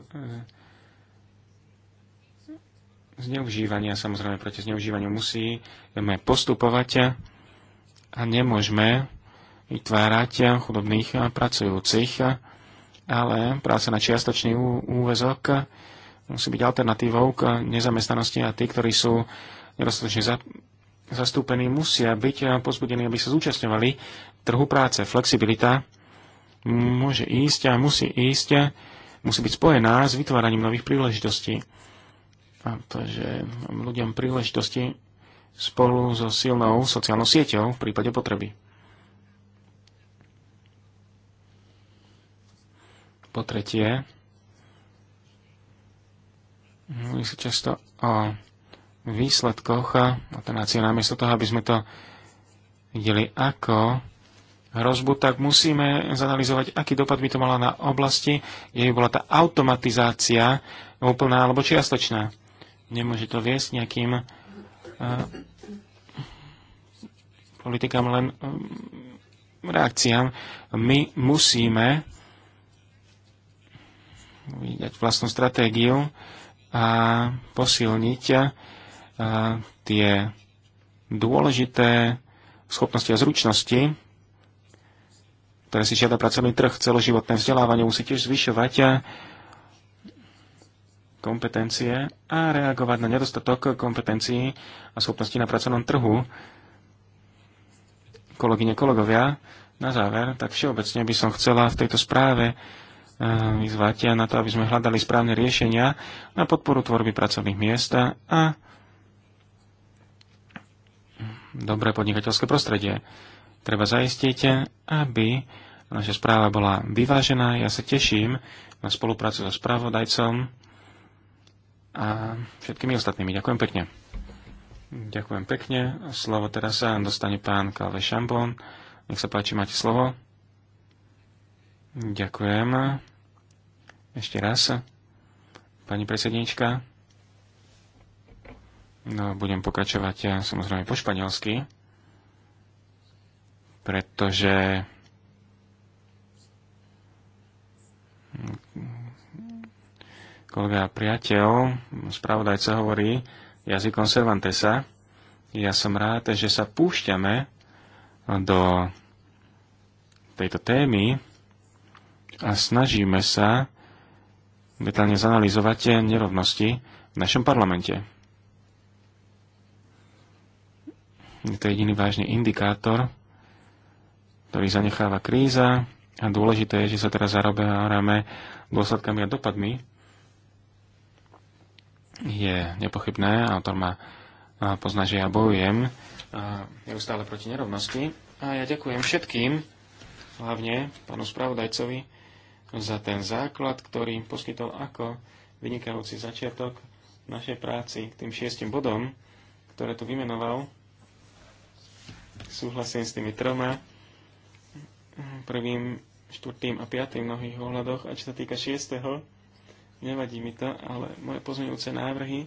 zneužívania, samozrejme proti zneužívaniu musíme postupovať a nemôžeme vytvárať chudobných pracujúcich, ale práca na čiastočný úvezok musí byť alternatívou k nezamestnanosti a tí, ktorí sú nedostatočne za, zastúpení, musia byť pozbudení, aby sa zúčastňovali trhu práce. Flexibilita môže ísť a musí ísť, musí byť spojená s vytváraním nových príležitostí pretože ľuďom príležitosti spolu so silnou sociálnou sieťou v prípade potreby. Po tretie, hovorí sa často o výsledkoch a alternácie. Namiesto toho, aby sme to videli ako hrozbu, tak musíme zanalizovať, aký dopad by to mala na oblasti, kde by bola tá automatizácia úplná alebo čiastočná. Nemôže to viesť nejakým eh, politikám, len mm, reakciám. My musíme vydať vlastnú stratégiu a posilniť uh, tie dôležité schopnosti a zručnosti, ktoré si žiada pracovný trh, celoživotné vzdelávanie musí tiež zvyšovať Uh, kompetencie a reagovať na nedostatok kompetencií a schopností na pracovnom trhu. Kolegyne, kolegovia, na záver, tak všeobecne by som chcela v tejto správe eh, vyzvať na to, aby sme hľadali správne riešenia na podporu tvorby pracovných miest a dobré podnikateľské prostredie. Treba zaistiť, aby naša správa bola vyvážená. Ja sa teším na spoluprácu so spravodajcom a všetkými ostatnými. Ďakujem pekne. Ďakujem pekne. Slovo teraz sa dostane pán Kalve Šambón. Nech sa páči, máte slovo. Ďakujem. Ešte raz. Pani predsednička. No, budem pokračovať ja, samozrejme po španielsky, pretože kolega a priateľ, spravodajca hovorí jazykom Cervantesa. Ja som rád, že sa púšťame do tejto témy a snažíme sa detálne zanalizovať nerovnosti v našom parlamente. Je to jediný vážny indikátor, ktorý zanecháva kríza a dôležité je, že sa teraz zaroberáme dôsledkami a dopadmi je nepochybné, autor ma pozná, že ja bojujem neustále proti nerovnosti. A ja ďakujem všetkým, hlavne pánu spravodajcovi, za ten základ, ktorý poskytol ako vynikajúci začiatok našej práci k tým šiestim bodom, ktoré tu vymenoval. Súhlasím s tými troma, prvým, štvrtým a piatým mnohých ohľadoch. A čo sa týka šiestého, nevadí mi to, ale moje pozmeňujúce návrhy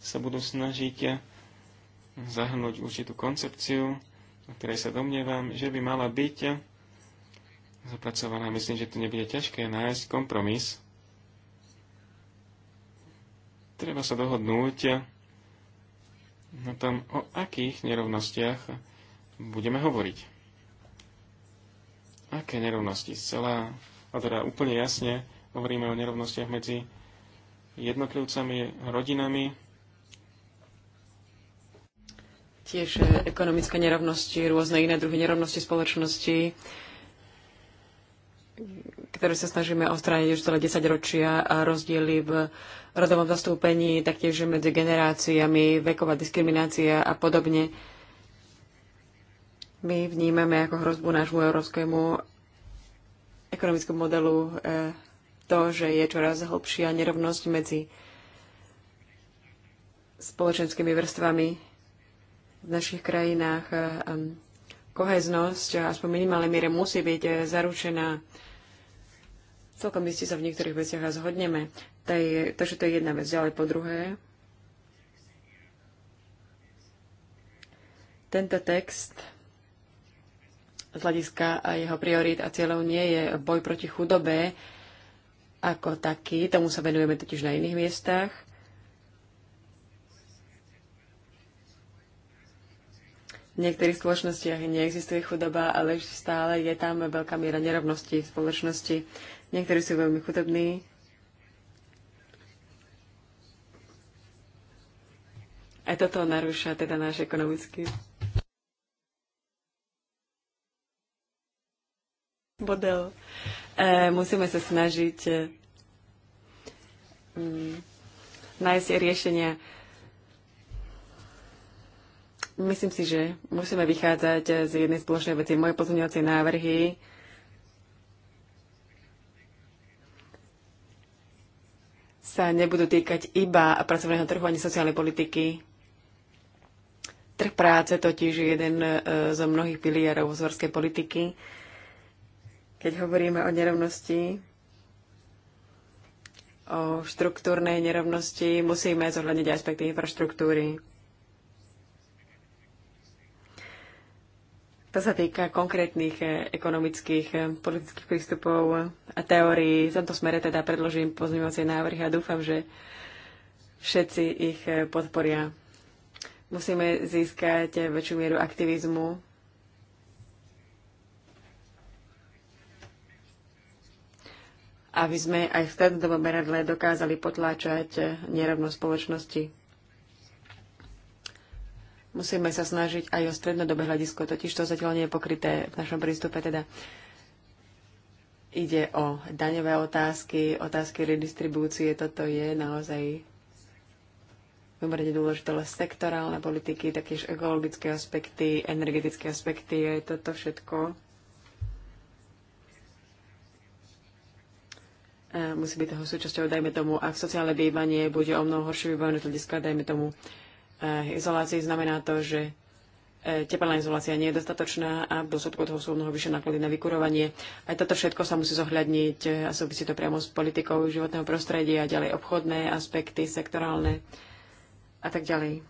sa budú snažiť zahrnúť určitú koncepciu, o ktorej sa domnievam, že by mala byť zapracovaná. Myslím, že to nebude ťažké nájsť kompromis. Treba sa dohodnúť na tom, o akých nerovnostiach budeme hovoriť. Aké nerovnosti? Celá, a teda úplne jasne, Hovoríme o nerovnostiach medzi jednotlivcami, rodinami. Tiež e, ekonomické nerovnosti, rôzne iné druhy nerovnosti spoločnosti, ktoré sa snažíme ostrániť už celé 10 ročia a rozdiely v rodovom zastúpení, taktiež medzi generáciami, veková diskriminácia a podobne. My vnímame ako hrozbu nášmu európskemu ekonomickému modelu e, to, že je čoraz hlbšia nerovnosť medzi spoločenskými vrstvami v našich krajinách. Ehm, Koheznosť, aspoň minimálnej miere, musí byť eh, zaručená. Celkom by ste sa v niektorých veciach a zhodneme. To, je, to, že to je jedna vec. Ďalej po druhé, tento text z hľadiska jeho priorít a cieľov nie je boj proti chudobe, ako taký. Tomu sa venujeme totiž na iných miestach. V niektorých spoločnostiach neexistuje chudoba, ale stále je tam veľká miera nerovnosti v spoločnosti. Niektorí sú veľmi chudobní. Aj toto narúša teda náš ekonomický model. E, musíme sa snažiť e, mm, nájsť riešenia. Myslím si, že musíme vychádzať e, z jednej spoločnej veci. Moje pozorňovacie návrhy sa nebudú týkať iba pracovného trhu ani sociálnej politiky. Trh práce totiž je jeden zo mnohých pilierov hospodárskej politiky keď hovoríme o nerovnosti, o štruktúrnej nerovnosti, musíme zohľadniť aspekty infraštruktúry. To sa týka konkrétnych eh, ekonomických eh, politických prístupov a teórií. V tomto smere teda predložím pozmývacie návrhy a dúfam, že všetci ich eh, podporia. Musíme získať väčšiu mieru aktivizmu aby sme aj v strednodobom meradle dokázali potláčať nerovnosť spoločnosti. Musíme sa snažiť aj o strednodobé hľadisko, totiž to zatiaľ nie je pokryté v našom prístupe. Teda ide o daňové otázky, otázky redistribúcie. Toto je naozaj mimoriadne dôležité, ale sektorálne politiky, taktiež ekologické aspekty, energetické aspekty, aj toto všetko E, musí byť toho súčasťou, dajme tomu, ak sociálne bývanie bude o mnoho horšie vybavené z hľadiska, dajme tomu, e, izolácie, znamená to, že e, teplná izolácia nie je dostatočná a v dôsledku toho sú mnoho vyššie náklady na vykurovanie. Aj toto všetko sa musí zohľadniť a súvisí to priamo s politikou životného prostredia, a ďalej obchodné aspekty, sektorálne a tak ďalej.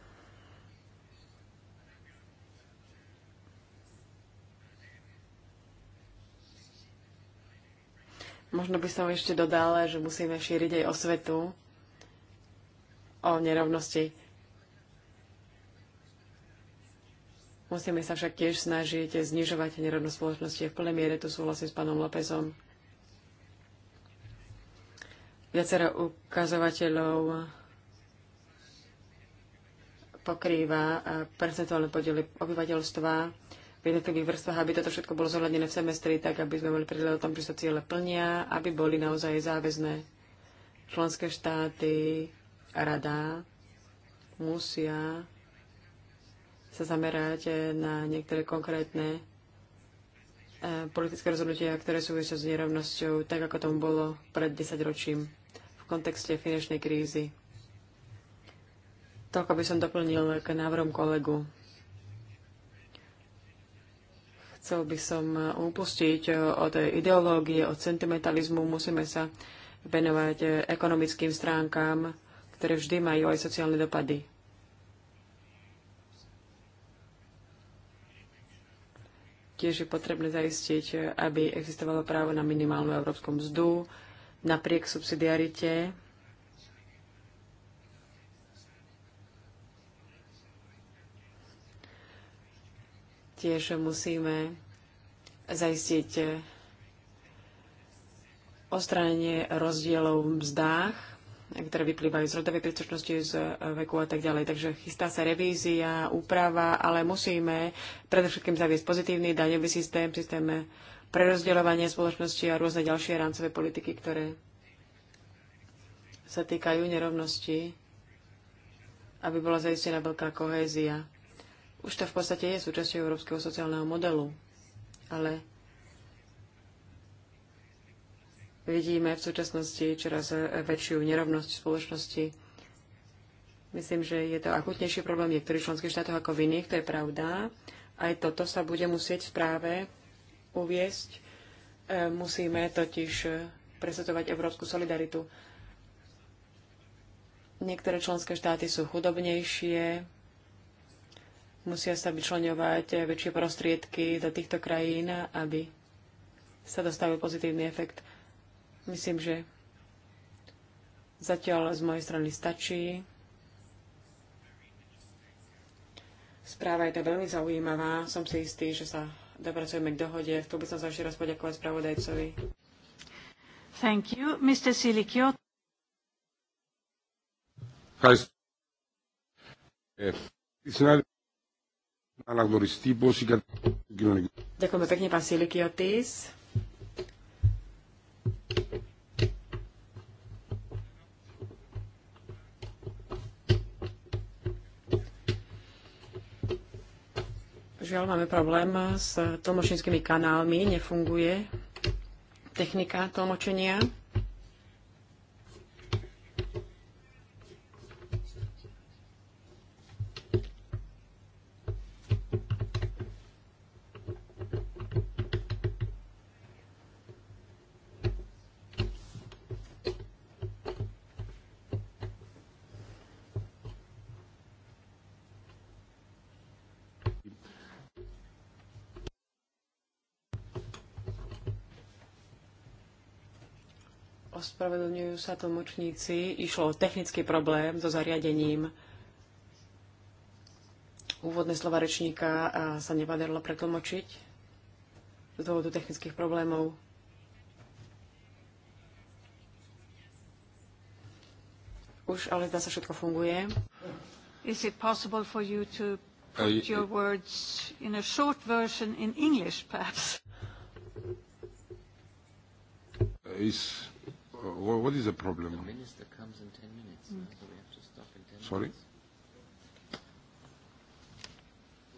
Možno by som ešte dodala, že musíme šíriť aj osvetu o nerovnosti. Musíme sa však tiež snažiť znižovať nerovnosť spoločnosti. V plnej miere tu súhlasím s pánom Lópezom. Viacero ukazovateľov pokrýva percentuálne podiely obyvateľstva v jednotlivých vrstvách, aby toto všetko bolo zohľadnené v semestri, tak aby sme mali predľať o tom, že sa ciele plnia, aby boli naozaj záväzné. Členské štáty a rada musia sa zamerať na niektoré konkrétne eh, politické rozhodnutia, ktoré súvisia s nerovnosťou, tak ako tomu bolo pred 10 ročím v kontexte finančnej krízy. Toľko by som doplnil k návrhom kolegu. Chcel by som e, upustiť e, od ideológie, od sentimentalizmu. Musíme sa venovať e, ekonomickým stránkám, ktoré vždy majú aj sociálne dopady. Tiež je potrebné zaistiť, aby existovalo právo na minimálnu európsku mzdu napriek subsidiarite Tiež musíme zaistiť ostranenie rozdielov v mzdách, ktoré vyplývajú z rodovej príslušnosti, z veku a tak ďalej. Takže chystá sa revízia, úprava, ale musíme predovšetkým zaviesť pozitívny daňový systém, systém prerozdeľovania spoločnosti a rôzne ďalšie rámcové politiky, ktoré sa týkajú nerovnosti, aby bola zaistená veľká kohézia. Už to v podstate je súčasťou európskeho sociálneho modelu, ale vidíme v súčasnosti čoraz väčšiu nerovnosť v spoločnosti. Myslím, že je to akutnejší problém v niektorých členských štátoch ako v iných, to je pravda. Aj toto sa bude musieť v správe uviesť. E, musíme totiž presadzovať európsku solidaritu. Niektoré členské štáty sú chudobnejšie, Musia sa vyčlenovať väčšie prostriedky do týchto krajín, aby sa dostavil pozitívny efekt. Myslím, že zatiaľ z mojej strany stačí. Správa je to veľmi zaujímavá. Som si istý, že sa dopracujeme k dohode. Chcel by som sa ešte raz poďakovať spravodajcovi. Thank you. Mr. Silikio. Hi. Ďakujeme Žiaľ, máme problém s tlmočníckými kanálmi, nefunguje technika tlmočenia. ospravedlňujú sa tlmočníci. Išlo o technický problém so zariadením. Úvodné slova rečníka sa nepadarilo pretlmočiť z dôvodu technických problémov. Už ale zdá sa všetko funguje. Is it possible for you to put your words in a short version in English, perhaps? is what is the problem? The minister comes in 10 minutes, mm. so we have to stop in 10 Sorry? minutes.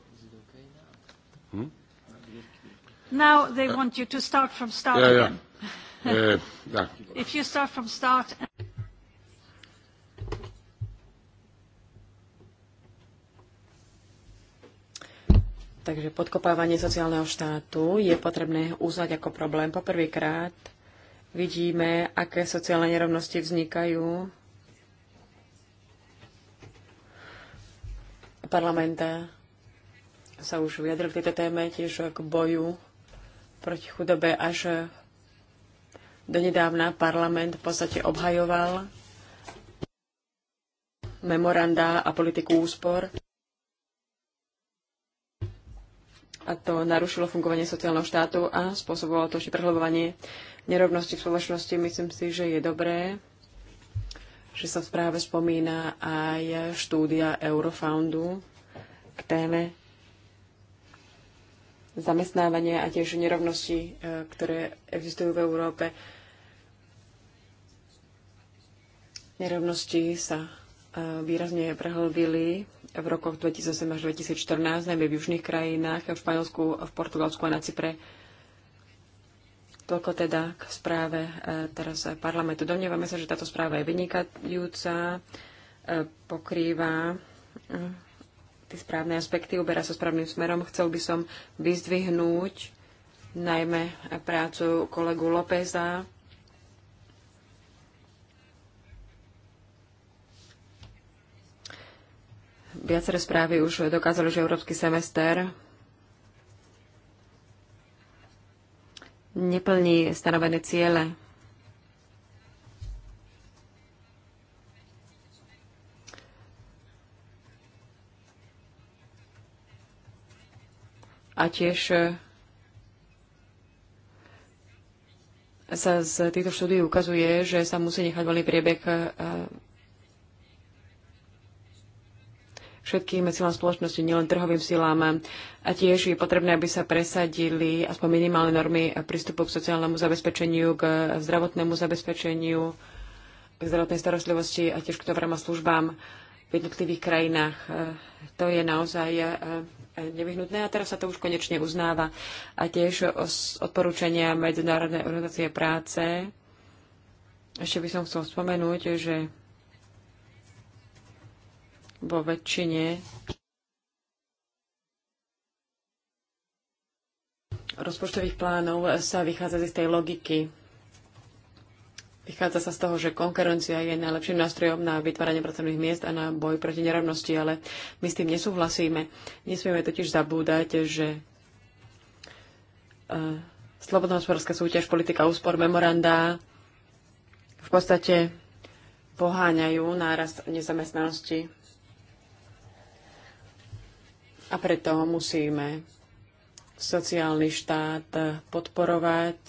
Sorry? Is it okay now? Hmm? Now they uh, want you to start from start yeah, again. [LAUGHS] Yeah. uh, yeah. If you start from start... Takže podkopávanie sociálneho štátu je potrebné uznať ako problém poprvýkrát vidíme, aké sociálne nerovnosti vznikajú. Parlamenta sa už vyjadril k tejto téme tiež k boju proti chudobe, až donedávna parlament v podstate obhajoval memoranda a politiku úspor. A to narušilo fungovanie sociálneho štátu a spôsobovalo to ešte prehlbovanie nerovnosti v spoločnosti, myslím si, že je dobré, že sa v správe spomína aj štúdia Eurofoundu k téme zamestnávania a tiež nerovnosti, e, ktoré existujú v Európe. Nerovnosti sa e, výrazne prehlbili v rokoch 2008 až 2014, najmä v južných krajinách, v Španielsku, v Portugalsku a na Cypre Toľko teda k správe e, teraz parlamentu. Domnievame sa, že táto správa je vynikajúca, e, pokrýva mm, tie správne aspekty, uberá sa správnym smerom. Chcel by som vyzdvihnúť najmä prácu kolegu Lópeza, Viaceré správy už dokázali, že európsky semester neplní stanovené ciele. A tiež e, sa z týchto štúdií ukazuje, že sa musí nechať voľný priebeh e, všetkým silám spoločnosti, nielen trhovým silám. A tiež je potrebné, aby sa presadili aspoň minimálne normy prístupu k sociálnemu zabezpečeniu, k zdravotnému zabezpečeniu, k zdravotnej starostlivosti a tiež k dobrým službám v jednotlivých krajinách. E, to je naozaj e, e, nevyhnutné a teraz sa to už konečne uznáva. A tiež odporúčania Medzinárodnej organizácie práce. Ešte by som chcel spomenúť, že vo väčšine rozpočtových plánov sa vychádza z tej logiky. Vychádza sa z toho, že konkurencia je najlepším nástrojom na vytváranie pracovných miest a na boj proti nerovnosti, ale my s tým nesúhlasíme. Nesmieme totiž zabúdať, že uh, slobodná hospodárska súťaž, politika úspor, memorandá v podstate poháňajú nárast nezamestnanosti a preto musíme sociálny štát eh, podporovať,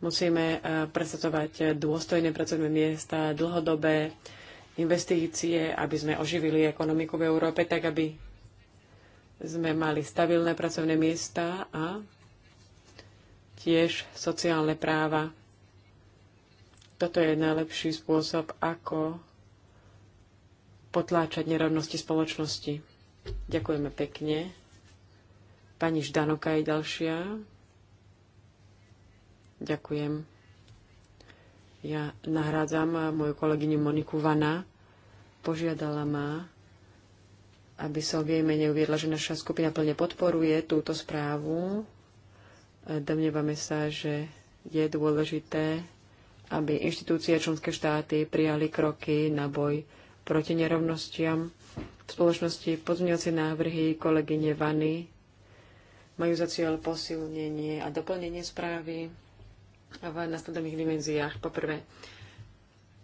musíme eh, presadzovať dôstojné pracovné miesta, dlhodobé investície, aby sme oživili ekonomiku v Európe, tak aby sme mali stabilné pracovné miesta a tiež sociálne práva. Toto je najlepší spôsob, ako potláčať nerovnosti spoločnosti. Ďakujeme pekne. Pani Ždanoka je ďalšia. Ďakujem. Ja nahrádzam moju kolegyňu Moniku Vana. Požiadala ma, aby som v jej mene uviedla, že naša skupina plne podporuje túto správu. Domnievame sa, že je dôležité, aby inštitúcie členské štáty prijali kroky na boj proti nerovnostiam v spoločnosti. Pozmeňovacie návrhy kolegyne Vany majú za cieľ posilnenie a doplnenie správy v nastavených dimenziách. Poprvé,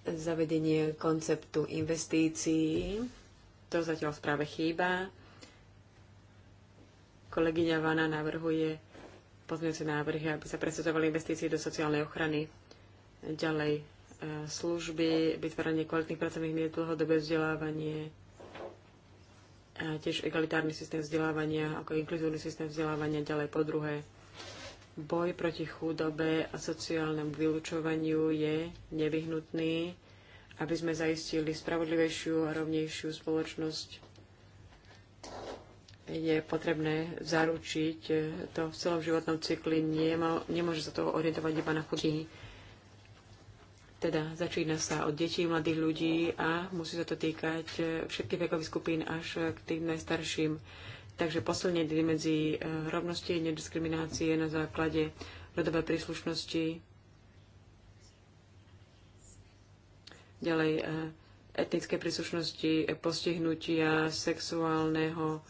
zavedenie konceptu investícií. To zatiaľ v správe chýba. Kolegyňa Vana navrhuje pozmeňujúce návrhy, aby sa presadzovali investície do sociálnej ochrany. Ďalej E, služby, vytváranie kvalitných pracovných miest, dlhodobé vzdelávanie, tiež egalitárny systém vzdelávania, ako inkluzívny systém vzdelávania, ďalej po druhé. Boj proti chudobe a sociálnemu vylúčovaniu je nevyhnutný, aby sme zaistili spravodlivejšiu a rovnejšiu spoločnosť. Je potrebné zaručiť e, to v celom životnom cykli. Nemo, nemôže sa to orientovať iba na chudí. Teda začína sa od detí, mladých ľudí a musí sa to týkať eh, všetkých vekových skupín až k tým najstarším. Takže posilnenie medzi eh, rovnosti, nediskriminácie na základe rodovej príslušnosti, ďalej eh, etnické príslušnosti, postihnutia sexuálneho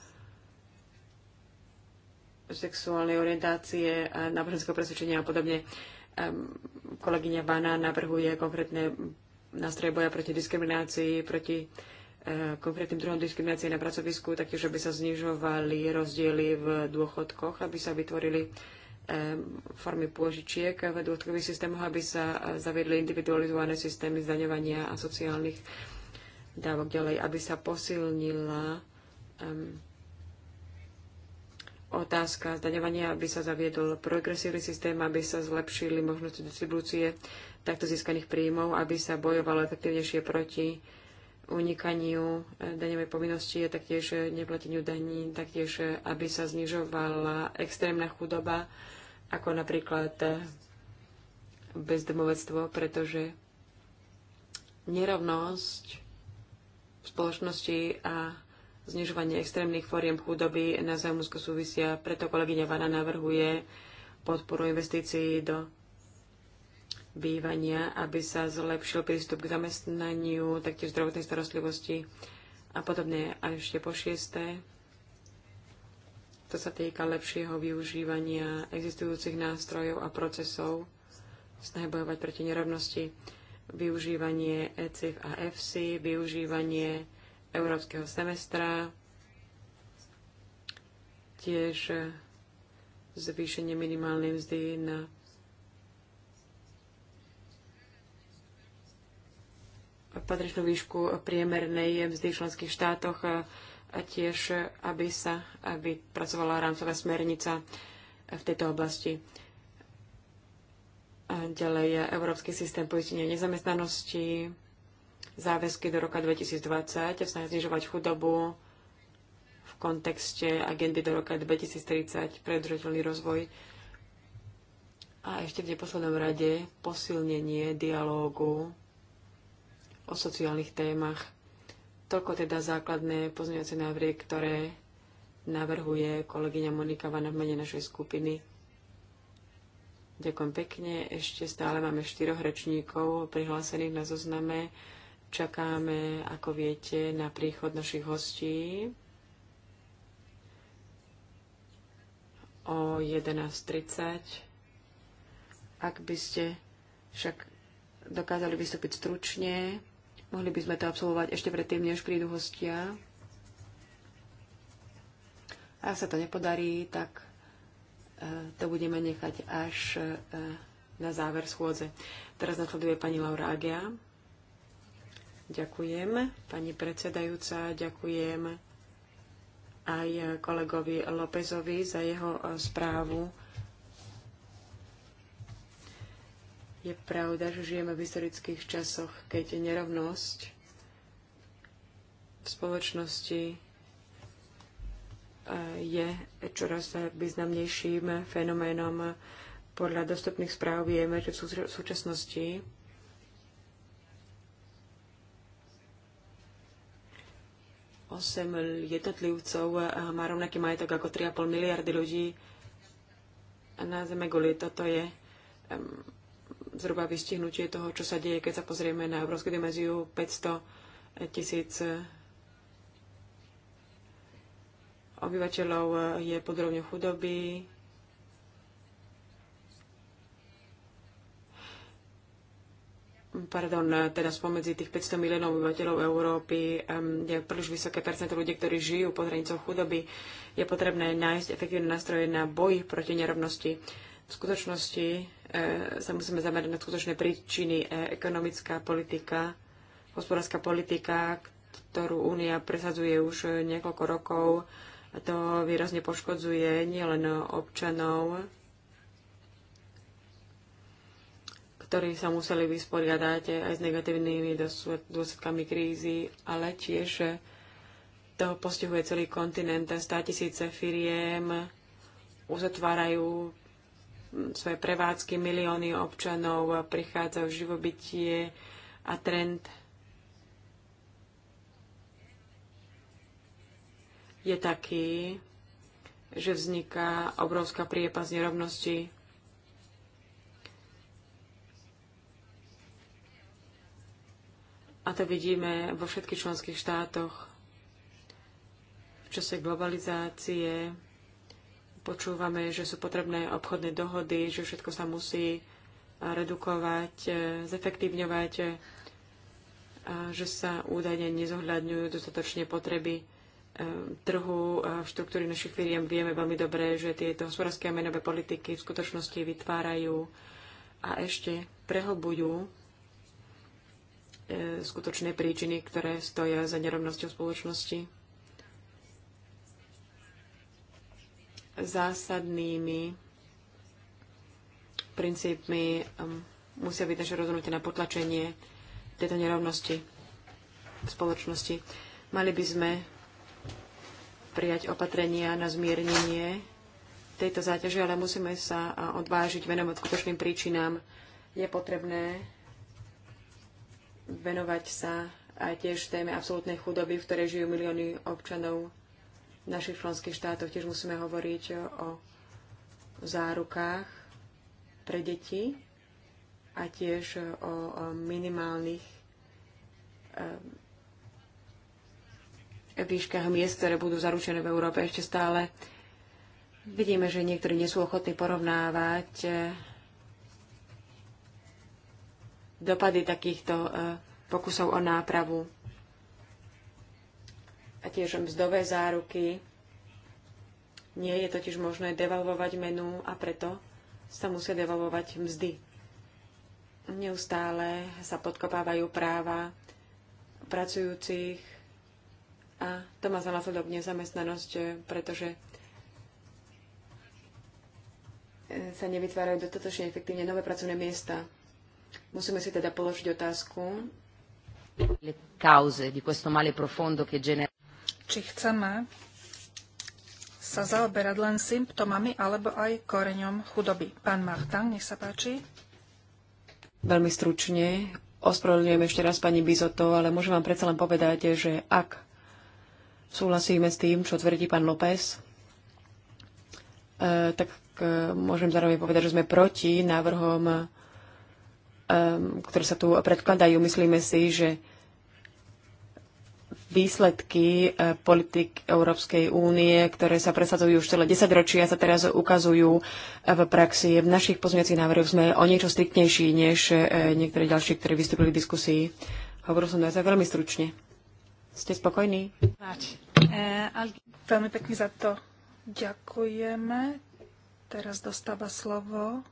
sexuálnej orientácie a náboženského presvedčenia a podobne. Kolegyňa Bana navrhuje konkrétne nástroje boja proti diskriminácii, proti e, konkrétnym druhom diskriminácie na pracovisku, taktiež aby sa znižovali rozdiely v dôchodkoch, aby sa vytvorili formy pôžičiek v dôchodkových systémoch, aby sa e, zaviedli individualizované systémy zdaňovania a sociálnych dávok ďalej, aby sa posilnila um, otázka zdaňovania, aby sa zaviedol progresívny systém, aby sa zlepšili možnosti distribúcie takto získaných príjmov, aby sa bojovalo efektívnejšie proti unikaniu eh, daňovej povinnosti a taktiež eh, neplateniu daní, taktiež eh, aby sa znižovala extrémna chudoba, ako napríklad bezdomovectvo, pretože nerovnosť v spoločnosti a znižovanie extrémnych foriem chudoby na zájomúzko súvisia. Preto kolegyňa Vana navrhuje podporu investícií do bývania, aby sa zlepšil prístup k zamestnaniu, taktiež zdravotnej starostlivosti a podobne. A ešte po šiesté, to sa týka lepšieho využívania existujúcich nástrojov a procesov snahy bojovať proti nerovnosti, využívanie ECIF a EFSI, využívanie európskeho semestra, tiež zvýšenie minimálnej mzdy na patričnú výšku priemernej mzdy v členských štátoch a tiež, aby sa pracovala rámcová smernica v tejto oblasti. A ďalej je Európsky systém poistenia nezamestnanosti, záväzky do roka 2020 a znižovať chudobu v kontexte agendy do roka 2030 pre udržateľný rozvoj a ešte v neposlednom rade posilnenie dialógu o sociálnych témach. Toľko teda základné pozmeňovacie návrhy, ktoré navrhuje kolegyňa Monika Vana v mene našej skupiny. Ďakujem pekne. Ešte stále máme štyroch rečníkov prihlásených na zozname. Čakáme, ako viete, na príchod našich hostí o 11.30. Ak by ste však dokázali vystúpiť stručne, mohli by sme to absolvovať ešte predtým, než prídu hostia. Ak sa to nepodarí, tak e, to budeme nechať až e, na záver schôdze. Teraz nasleduje pani Laura Agia. Ďakujem, pani predsedajúca, ďakujem aj kolegovi Lópezovi za jeho e, správu. Je pravda, že žijeme v historických časoch, keď je nerovnosť v spoločnosti e, je čoraz významnejším fenoménom. Podľa dostupných správ vieme, že v súčasnosti 8 jednotlivcov má rovnaký majetok ako 3,5 miliardy ľudí na Zemeguli. Toto je um, zhruba vystihnutie toho, čo sa deje, keď sa pozrieme na obrovskú dimenziu 500 tisíc obyvateľov je podrobne rovňou chudoby, pardon, teda spomedzi tých 500 miliónov obyvateľov Európy je príliš vysoké percento ľudí, ktorí žijú pod hranicou chudoby. Je potrebné nájsť efektívne nástroje na boj proti nerovnosti. V skutočnosti e, sa musíme zamerať na skutočné príčiny. E, ekonomická politika, hospodárska politika, ktorú Únia presadzuje už niekoľko rokov, a to výrazne poškodzuje nielen občanov ktorí sa museli vysporiadať aj s negatívnymi dôsledkami krízy, ale tiež e, to postihuje celý kontinent. Stá tisíce firiem uzatvárajú svoje prevádzky, milióny občanov prichádza v živobytie a trend je taký, že vzniká obrovská priepas nerovnosti A to vidíme vo všetkých členských štátoch. V čase globalizácie počúvame, že sú potrebné obchodné dohody, že všetko sa musí eh, redukovať, eh, zefektívňovať, eh, že sa údajne nezohľadňujú dostatočne potreby trhu a v štruktúry našich firiem vieme veľmi dobre, že tieto hospodárske a menové politiky v skutočnosti vytvárajú a ešte prehlbujú E, skutočné príčiny, ktoré stoja za nerovnosťou spoločnosti. Zásadnými princípmi musia byť naše rozhodnutie na potlačenie tejto nerovnosti v spoločnosti. Mali by sme prijať opatrenia na zmiernenie tejto záťaže, ale musíme sa odvážiť venom od skutočným príčinám. Je potrebné venovať sa aj tiež téme absolútnej chudoby, v ktorej žijú milióny občanov našich členských štátov. Tiež musíme hovoriť o zárukách pre deti a tiež o minimálnych eh, výškach miest, ktoré budú zaručené v Európe ešte stále. Vidíme, že niektorí nie sú ochotní porovnávať eh, dopady takýchto e, pokusov o nápravu. A tiež mzdové záruky. Nie je totiž možné devalvovať menu a preto sa musia devalvovať mzdy. Neustále sa podkopávajú práva pracujúcich a to má za následok nezamestnanosť, pretože e, sa nevytvárajú dostatočne efektívne nové pracovné miesta. Musíme si teda položiť otázku, či chceme sa zaoberať len symptomami alebo aj koreňom chudoby. Pán Martin, nech sa páči. Veľmi stručne. Ospravedlňujem ešte raz pani Bizoto, ale môžem vám predsa len povedať, že ak súhlasíme s tým, čo tvrdí pán López, eh, tak eh, môžem zároveň povedať, že sme proti návrhom Um, ktoré sa tu predkladajú. Myslíme si, že výsledky uh, politik Európskej únie, ktoré sa presadzujú už celé 10 ročia, sa teraz ukazujú uh, v praxi. V našich pozmeňacích návrhoch sme o niečo striktnejší než uh, niektoré ďalšie, ktorí vystúpili v diskusii. Hovoril som naozaj veľmi stručne. Ste spokojní? Veľmi pekne za to ďakujeme. Teraz dostáva slovo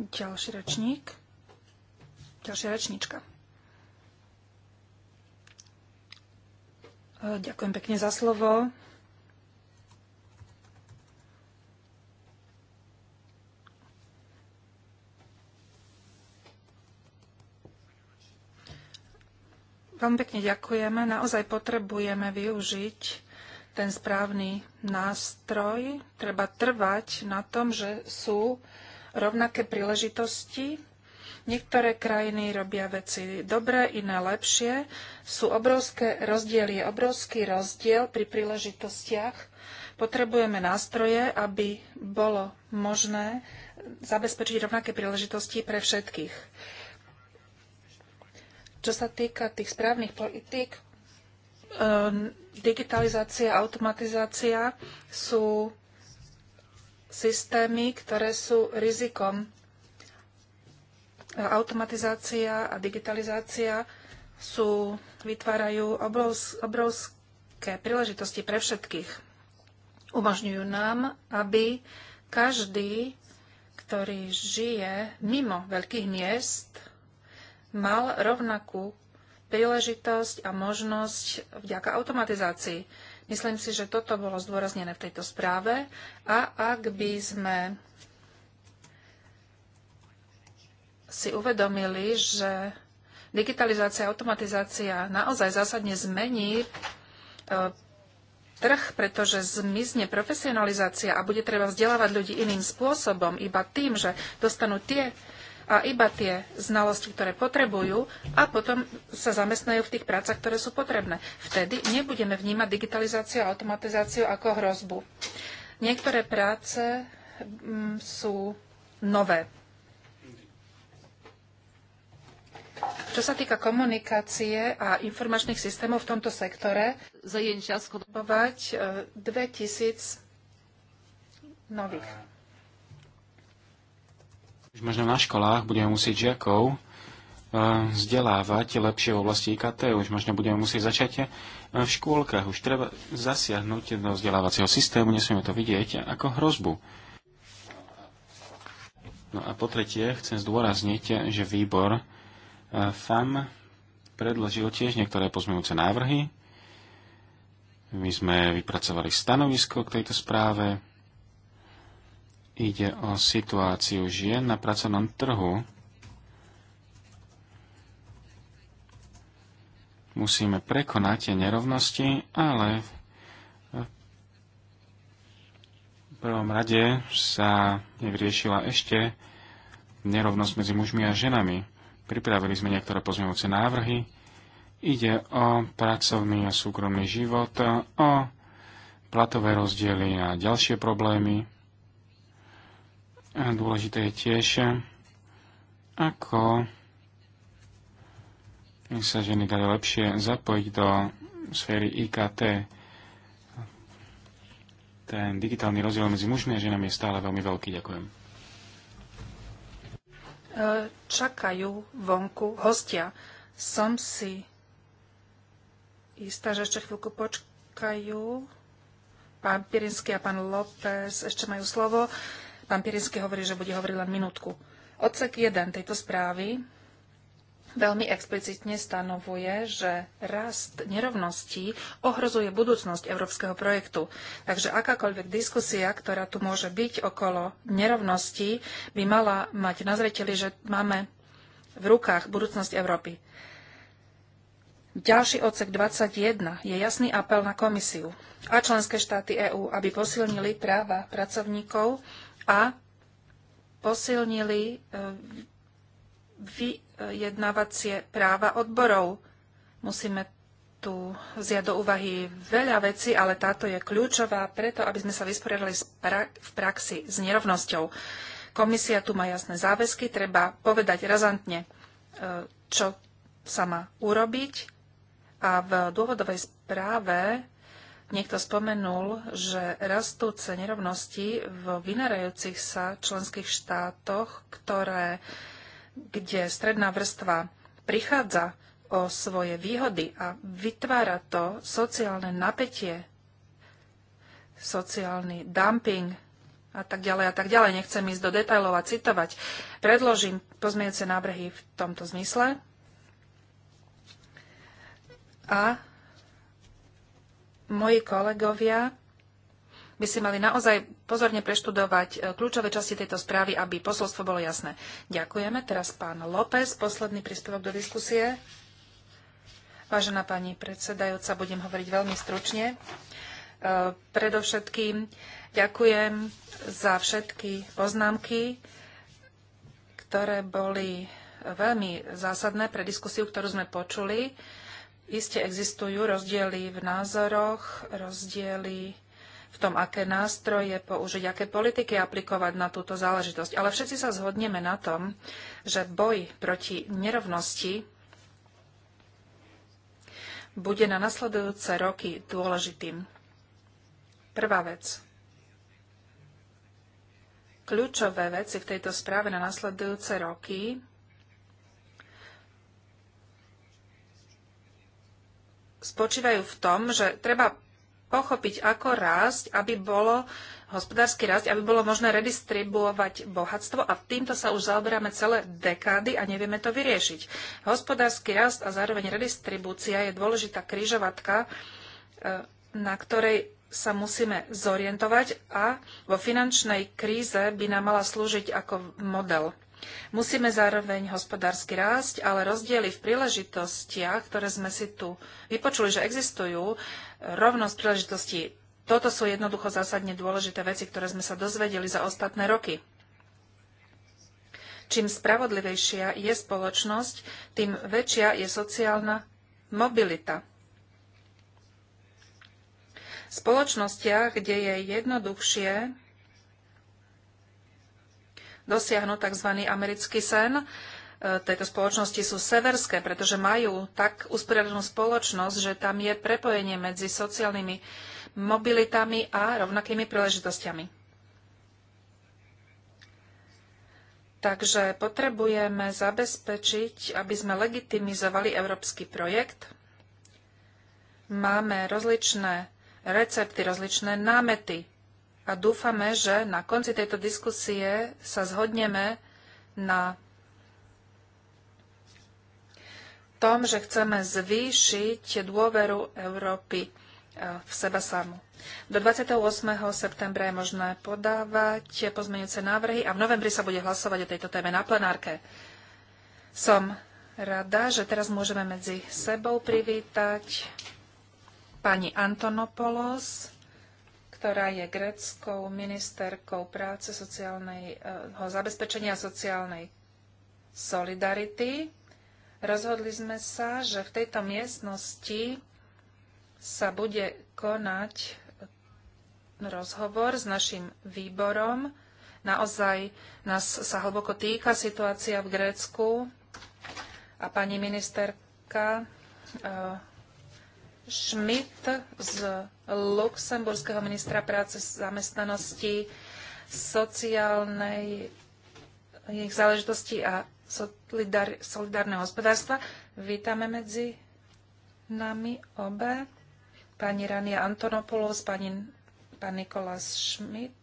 ďalší rečník. Ďalšia rečnička. E, ďakujem pekne za slovo. Veľmi pekne ďakujeme. Naozaj potrebujeme využiť ten správny nástroj. Treba trvať na tom, že sú rovnaké príležitosti Niektoré krajiny robia veci dobre, iné lepšie. Sú obrovské rozdiely, obrovský rozdiel pri príležitostiach. Potrebujeme nástroje, aby bolo možné zabezpečiť rovnaké príležitosti pre všetkých. Čo sa týka tých správnych politik, e, digitalizácia, automatizácia sú systémy, ktoré sú rizikom automatizácia a digitalizácia sú, vytvárajú obrovské príležitosti pre všetkých. Umožňujú nám, aby každý, ktorý žije mimo veľkých miest, mal rovnakú príležitosť a možnosť vďaka automatizácii. Myslím si, že toto bolo zdôraznené v tejto správe a ak by sme si uvedomili, že digitalizácia a automatizácia naozaj zásadne zmení e, trh, pretože zmizne profesionalizácia a bude treba vzdelávať ľudí iným spôsobom, iba tým, že dostanú tie a iba tie znalosti, ktoré potrebujú a potom sa zamestnajú v tých prácach, ktoré sú potrebné. Vtedy nebudeme vnímať digitalizáciu a automatizáciu ako hrozbu. Niektoré práce mm, sú nové. Čo sa týka komunikácie a informačných systémov v tomto sektore, zajenčia skodobovať 2000 e, nových. Už možno na školách budeme musieť žiakov e, vzdelávať lepšie v oblasti IKT. Už možno budeme musieť začať e, v škôlkach. Už treba zasiahnuť do vzdelávacieho systému, nesmieme to vidieť ako hrozbu. No a po tretie, chcem zdôrazniť, že výbor FAM predložil tiež niektoré pozmeňujúce návrhy. My sme vypracovali stanovisko k tejto správe. Ide o situáciu žien na pracovnom trhu. Musíme prekonať tie nerovnosti, ale v prvom rade sa nevyriešila ešte nerovnosť medzi mužmi a ženami. Pripravili sme niektoré pozmeňujúce návrhy. Ide o pracovný a súkromný život, o platové rozdiely a ďalšie problémy. A dôležité je tiež, ako sa ženy dajú lepšie zapojiť do sféry IKT. Ten digitálny rozdiel medzi mužmi a ženami je stále veľmi veľký. Ďakujem. E, čakajú vonku hostia. Som si istá, že ešte chvíľku počkajú. Pán Pirinsky a pán López ešte majú slovo. Pán Pirinsky hovorí, že bude hovoriť len minútku. Odsek 1 tejto správy veľmi explicitne stanovuje, že rast nerovností ohrozuje budúcnosť európskeho projektu. Takže akákoľvek diskusia, ktorá tu môže byť okolo nerovností, by mala mať na zreteli, že máme v rukách budúcnosť Európy. Ďalší odsek 21 je jasný apel na komisiu a členské štáty EÚ, aby posilnili práva pracovníkov a posilnili e, vyjednávacie práva odborov. Musíme tu vziať do úvahy veľa vecí, ale táto je kľúčová preto, aby sme sa vysporiadali v praxi s nerovnosťou. Komisia tu má jasné záväzky, treba povedať razantne, e, čo sa má urobiť. A v dôvodovej správe niekto spomenul, že rastúce nerovnosti v vynárajúcich sa členských štátoch, ktoré kde stredná vrstva prichádza o svoje výhody a vytvára to sociálne napätie, sociálny dumping a tak ďalej a tak ďalej. Nechcem ísť do detajlov a citovať. Predložím pozmienujúce návrhy v tomto zmysle. A moji kolegovia by si mali naozaj pozorne preštudovať e, kľúčové časti tejto správy, aby posolstvo bolo jasné. Ďakujeme. Teraz pán López, posledný príspevok do diskusie. Vážená pani predsedajúca, budem hovoriť veľmi stručne. E, predovšetkým ďakujem za všetky poznámky, ktoré boli veľmi zásadné pre diskusiu, ktorú sme počuli. Isté existujú rozdiely v názoroch, rozdiely v tom, aké nástroje použiť, aké politiky aplikovať na túto záležitosť. Ale všetci sa zhodneme na tom, že boj proti nerovnosti bude na nasledujúce roky dôležitým. Prvá vec. Kľúčové veci v tejto správe na nasledujúce roky spočívajú v tom, že treba pochopiť, ako rásť, aby bolo hospodársky rast, aby bolo možné redistribuovať bohatstvo a týmto sa už zaoberáme celé dekády a nevieme to vyriešiť. Hospodársky rast a zároveň redistribúcia je dôležitá kryžovatka, e, na ktorej sa musíme zorientovať a vo finančnej kríze by nám mala slúžiť ako model. Musíme zároveň hospodársky rásť, ale rozdiely v príležitostiach, ktoré sme si tu vypočuli, že existujú, rovnosť príležitostí, toto sú jednoducho zásadne dôležité veci, ktoré sme sa dozvedeli za ostatné roky. Čím spravodlivejšia je spoločnosť, tým väčšia je sociálna mobilita. V spoločnostiach, kde je jednoduchšie dosiahnuť tzv. americký sen. E, tejto spoločnosti sú severské, pretože majú tak usporiadanú spoločnosť, že tam je prepojenie medzi sociálnymi mobilitami a rovnakými príležitosťami. Takže potrebujeme zabezpečiť, aby sme legitimizovali európsky projekt. Máme rozličné recepty, rozličné námety a dúfame, že na konci tejto diskusie sa zhodneme na tom, že chceme zvýšiť dôveru Európy e, v seba samu. Do 28. septembra je možné podávať pozmeňujúce návrhy a v novembri sa bude hlasovať o tejto téme na plenárke. Som rada, že teraz môžeme medzi sebou privítať pani Antonopoulos ktorá je greckou ministerkou práce sociálnej, zabezpečenia sociálnej solidarity. Rozhodli sme sa, že v tejto miestnosti sa bude konať rozhovor s našim výborom. Naozaj nás sa hlboko týka situácia v Grécku a pani ministerka eh, Schmidt z luxemburského ministra práce, zamestnanosti, sociálnej ich záležitosti a solidar, solidárneho hospodárstva. Vítame medzi nami obe pani Rania Antonopoulos, pani, pán Nikolás Schmidt.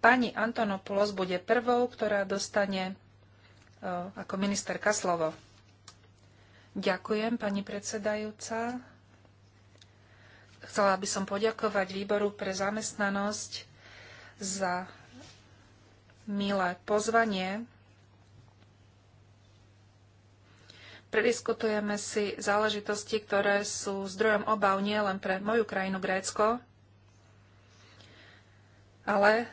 Pani Antonopoulos bude prvou, ktorá dostane eh, ako ministerka slovo. Ďakujem, pani predsedajúca. Chcela by som poďakovať výboru pre zamestnanosť za milé pozvanie. Prediskutujeme si záležitosti, ktoré sú zdrojom obav nielen pre moju krajinu Grécko, ale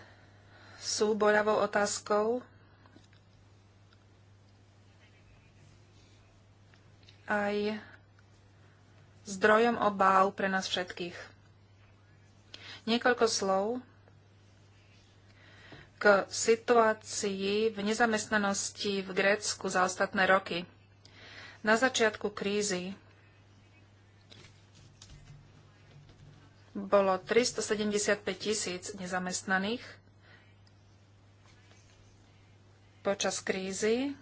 sú boľavou otázkou aj zdrojom obáv pre nás všetkých. Niekoľko slov k situácii v nezamestnanosti v Grécku za ostatné roky. Na začiatku krízy bolo 375 tisíc nezamestnaných. Počas krízy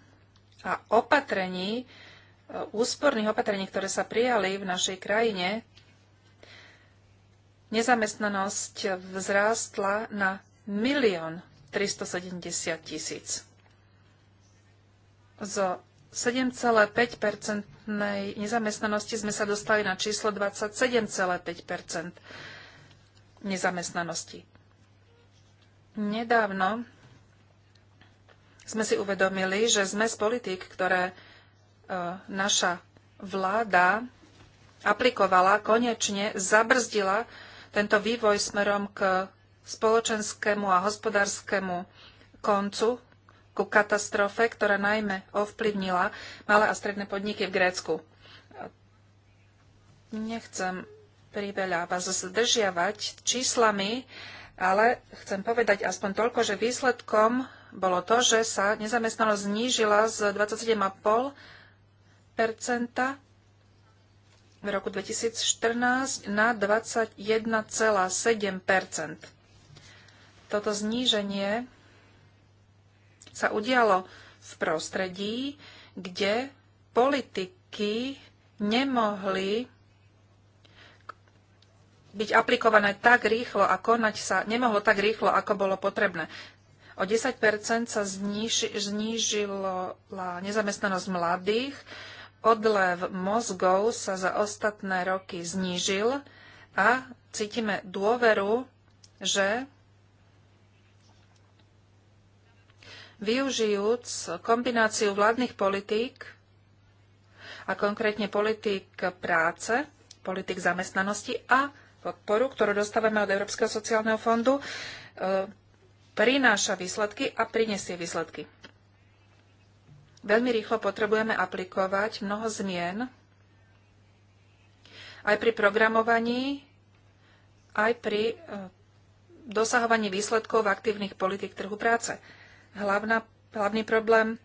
a opatrení úsporných opatrení, ktoré sa prijali v našej krajine, nezamestnanosť vzrástla na 1 370 tisíc. Zo 7,5-percentnej nezamestnanosti sme sa dostali na číslo 27,5 nezamestnanosti. Nedávno sme si uvedomili, že sme z politik, ktoré E, naša vláda aplikovala, konečne zabrzdila tento vývoj smerom k spoločenskému a hospodárskému koncu, ku katastrofe, ktorá najmä ovplyvnila malé a stredné podniky v Grécku. Nechcem priveľa vás zdržiavať číslami, ale chcem povedať aspoň toľko, že výsledkom bolo to, že sa nezamestnanosť znížila z 27,5 v roku 2014 na 21,7 Toto zníženie sa udialo v prostredí, kde politiky nemohli byť aplikované tak rýchlo a konať sa nemohlo tak rýchlo, ako bolo potrebné. O 10 sa znížila nezamestnanosť mladých, odlev mozgov sa za ostatné roky znížil a cítime dôveru, že využijúc kombináciu vládnych politík a konkrétne politík práce, politík zamestnanosti a podporu, ktorú dostávame od Európskeho sociálneho fondu, e, prináša výsledky a prinesie výsledky. Veľmi rýchlo potrebujeme aplikovať mnoho zmien aj pri programovaní, aj pri e, dosahovaní výsledkov aktívnych politik trhu práce. Hlavná, hlavný problém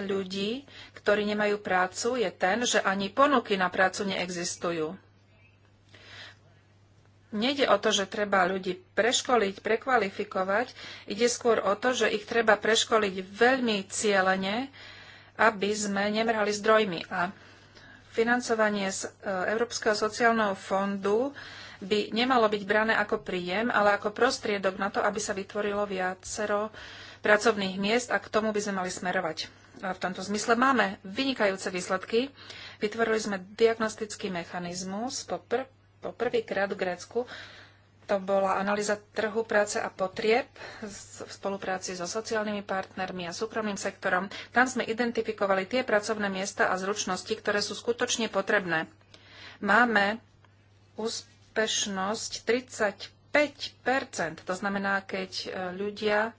ľudí, ktorí nemajú prácu, je ten, že ani ponuky na prácu neexistujú. Nejde o to, že treba ľudí preškoliť, prekvalifikovať, ide skôr o to, že ich treba preškoliť veľmi cieľene, aby sme nemrhali zdrojmi. A financovanie z e, Európskeho sociálneho fondu by nemalo byť brané ako príjem, ale ako prostriedok na to, aby sa vytvorilo viacero pracovných miest a k tomu by sme mali smerovať. A v tomto zmysle máme vynikajúce výsledky. Vytvorili sme diagnostický mechanizmus po, pr- po prvýkrát v Grécku, to bola analýza trhu práce a potrieb v spolupráci so sociálnymi partnermi a súkromným sektorom. Tam sme identifikovali tie pracovné miesta a zručnosti, ktoré sú skutočne potrebné. Máme úspešnosť 35 To znamená, keď e, ľudia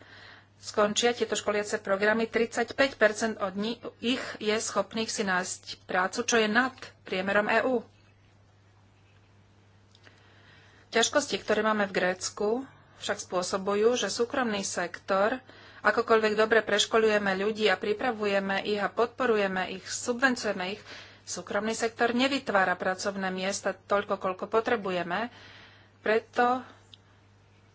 skončia tieto školiace programy, 35 od nich je schopných si nájsť prácu, čo je nad priemerom EÚ. Ťažkosti, ktoré máme v Grécku, však spôsobujú, že súkromný sektor, akokoľvek dobre preškolujeme ľudí a pripravujeme ich a podporujeme ich, subvencujeme ich, súkromný sektor nevytvára pracovné miesta toľko, koľko potrebujeme, preto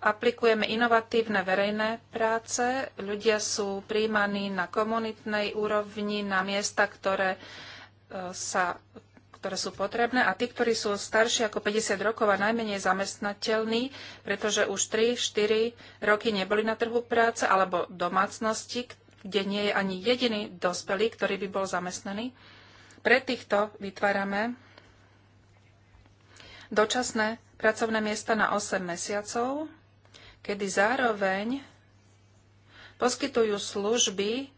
aplikujeme inovatívne verejné práce. Ľudia sú príjmaní na komunitnej úrovni, na miesta, ktoré e, sa ktoré sú potrebné a tí, ktorí sú starší ako 50 rokov a najmenej zamestnateľní, pretože už 3-4 roky neboli na trhu práce alebo domácnosti, kde nie je ani jediný dospelý, ktorý by bol zamestnaný. Pre týchto vytvárame dočasné pracovné miesta na 8 mesiacov, kedy zároveň poskytujú služby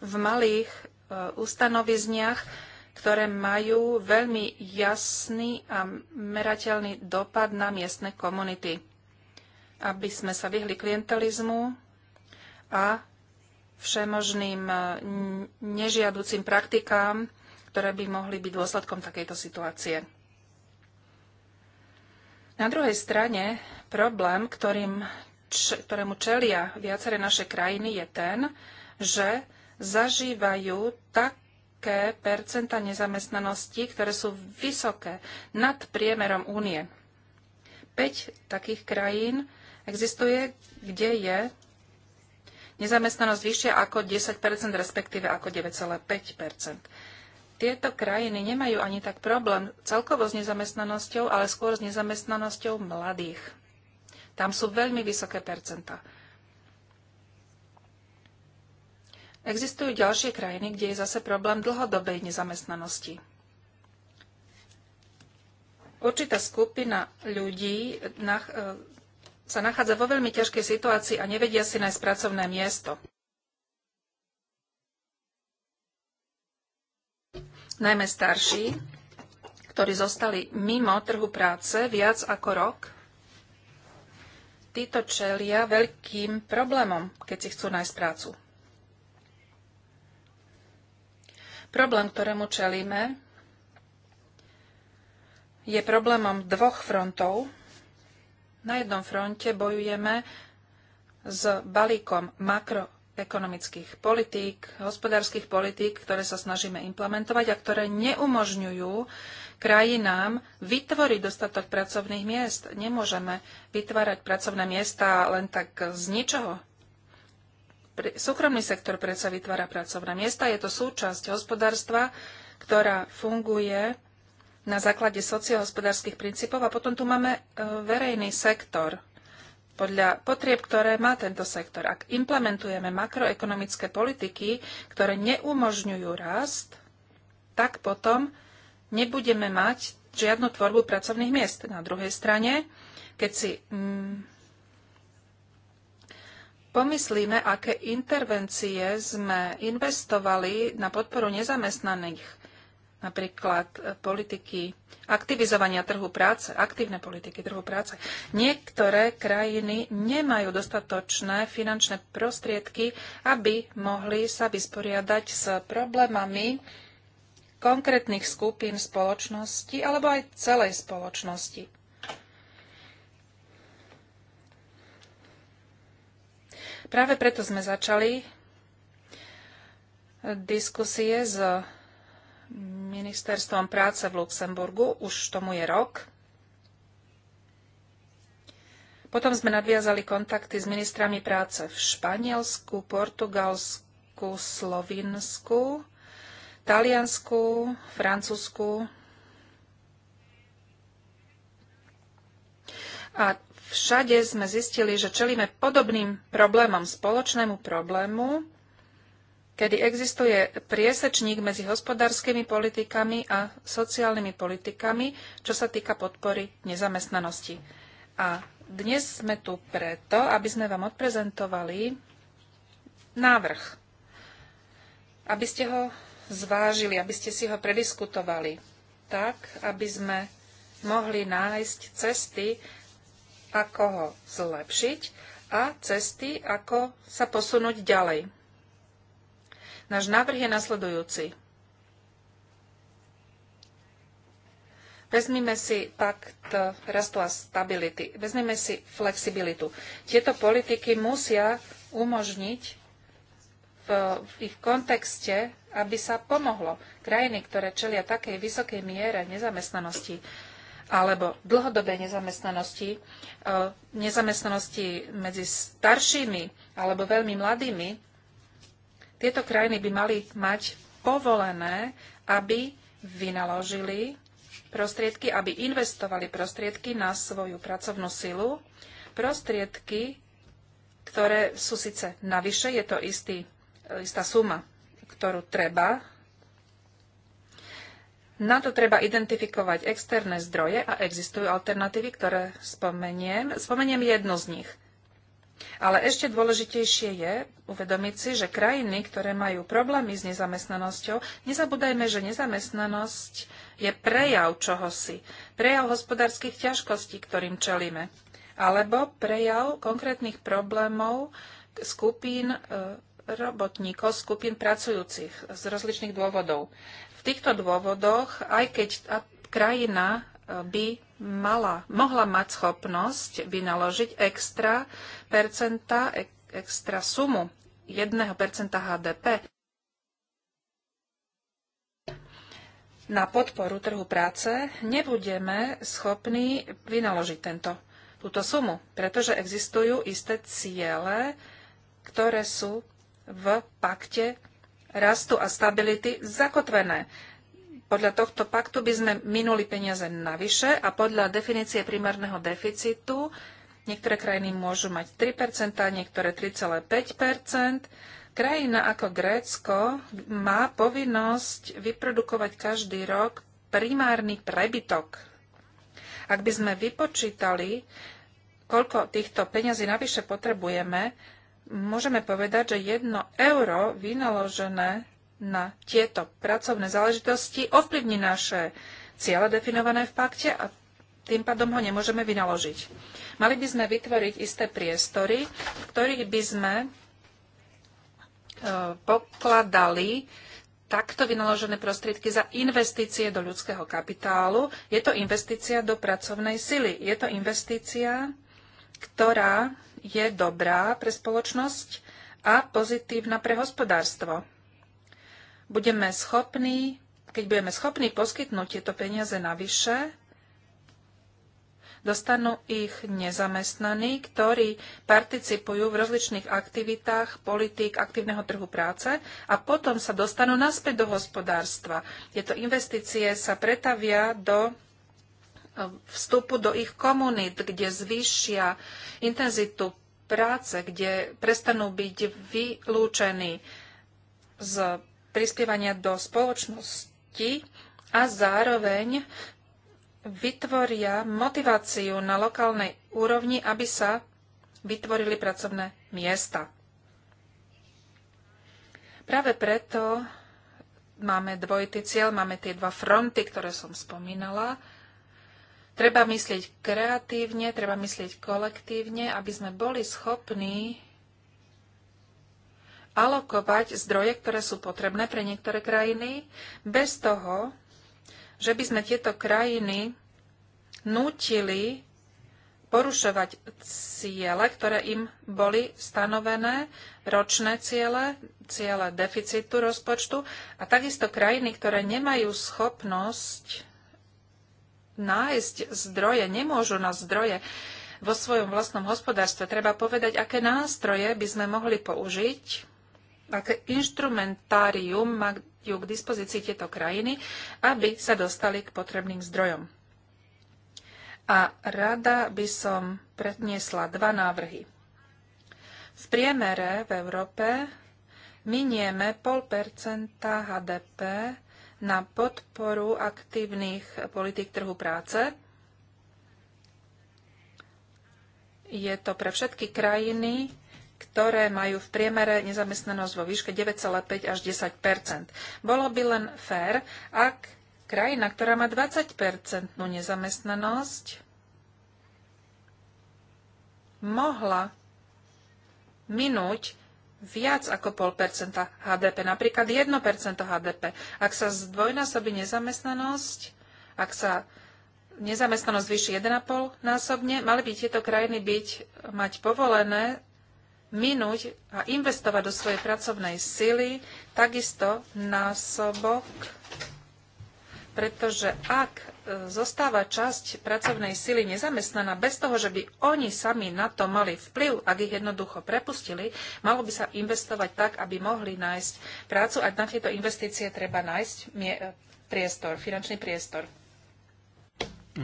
v malých e, ustanovizniach ktoré majú veľmi jasný a merateľný dopad na miestne komunity, aby sme sa vyhli klientelizmu a všemožným e, nežiaducim praktikám, ktoré by mohli byť dôsledkom takejto situácie. Na druhej strane problém, ktorým, č, ktorému čelia viaceré naše krajiny, je ten, že zažívajú tak vysoké percenta nezamestnanosti, ktoré sú vysoké nad priemerom únie. 5 takých krajín existuje, kde je nezamestnanosť vyššia ako 10 respektíve ako 9,5 tieto krajiny nemajú ani tak problém celkovo s nezamestnanosťou, ale skôr s nezamestnanosťou mladých. Tam sú veľmi vysoké percentá. Existujú ďalšie krajiny, kde je zase problém dlhodobej nezamestnanosti. Určitá skupina ľudí e, sa nachádza vo veľmi ťažkej situácii a nevedia si nájsť pracovné miesto. Najmä starší, ktorí zostali mimo trhu práce viac ako rok, títo čelia veľkým problémom, keď si chcú nájsť prácu. Problém, ktorému čelíme, je problémom dvoch frontov. Na jednom fronte bojujeme s balíkom makroekonomických politík, hospodárskych politík, ktoré sa snažíme implementovať a ktoré neumožňujú krajinám vytvoriť dostatok pracovných miest. Nemôžeme vytvárať pracovné miesta len tak z ničoho súkromný sektor predsa vytvára pracovné miesta. Je to súčasť hospodárstva, ktorá funguje na základe sociohospodárskych princípov a potom tu máme e, verejný sektor podľa potrieb, ktoré má tento sektor. Ak implementujeme makroekonomické politiky, ktoré neumožňujú rast, tak potom nebudeme mať žiadnu tvorbu pracovných miest. Na druhej strane, keď si mm, pomyslíme, aké intervencie sme investovali na podporu nezamestnaných, napríklad e, politiky aktivizovania trhu práce, aktívne politiky trhu práce. Niektoré krajiny nemajú dostatočné finančné prostriedky, aby mohli sa vysporiadať s problémami konkrétnych skupín spoločnosti alebo aj celej spoločnosti. Práve preto sme začali diskusie s ministerstvom práce v Luxemburgu. Už tomu je rok. Potom sme nadviazali kontakty s ministrami práce v Španielsku, Portugalsku, Slovinsku, Taliansku, Francúzsku. A Všade sme zistili, že čelíme podobným problémom, spoločnému problému, kedy existuje priesečník medzi hospodárskymi politikami a sociálnymi politikami, čo sa týka podpory nezamestnanosti. A dnes sme tu preto, aby sme vám odprezentovali návrh, aby ste ho zvážili, aby ste si ho prediskutovali, tak, aby sme mohli nájsť cesty, ako ho zlepšiť a cesty, ako sa posunúť ďalej. Náš návrh je nasledujúci. Vezmime si pakt rastu a stability. Vezmime si flexibilitu. Tieto politiky musia umožniť v, v ich kontexte, aby sa pomohlo. Krajiny, ktoré čelia takej vysokej miere nezamestnanosti, alebo dlhodobej nezamestnanosti, e, nezamestnanosti medzi staršími alebo veľmi mladými, tieto krajiny by mali mať povolené, aby vynaložili prostriedky, aby investovali prostriedky na svoju pracovnú silu, prostriedky, ktoré sú síce navyše, je to istý, istá suma, ktorú treba na to treba identifikovať externé zdroje a existujú alternatívy, ktoré spomeniem. Spomeniem jednu z nich. Ale ešte dôležitejšie je uvedomiť si, že krajiny, ktoré majú problémy s nezamestnanosťou, nezabúdajme, že nezamestnanosť je prejav čohosi, prejav hospodárskych ťažkostí, ktorým čelíme, alebo prejav konkrétnych problémov skupín eh, robotníkov, skupín pracujúcich z rozličných dôvodov. V týchto dôvodoch, aj keď krajina e, by mala, mohla mať schopnosť vynaložiť extra percenta, e, extra sumu 1% HDP na podporu trhu práce, nebudeme schopní vynaložiť tento, túto sumu, pretože existujú isté ciele, ktoré sú v pakte rastu a stability zakotvené. Podľa tohto paktu by sme minuli peniaze navyše a podľa definície primárneho deficitu niektoré krajiny môžu mať 3%, niektoré 3,5%. Krajina ako Grécko má povinnosť vyprodukovať každý rok primárny prebytok. Ak by sme vypočítali, koľko týchto peňazí navyše potrebujeme, môžeme povedať, že jedno euro vynaložené na tieto pracovné záležitosti ovplyvní naše ciele definované v pakte a tým pádom ho nemôžeme vynaložiť. Mali by sme vytvoriť isté priestory, v ktorých by sme e, pokladali takto vynaložené prostriedky za investície do ľudského kapitálu. Je to investícia do pracovnej sily. Je to investícia, ktorá je dobrá pre spoločnosť a pozitívna pre hospodárstvo. Budeme schopní, keď budeme schopní poskytnúť tieto peniaze navyše, dostanú ich nezamestnaní, ktorí participujú v rozličných aktivitách politík aktívneho trhu práce a potom sa dostanú naspäť do hospodárstva. Tieto investície sa pretavia do vstupu do ich komunít, kde zvýšia intenzitu práce, kde prestanú byť vylúčení z prispievania do spoločnosti a zároveň vytvoria motiváciu na lokálnej úrovni, aby sa vytvorili pracovné miesta. Práve preto máme dvojitý cieľ, máme tie dva fronty, ktoré som spomínala. Treba myslieť kreatívne, treba myslieť kolektívne, aby sme boli schopní alokovať zdroje, ktoré sú potrebné pre niektoré krajiny, bez toho, že by sme tieto krajiny nútili porušovať ciele, ktoré im boli stanovené, ročné ciele, ciele deficitu rozpočtu a takisto krajiny, ktoré nemajú schopnosť nájsť zdroje, nemôžu na zdroje vo svojom vlastnom hospodárstve. Treba povedať, aké nástroje by sme mohli použiť, aké inštrumentárium majú k dispozícii tieto krajiny, aby sa dostali k potrebným zdrojom. A rada by som predniesla dva návrhy. V priemere v Európe minieme 0,5 HDP na podporu aktívnych politík trhu práce. Je to pre všetky krajiny, ktoré majú v priemere nezamestnanosť vo výške 9,5 až 10 Bolo by len fér, ak krajina, ktorá má 20 nezamestnanosť, mohla minúť viac ako pol percenta HDP, napríklad 1% HDP. Ak sa zdvojnásobí nezamestnanosť, ak sa nezamestnanosť vyšší 1,5 násobne, mali by tieto krajiny byť, mať povolené minúť a investovať do svojej pracovnej sily takisto násobok pretože ak e, zostáva časť pracovnej sily nezamestnaná bez toho, že by oni sami na to mali vplyv, ak ich jednoducho prepustili, malo by sa investovať tak, aby mohli nájsť prácu a na tieto investície treba nájsť e, priestor, finančný priestor.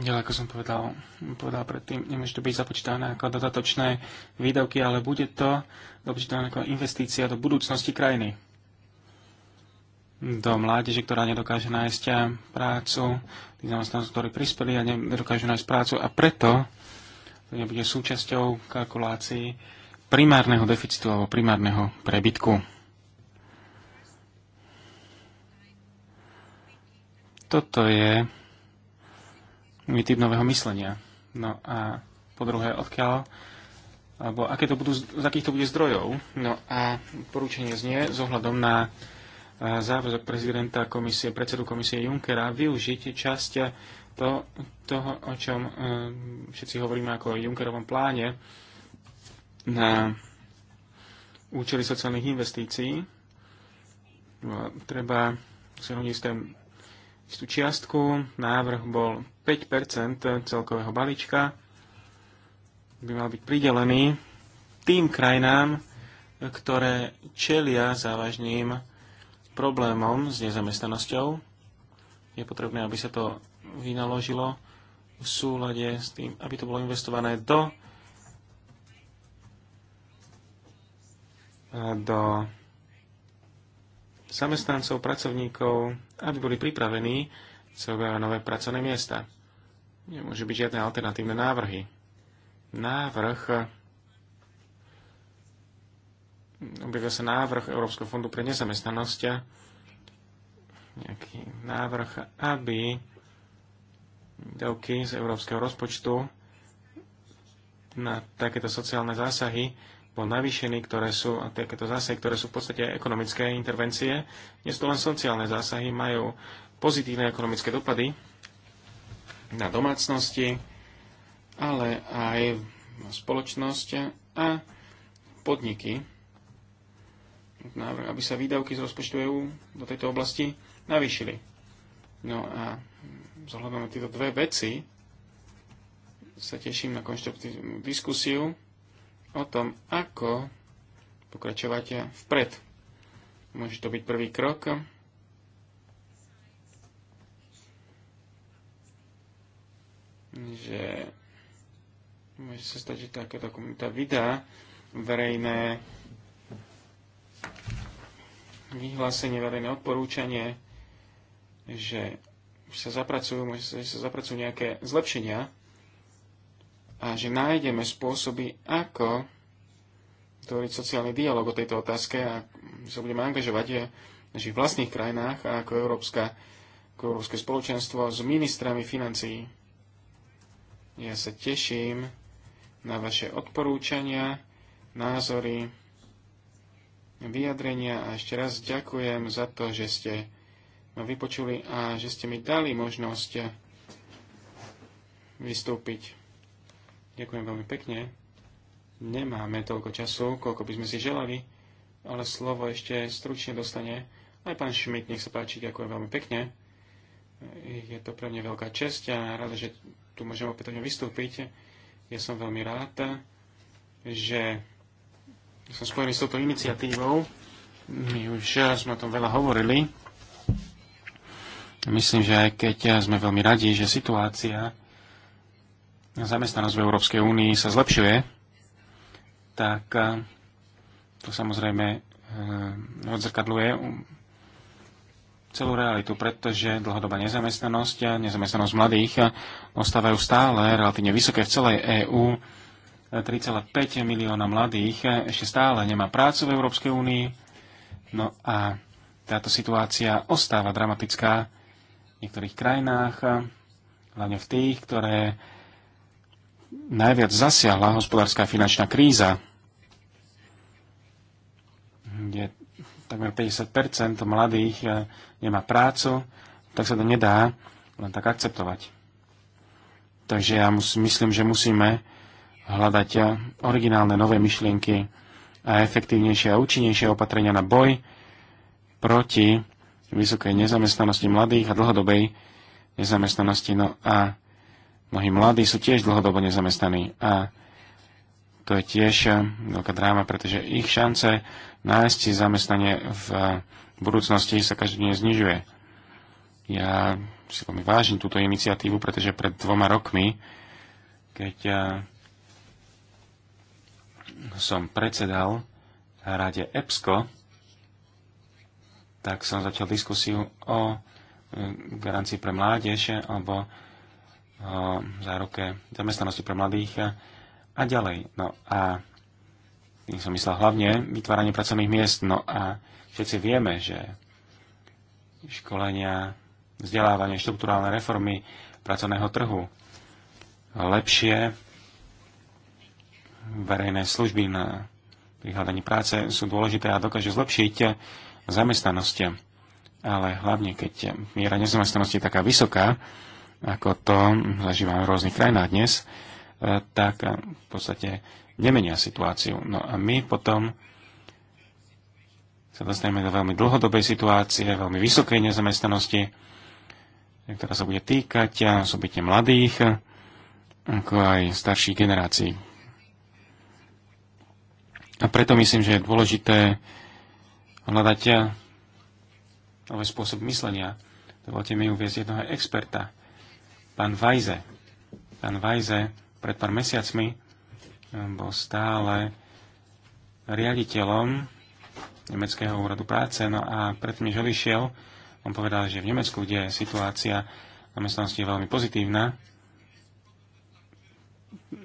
Ja, ako som povedal, povedal predtým, nemôže to byť započítané ako dodatočné výdavky, ale bude to započítané ako investícia do budúcnosti krajiny do mládeže, ktorá nedokáže nájsť eh, prácu, tých zamestnancov, ktorí prispeli a nedokážu nájsť prácu a preto to nebude súčasťou kalkulácií primárneho deficitu alebo primárneho prebytku. Toto je môj typ nového myslenia. No a po druhé, odkiaľ alebo aké to budú, z akých to bude zdrojov. No a porúčanie znie zohľadom na záväzok prezidenta komisie, predsedu komisie Junckera využiť časť to, toho, o čom e, všetci hovoríme ako o Junckerovom pláne na účely sociálnych investícií. No, treba z istú čiastku. Návrh bol 5 celkového balíčka. By mal byť pridelený tým krajinám, ktoré čelia závažným problémom s nezamestnanosťou. Je potrebné, aby sa to vynaložilo v súlade s tým, aby to bolo investované do do zamestnancov, pracovníkov, aby boli pripravení celé nové pracovné miesta. Nemôže byť žiadne alternatívne návrhy. Návrh objavil sa návrh Európskeho fondu pre nezamestnanosť, nejaký návrh, aby dávky z európskeho rozpočtu na takéto sociálne zásahy bol navýšený, ktoré sú, a takéto zásahy, ktoré sú v podstate ekonomické intervencie, nie sú to len sociálne zásahy, majú pozitívne ekonomické dopady na domácnosti, ale aj na spoločnosť a podniky návrh, aby sa výdavky z rozpočtu EÚ do tejto oblasti navýšili. No a zohľadom na tieto dve veci sa teším na konštruktívnu diskusiu o tom, ako pokračovať vpred. Môže to byť prvý krok. že môže sa stať, že taká komunita vydá verejné vyhlásenie verejné odporúčanie, že sa zapracujú, že sa zapracujú nejaké zlepšenia a že nájdeme spôsoby, ako tvoriť sociálny dialog o tejto otázke a sa budeme angažovať v našich vlastných krajinách a ako, Európska, ako Európske spoločenstvo s ministrami financií. Ja sa teším na vaše odporúčania, názory, vyjadrenia a ešte raz ďakujem za to, že ste ma vypočuli a že ste mi dali možnosť vystúpiť. Ďakujem veľmi pekne. Nemáme toľko času, koľko by sme si želali, ale slovo ešte stručne dostane aj pán Šmit, nech sa páči, ďakujem veľmi pekne. Je to pre mňa veľká česť a rada, že tu môžem opätovne vystúpiť. Ja som veľmi rád, že som spojený s touto iniciatívou. My už sme o tom veľa hovorili. Myslím, že aj keď sme veľmi radi, že situácia zamestnanosť v Európskej únii sa zlepšuje, tak eh, to samozrejme eh, odzrkadluje celú realitu, pretože dlhodobá nezamestnanosť a nezamestnanosť mladých eh, ostávajú stále relatívne vysoké v celej EÚ 3,5 milióna mladých ešte stále nemá prácu v Európskej únii. No a táto situácia ostáva dramatická v niektorých krajinách, hlavne v tých, ktoré najviac zasiahla hospodárska a finančná kríza, kde takmer 50 mladých eh, nemá prácu, tak sa to nedá len tak akceptovať. Takže ja mus, myslím, že musíme hľadať originálne nové myšlienky a efektívnejšie a účinnejšie opatrenia na boj proti vysokej nezamestnanosti mladých a dlhodobej nezamestnanosti. No a mnohí mladí sú tiež dlhodobo nezamestnaní a to je tiež eh, veľká dráma, pretože ich šance nájsť si zamestnanie v budúcnosti sa každodenne znižuje. Ja si veľmi vážim túto iniciatívu, pretože pred dvoma rokmi, keď eh, som predsedal rade EPSCO, tak som začal diskusiu o e, garancii pre mládež alebo o e, záruke zamestnanosti pre mladých a ďalej. No a tým som myslel hlavne vytváranie pracovných miest. No a všetci vieme, že školenia, vzdelávanie, štruktúrálne reformy pracovného trhu, lepšie verejné služby na prihľadanie práce sú dôležité a dokáže zlepšiť zamestnanosť. Ale hlavne, keď miera nezamestnanosti je taká vysoká, ako to zažívame v rôznych krajinách dnes, e, tak v podstate nemenia situáciu. No a my potom sa dostaneme do veľmi dlhodobej situácie, veľmi vysokej nezamestnanosti, ktorá sa bude týkať osobitne mladých, ako aj starších generácií. A preto myslím, že je dôležité hľadať eh, nové spôsob myslenia. Dovolte mi uviezť jednoho experta, pán Vajze. Pán Vajze pred pár mesiacmi eh, bol stále riaditeľom Nemeckého úradu práce. No a predtým, než odišiel, on povedal, že v Nemecku, kde je situácia zamestnanosti je veľmi pozitívna,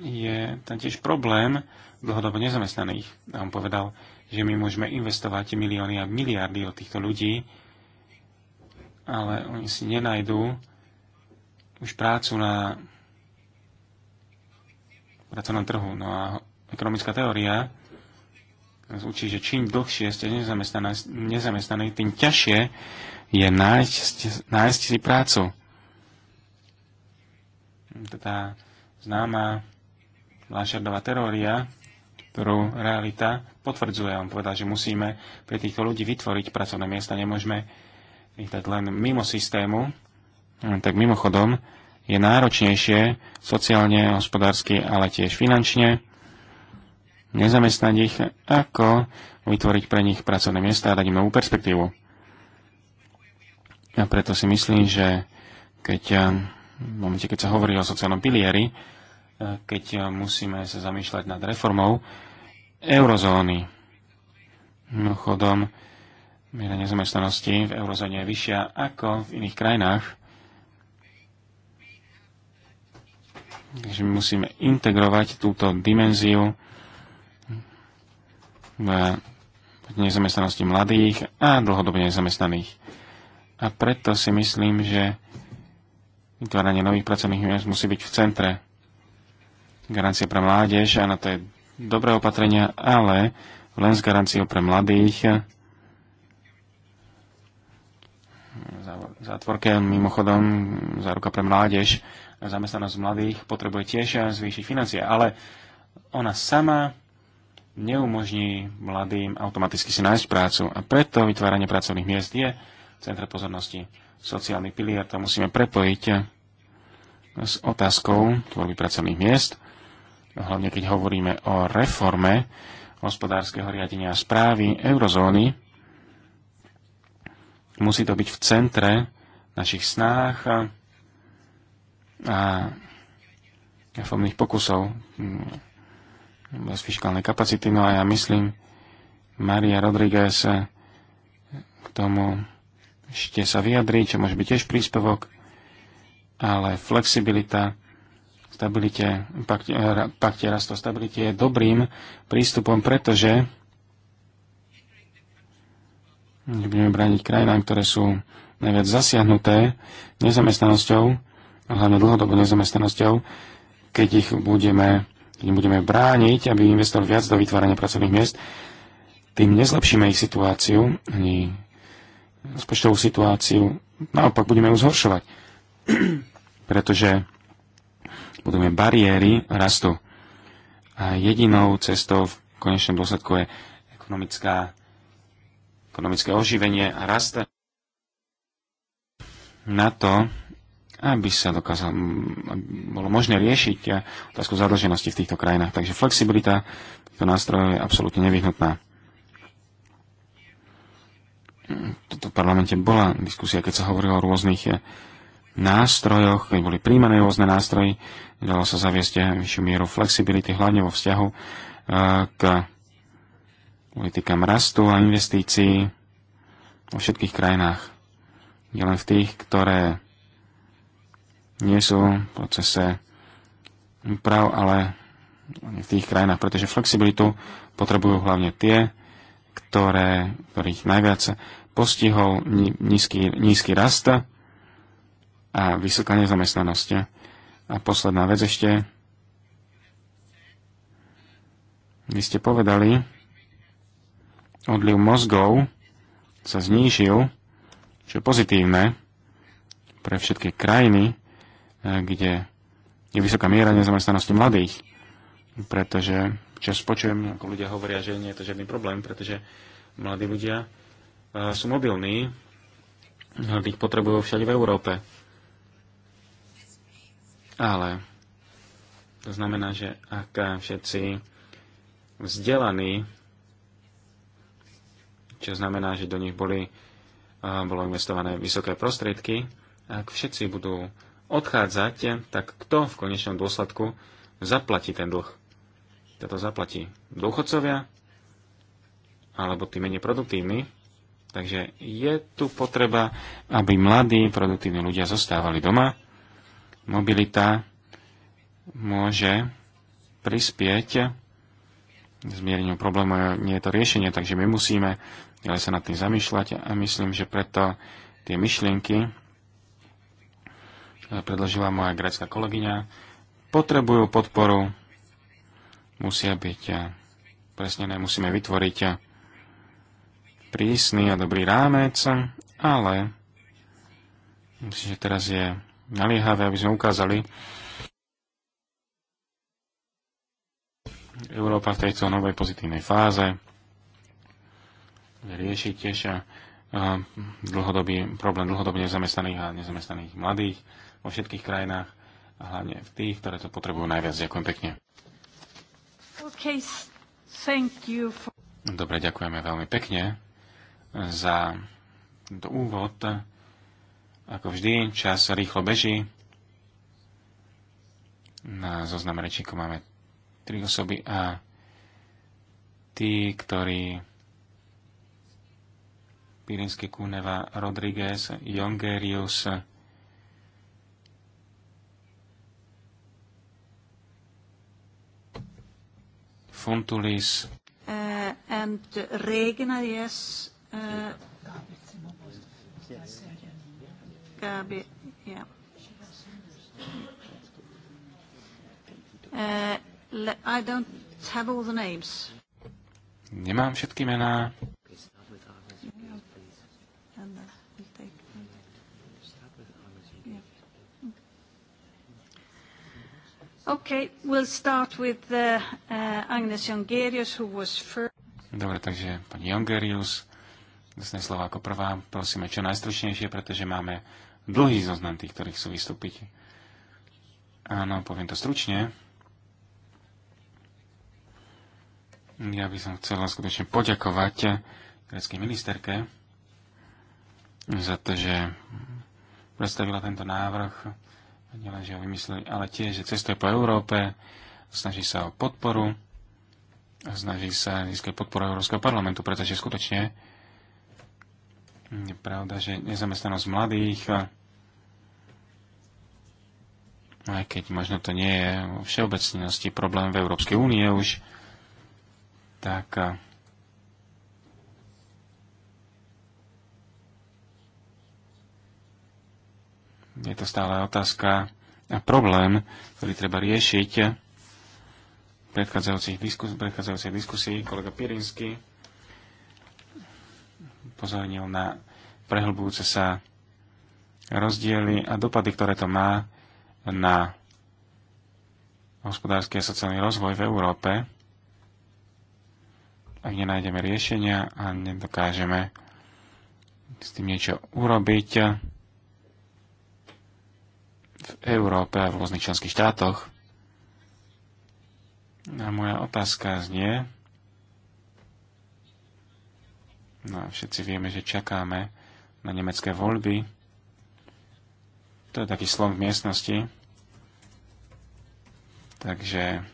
je tam tiež problém dlhodobo nezamestnaných. A on povedal, že my môžeme investovať milióny a miliardy od týchto ľudí, ale oni si nenajdú už prácu na pracovnom trhu. No a ekonomická teória nás učí, že čím dlhšie ste nezamestnaní, tým ťažšie je nájsť, nájsť si prácu. Teda známa Lášardová teória ktorú realita potvrdzuje. On povedal, že musíme pre týchto ľudí vytvoriť pracovné miesta, nemôžeme ich dať len mimo systému. Tak mimochodom je náročnejšie sociálne, hospodársky, ale tiež finančne nezamestnať ich, ako vytvoriť pre nich pracovné miesta a dať im novú perspektívu. A preto si myslím, že keď, eh, v momente, keď sa hovorí o sociálnom pilieri, keď e, musíme sa zamýšľať nad reformou eurozóny. Mimochodom, miera nezamestnanosti v eurozóne je vyššia ako v iných krajinách. Takže my musíme integrovať túto dimenziu v nezamestnanosti mladých a dlhodobne nezamestnaných. A preto si myslím, že vytváranie nových pracovných miest musí byť v centre garancia pre mládež, áno, to je dobré opatrenia, ale len s garanciou pre mladých. Zátvorke mimochodom záruka pre mládež zamestnanosť mladých potrebuje tiež eh, zvýšiť financie, ale ona sama neumožní mladým automaticky si nájsť prácu a preto vytváranie pracovných miest je v centre pozornosti. Sociálny pilier to musíme prepojiť eh, s otázkou tvorby pracovných miest hlavne keď hovoríme o reforme hospodárskeho riadenia a správy eurozóny, musí to byť v centre našich snách a, a reformných pokusov mm, bez fiskálnej kapacity. No a ja myslím, Maria Rodriguez eh, k tomu ešte sa vyjadri, čo môže byť tiež príspevok, ale flexibilita stabilite, pakte, eh, pakte rastu stabilite je dobrým prístupom, pretože nebudeme brániť krajinám, ktoré sú najviac zasiahnuté nezamestnanosťou, hlavne dlhodobou nezamestnanosťou, keď ich budeme, keď im budeme brániť, aby investovali viac do vytvárania pracovných miest, tým nezlepšíme ich situáciu, ani rozpočtovú situáciu, naopak budeme ju zhoršovať. [CLEARS THROAT] Pretože budujeme bariéry rastu. A jedinou cestou v konečnom dôsledku je ekonomická, ekonomické oživenie a rast na to, aby sa dokázal, bolo možné riešiť otázku zadlženosti v týchto krajinách. Takže flexibilita týchto nástrojov je absolútne nevyhnutná. Toto v parlamente bola diskusia, keď sa hovorilo o rôznych eh, nástrojoch, keď boli príjmané rôzne nástroje, dalo sa zaviesť vyššiu mieru flexibility, hlavne vo vzťahu e, k politikám rastu a investícií vo všetkých krajinách. Nie len v tých, ktoré nie sú v procese úprav, ale v tých krajinách, pretože flexibilitu potrebujú hlavne tie, ktoré, ktorých najviac postihol nízky, nízky rast a vysoká nezamestnanosť. A posledná vec ešte. Vy ste povedali, odliv mozgov sa znížil, čo je pozitívne pre všetky krajiny, eh, kde je vysoká miera nezamestnanosti mladých. Pretože čas počujem, ako ľudia hovoria, že nie je to žiadny problém, pretože mladí ľudia eh, sú mobilní, ale ich potrebujú všade v Európe. Ale to znamená, že ak všetci vzdelaní, čo znamená, že do nich boli, bolo investované vysoké prostriedky, ak všetci budú odchádzať, tak kto v konečnom dôsledku zaplatí ten dlh? Toto zaplatí dôchodcovia alebo tí menej produktívni. Takže je tu potreba, aby mladí produktívni ľudia zostávali doma mobilita môže prispieť zmiereniu problému nie je to riešenie, takže my musíme ale sa nad tým zamýšľať a myslím, že preto tie myšlienky predložila moja grecká kolegyňa, potrebujú podporu, musia byť eh, ne, musíme vytvoriť eh, prísny a dobrý rámec, ale myslím, že teraz je naliehavé, aby sme ukázali Európa v tejto novej pozitívnej fáze rieši tiež dlhodobý, problém dlhodobne nezamestnaných a nezamestnaných mladých vo všetkých krajinách a hlavne v tých, ktoré to potrebujú najviac. Ďakujem pekne. Okay, thank you for... Dobre, ďakujeme veľmi pekne za tento úvod. Ako vždy, čas rýchlo beží. Na zozname rečníkov máme tri osoby a tí, ktorí Pirinsky Kuneva, Rodriguez, Jongerius, Funtulis. Uh, and Regner, uh, yes. Uh, uh, be, yeah. Uh, le, I don't have all the names. Nemám všetky mená. Okay, we'll start with uh, uh, Agnes Jongerius, who was first. Dobre, takže pani Jongerius, dostane slovo ako prvá. Prosíme čo najstručnejšie, pretože máme dlhý zoznam tých, ktorých chcú vystúpiť. Áno, poviem to stručne. Ja by som chcela skutočne poďakovať greckej ministerke za to, že predstavila tento návrh. Nielen, že ho vymysleli, ale tiež, že cestuje po Európe, snaží sa o podporu, snaží sa získať podporu Európskeho parlamentu, pretože skutočne je pravda, že nezamestnanosť mladých, aj keď možno to nie je vo všeobecnosti problém v Európskej únie už, tak eh, je to stále otázka a problém, ktorý treba riešiť v predchádzajúcich diskus- predchádzajúcej diskusii kolega Pirinsky upozornil na prehlbujúce sa rozdiely a dopady, ktoré to má na hospodársky a sociálny rozvoj v Európe. Ak nenájdeme riešenia a nedokážeme s tým niečo urobiť v Európe a v rôznych členských štátoch, a moja otázka znie, No a všetci vieme, že čakáme na nemecké voľby. To je taký slom v miestnosti. Takže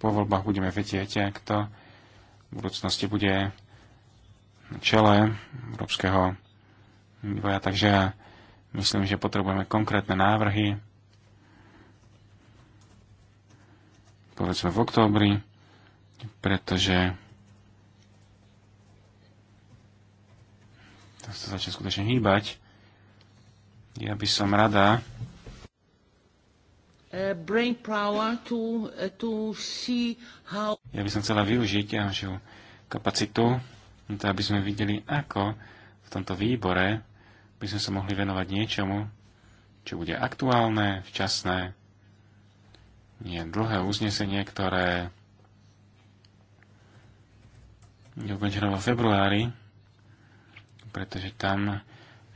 po voľbách budeme vedieť, kto v budúcnosti bude na čele európskeho vývoja. Takže ja myslím, že potrebujeme konkrétne návrhy. Povedzme v októbri, pretože to sa začne skutočne hýbať. Ja by som rada eh, eh, Ja by som chcela využiť našu kapacitu, to aby sme videli, ako v tomto výbore by sme sa mohli venovať niečomu, čo bude aktuálne, včasné, nie dlhé uznesenie, ktoré je ukončené vo februári, pretože tam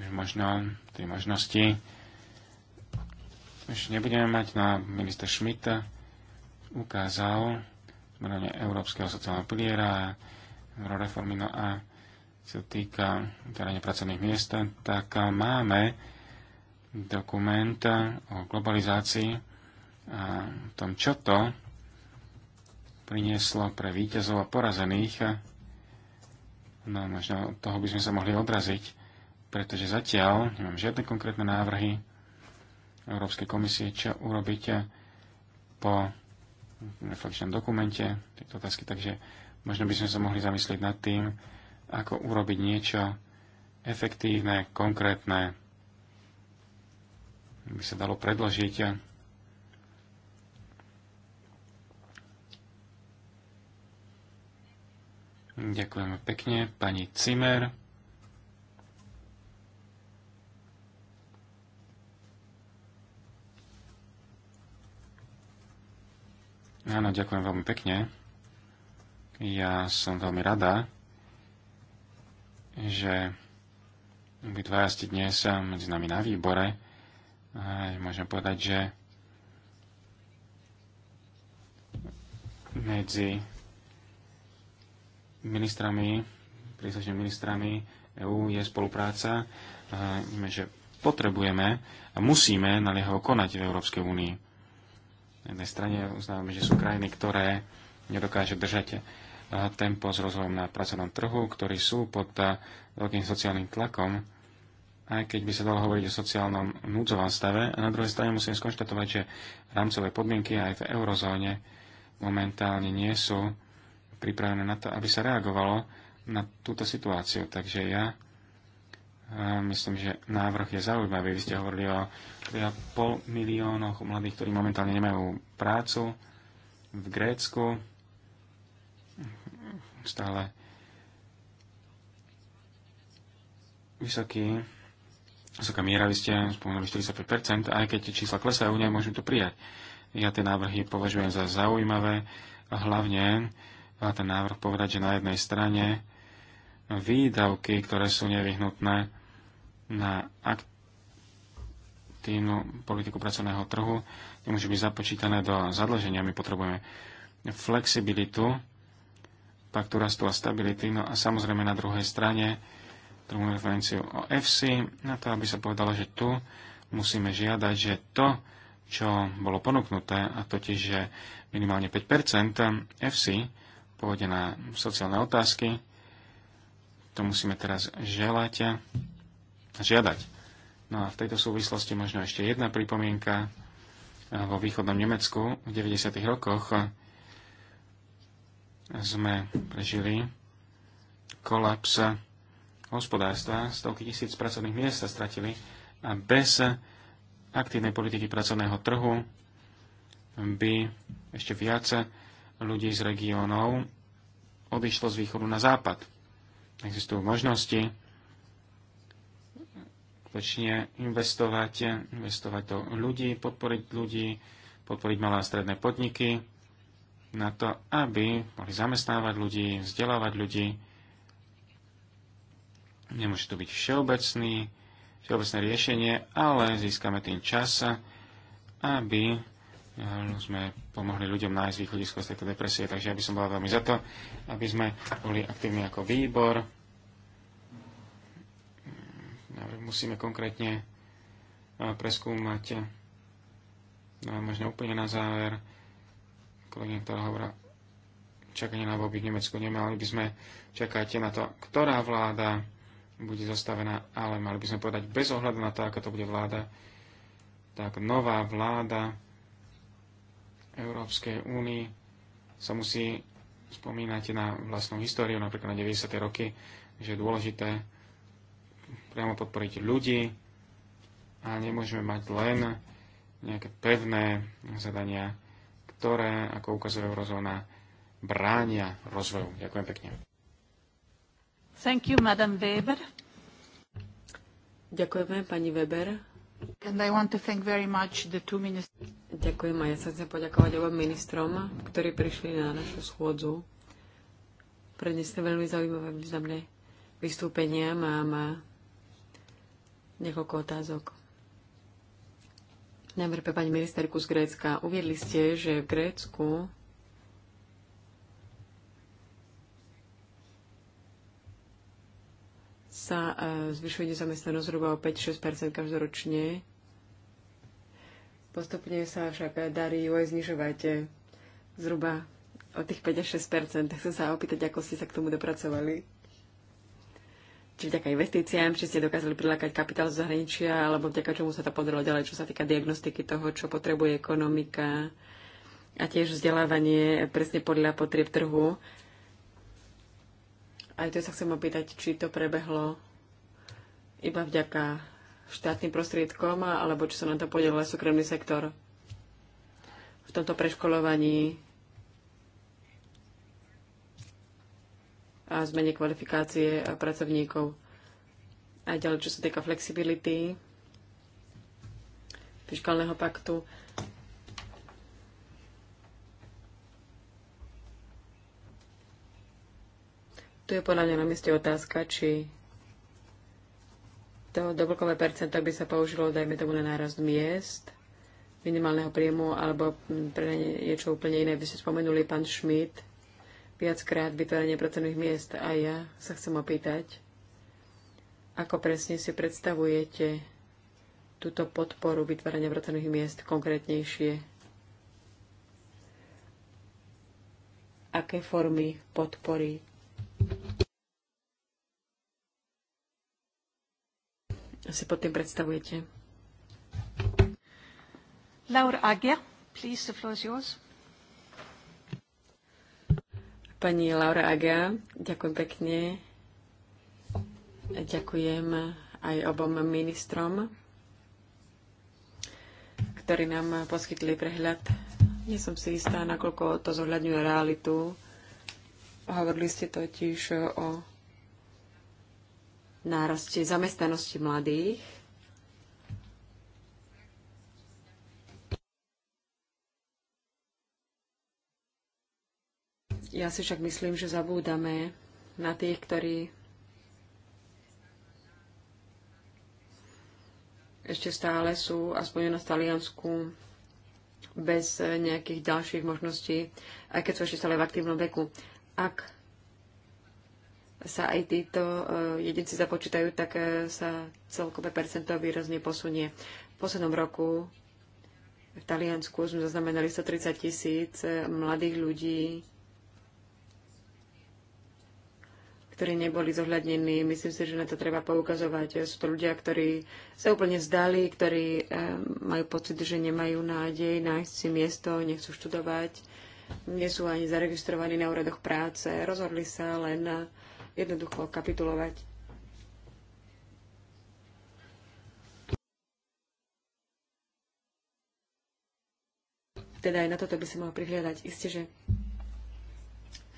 už možno tie možnosti už nebudeme mať na no minister Schmidt ukázal zmeranie Európskeho sociálneho piliera a reformy no a čo týka vytvárania pracovných miest, tak máme dokument o globalizácii a tom, čo to prinieslo pre víťazov a porazených No možno od toho by sme sa mohli odraziť, pretože zatiaľ nemám žiadne konkrétne návrhy Európskej komisie, čo urobíte po reflexnom dokumente tejto otázky, takže možno by sme sa mohli zamyslieť nad tým, ako urobiť niečo efektívne, konkrétne, by sa dalo predložiť Ďakujeme pekne. Pani Cimer. Áno, ďakujem veľmi pekne. Ja som veľmi rada, že vy dvaja ste dnes medzi nami na výbore. A môžem povedať, že medzi ministrami, príslušnými ministrami EÚ je spolupráca, že potrebujeme a musíme naliehavo konať v Európskej únii. Na jednej strane uznávame, že sú krajiny, ktoré nedokáže držať e, tempo s rozvojom na pracovnom trhu, ktorí sú pod e, veľkým sociálnym tlakom, aj keď by sa dalo hovoriť o sociálnom núdzovom stave. A na druhej strane musím skonštatovať, že rámcové podmienky aj v eurozóne momentálne nie sú pripravené na to, aby sa reagovalo na túto situáciu. Takže ja myslím, že návrh je zaujímavý. Vy ste hovorili o pol miliónoch mladých, ktorí momentálne nemajú prácu v Grécku. Stále vysoký, vysoká miera, vy ste spomenuli 45%, aj keď tie čísla klesajú, nemôžem to prijať. Ja tie návrhy považujem za zaujímavé, a hlavne a ten návrh povedať, že na jednej strane výdavky, ktoré sú nevyhnutné na aktívnu politiku pracovného trhu, nemôžu byť započítané do zadlženia. My potrebujeme flexibilitu, paktu rastu a stability, no a samozrejme na druhej strane trhu referenciu o FC, na to, aby sa povedalo, že tu musíme žiadať, že to, čo bolo ponúknuté, a totiž, že minimálne 5% FC pôjde na sociálne otázky. To musíme teraz želať, žiadať. No a v tejto súvislosti možno ešte jedna pripomienka. Vo východnom Nemecku v 90. rokoch sme prežili kolaps hospodárstva, stovky tisíc pracovných miest sa stratili a bez aktívnej politiky pracovného trhu by ešte viac ľudí z regiónov odišlo z východu na západ. Existujú možnosti skutočne investovať, investovať do ľudí, podporiť ľudí, podporiť malé a stredné podniky na to, aby mohli zamestnávať ľudí, vzdelávať ľudí. Nemôže to byť všeobecný, všeobecné riešenie, ale získame tým čas, aby sme pomohli ľuďom nájsť východisko z tejto depresie, takže ja by som bola veľmi za to, aby sme boli aktívni ako výbor. Musíme konkrétne preskúmať, no možno úplne na záver, kolegyňa, ktorá hovorila čakanie na voľby v Nemecku, nemali by sme čakať na to, ktorá vláda bude zostavená, ale mali by sme povedať bez ohľadu na to, aká to bude vláda, tak nová vláda Európskej únii sa musí spomínať na vlastnú históriu, napríklad na 90. roky, že je dôležité priamo podporiť ľudí a nemôžeme mať len nejaké pevné zadania, ktoré, ako ukazuje eurozóna, bránia rozvoju. Ďakujem pekne. Thank you, Madam Weber. Ďakujeme, pani Weber. Ďakujem a ja sa chcem poďakovať obom ministrom, ktorí prišli na našu schôdzu. Prednesli veľmi zaujímavé významné vystúpenia. Mám niekoľko otázok. Najprv pani ministerku z Grécka. Uviedli ste, že v Grécku sa e, zvyšuje nezamestnanosť zhruba o 5-6 každoročne. Postupne sa však darí ju aj znižovať e, zhruba o tých 5-6 Tak chcem sa opýtať, ako ste sa k tomu dopracovali. Či vďaka investíciám, či ste dokázali prilákať kapitál z zahraničia, alebo vďaka čomu sa to podarilo ďalej, čo sa týka diagnostiky toho, čo potrebuje ekonomika a tiež vzdelávanie presne podľa potrieb trhu. Aj to sa chcem opýtať, či to prebehlo iba vďaka štátnym prostriedkom, alebo či sa na to podielal súkromný sektor v tomto preškolovaní a zmene kvalifikácie pracovníkov. A ďalej, čo sa týka flexibility, fiskálneho paktu, Tu je podľa mňa na mieste otázka, či to doblkové percento by sa použilo, dajme tomu, na nárast miest, minimálneho príjmu, alebo pre niečo úplne iné. Vy ste spomenuli pán Schmidt viackrát vytvorenie pracovných miest a ja sa chcem opýtať, ako presne si predstavujete túto podporu vytvárania pracovných miest konkrétnejšie? Aké formy podpory si pod tým predstavujete? Laura Agia, please, the floor is yours. Pani Laura Agia, ďakujem pekne. Ďakujem aj obom ministrom, ktorí nám poskytli prehľad. Nie som si istá, nakoľko to zohľadňuje realitu Hovorili ste totiž o náraste zamestnanosti mladých. Ja si však myslím, že zabúdame na tých, ktorí ešte stále sú, aspoň na Taliansku, bez nejakých ďalších možností, aj keď sú ešte stále v aktívnom veku. Ak sa aj títo e, jedinci započítajú, tak e, sa celkové percento výrazne posunie. V poslednom roku v Taliansku sme zaznamenali 130 tisíc e, mladých ľudí, ktorí neboli zohľadnení. Myslím si, že na to treba poukazovať. Sú to ľudia, ktorí sa úplne vzdali, ktorí majú pocit, že nemajú nádej nájsť si miesto, nechcú študovať nie sú ani zaregistrovaní na úradoch práce, rozhodli sa len na jednoducho kapitulovať. Teda aj na toto by sa mohol prihľadať. Isté, že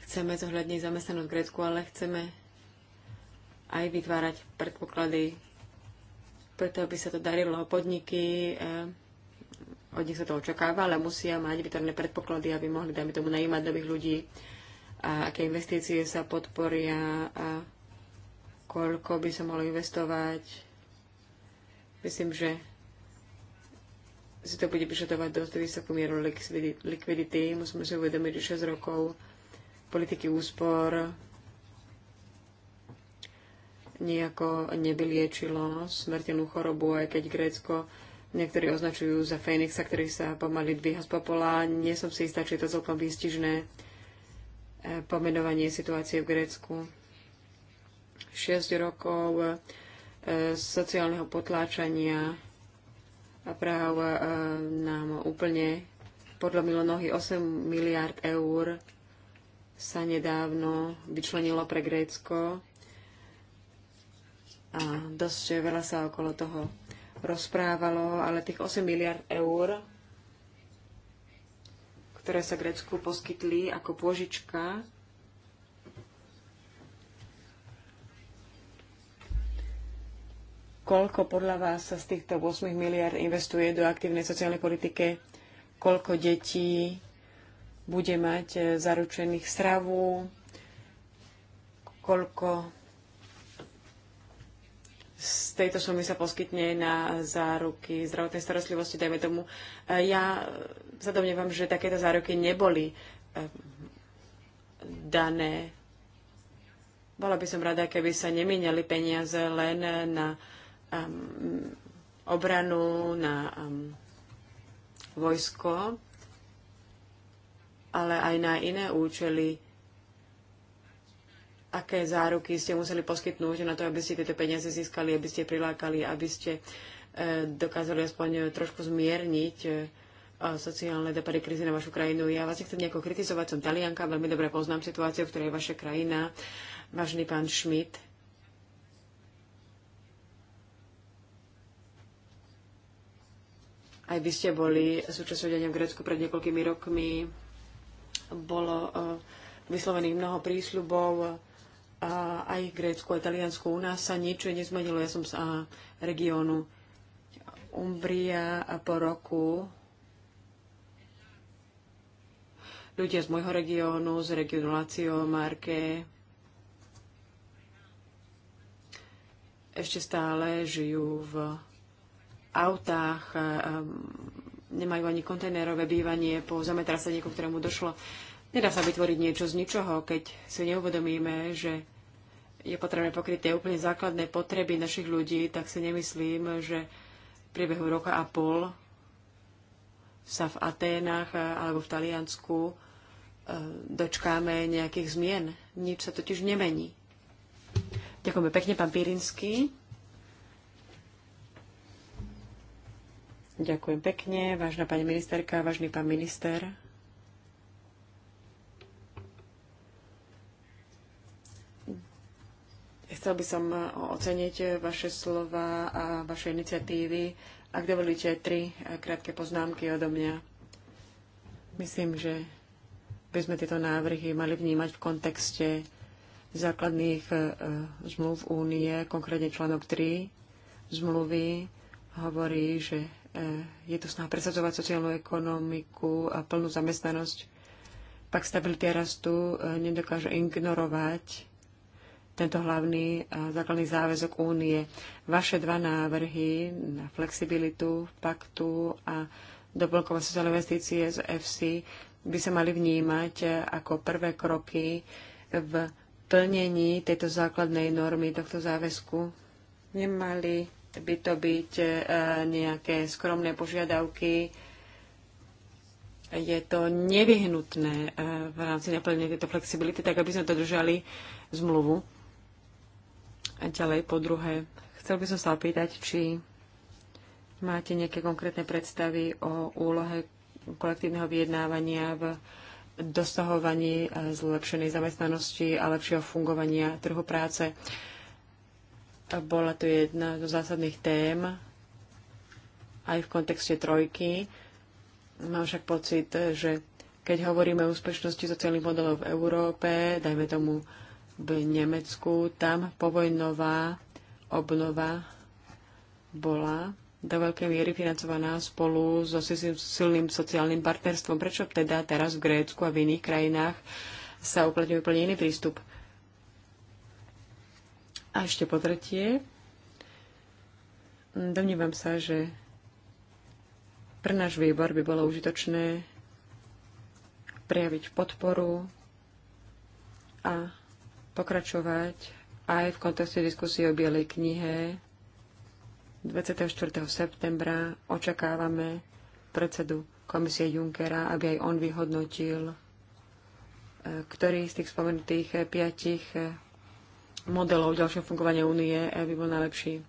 chceme zohľadniť zamestnanosť v Grécku, ale chceme aj vytvárať predpoklady preto by sa to darilo podniky, eh, od nich sa to očakáva, ale musia mať vytvorené predpoklady, aby mohli, dajme tomu, najímať nových ľudí, a aké investície sa podporia a koľko by sa mohlo investovať. Myslím, že si to bude vyžadovať dosť vysokú mieru likvidity. Musíme si uvedomiť, že 6 rokov politiky úspor nejako nevyliečilo smrteľnú chorobu, aj keď Grécko Niektorí označujú za Fénixa, ktorý sa pomaly dvíha z popola. Nie som si istá, či je to celkom výstižné eh, pomenovanie situácie v Grécku. 6 rokov eh, sociálneho potláčania a práv eh, nám úplne podlomilo nohy. 8 miliard eur sa nedávno vyčlenilo pre Grécko a dosť veľa sa okolo toho rozprávalo, ale tých 8 miliard eur, ktoré sa Grécku poskytli ako pôžička, koľko podľa vás sa z týchto 8 miliard investuje do aktívnej sociálnej politike, koľko detí bude mať zaručených stravu, koľko z tejto sumy sa poskytne na záruky zdravotnej starostlivosti, dajme tomu. E, ja sa domnievam, že takéto záruky neboli e, dané. Bola by som rada, keby sa nemínali peniaze len na um, obranu, na um, vojsko, ale aj na iné účely aké záruky ste museli poskytnúť na to, aby ste tieto peniaze získali, aby ste prilákali, aby ste e, dokázali aspoň e, trošku zmierniť e, sociálne dopady krízy na vašu krajinu. Ja vás nechcem nejako kritizovať, som Talianka, veľmi dobre poznám situáciu, v ktorej je vaša krajina. Vážený pán Schmidt, aj vy ste boli súčasťou dňa v Grécku pred niekoľkými rokmi. Bolo vyslovených mnoho prísľubov a aj Grécku, aj Taliansku. U nás sa nič nezmenilo. Ja som z regiónu Umbria a po roku ľudia z môjho regiónu, z regiónu Lazio, Marke, ešte stále žijú v autách, nemajú ani kontajnerové bývanie po zametrasení, ku ktorému došlo. Nedá sa vytvoriť niečo z ničoho, keď si neuvedomíme, že je potrebné pokryť tie úplne základné potreby našich ľudí, tak si nemyslím, že v priebehu roka a pol sa v Aténach eh, alebo v Taliansku eh, dočkáme nejakých zmien. Nič sa totiž nemení. Ďakujeme pekne, pán Pirinsky. Ďakujem pekne, vážna pani ministerka, vážny pán minister. Chcel by som eh, oceniť eh, vaše slova a vaše iniciatívy. Ak dovolíte, tri eh, krátke poznámky odo mňa. Myslím, že by sme tieto návrhy mali vnímať v kontexte základných zmluv únie, konkrétne článok 3 zmluvy hovorí, že je to snaha presadzovať sociálnu ekonomiku a plnú zamestnanosť. Pak stability rastu nedokáže ignorovať tento hlavný základný záväzok únie. Vaše dva návrhy na flexibilitu paktu a doplnkové sociálne investície z FC by sa mali vnímať e, ako prvé kroky v plnení tejto základnej normy, tohto záväzku. Nemali by to byť e, nejaké skromné požiadavky. Je to nevyhnutné e, v rámci naplnenia tejto flexibility, tak aby sme dodržali zmluvu. A ďalej po druhé, chcel by som sa opýtať, či máte nejaké konkrétne predstavy o úlohe kolektívneho vyjednávania v dosahovaní eh, zlepšenej zamestnanosti a lepšieho fungovania trhu práce. Bola to jedna zo zásadných tém aj v kontexte trojky. Mám však pocit, že keď hovoríme o úspešnosti sociálnych modelov v Európe, dajme tomu v Nemecku, tam povojnová obnova bola do veľkej miery financovaná spolu so silným sociálnym partnerstvom. Prečo teda teraz v Grécku a v iných krajinách sa uplatňuje úplne iný prístup? A ešte po tretie, domnívam sa, že pre náš výbor by bolo užitočné prejaviť podporu a pokračovať aj v kontexte diskusie o Bielej knihe. 24. septembra očakávame predsedu komisie Junckera, aby aj on vyhodnotil, e, ktorý z tých spomenutých e, piatich e, modelov ďalšieho fungovania únie by bol najlepší.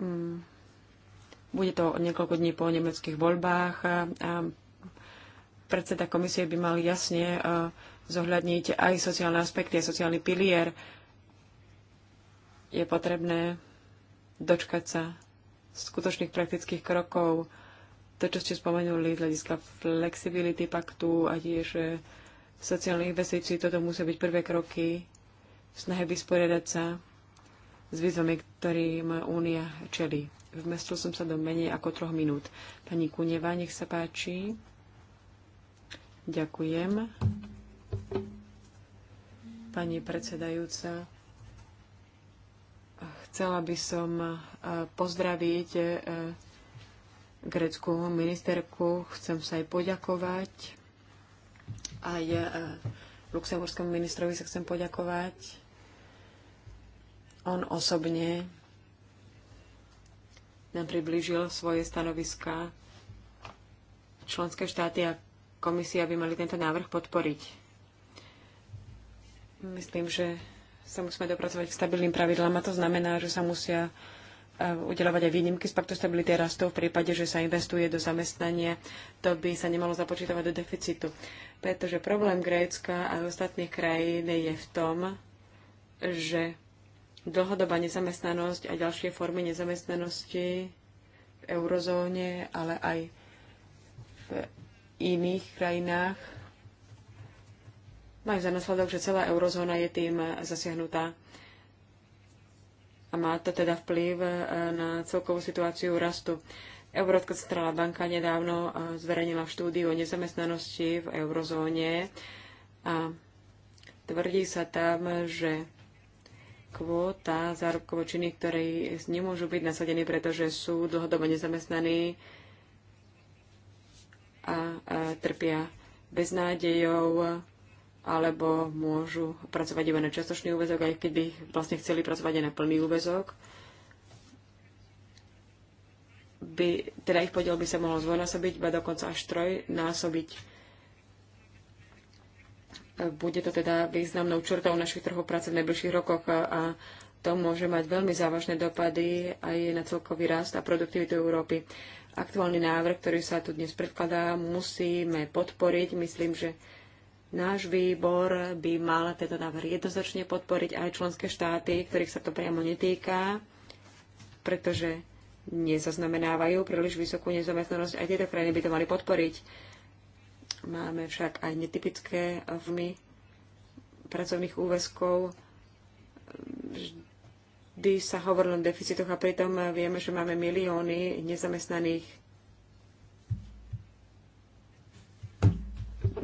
Mm. Bude to niekoľko dní po nemeckých voľbách a Predseda komisie by mal jasne e, zohľadniť aj sociálne aspekty a sociálny pilier. Je potrebné dočkať sa skutočných praktických krokov. To, čo ste spomenuli z hľadiska flexibility paktu a tiež e, sociálnych investícií, toto musia byť prvé kroky v snahe vysporiadať sa s výzvami, ktorým Únia čelí. Vmestil som sa do menej ako troch minút. Pani Kuneva, nech sa páči. Ďakujem. Pani predsedajúca, chcela by som e, pozdraviť e, greckú ministerku, chcem sa aj poďakovať. Aj e, luxemburskému ministrovi sa chcem poďakovať. On osobne nám priblížil svoje stanoviska. Členské štáty a komisia by mali tento návrh podporiť. Myslím, že sa musíme dopracovať k stabilným pravidlám a to znamená, že sa musia e, udelovať aj výnimky z paktu stability a rastov v prípade, že sa investuje do zamestnania. To by sa nemalo započítavať do deficitu. Pretože problém Grécka a ostatných krajín je v tom, že dlhodobá nezamestnanosť a ďalšie formy nezamestnanosti v eurozóne, ale aj v iných krajinách majú za následok, že celá eurozóna je tým zasiahnutá a má to teda vplyv e, na celkovú situáciu rastu. Európska centrálna banka nedávno e, zverejnila štúdiu o nezamestnanosti v eurozóne a tvrdí sa tam, že kvóta zárobkovo činy, ktorí nemôžu byť nasadení, pretože sú dlhodobo nezamestnaní, a, trpia trpia beznádejou alebo môžu pracovať iba na častočný úvezok, aj keď by vlastne chceli pracovať aj na plný úvezok. By, teda ich podiel by sa mohol zvojnásobiť, ba dokonca až trojnásobiť. Bude to teda významnou črtou našich trhov práce v najbližších rokoch a, a to môže mať veľmi závažné dopady aj na celkový rast a produktivitu Európy aktuálny návrh, ktorý sa tu dnes predkladá, musíme podporiť. Myslím, že náš výbor by mal tento návrh jednoznačne podporiť aj členské štáty, ktorých sa to priamo netýka, pretože nezaznamenávajú príliš vysokú nezamestnanosť. Aj tieto krajiny by to mali podporiť. Máme však aj netypické vmy pracovných úväzkov kdy sa hovorilo o deficitoch a pritom vieme, že máme milióny nezamestnaných.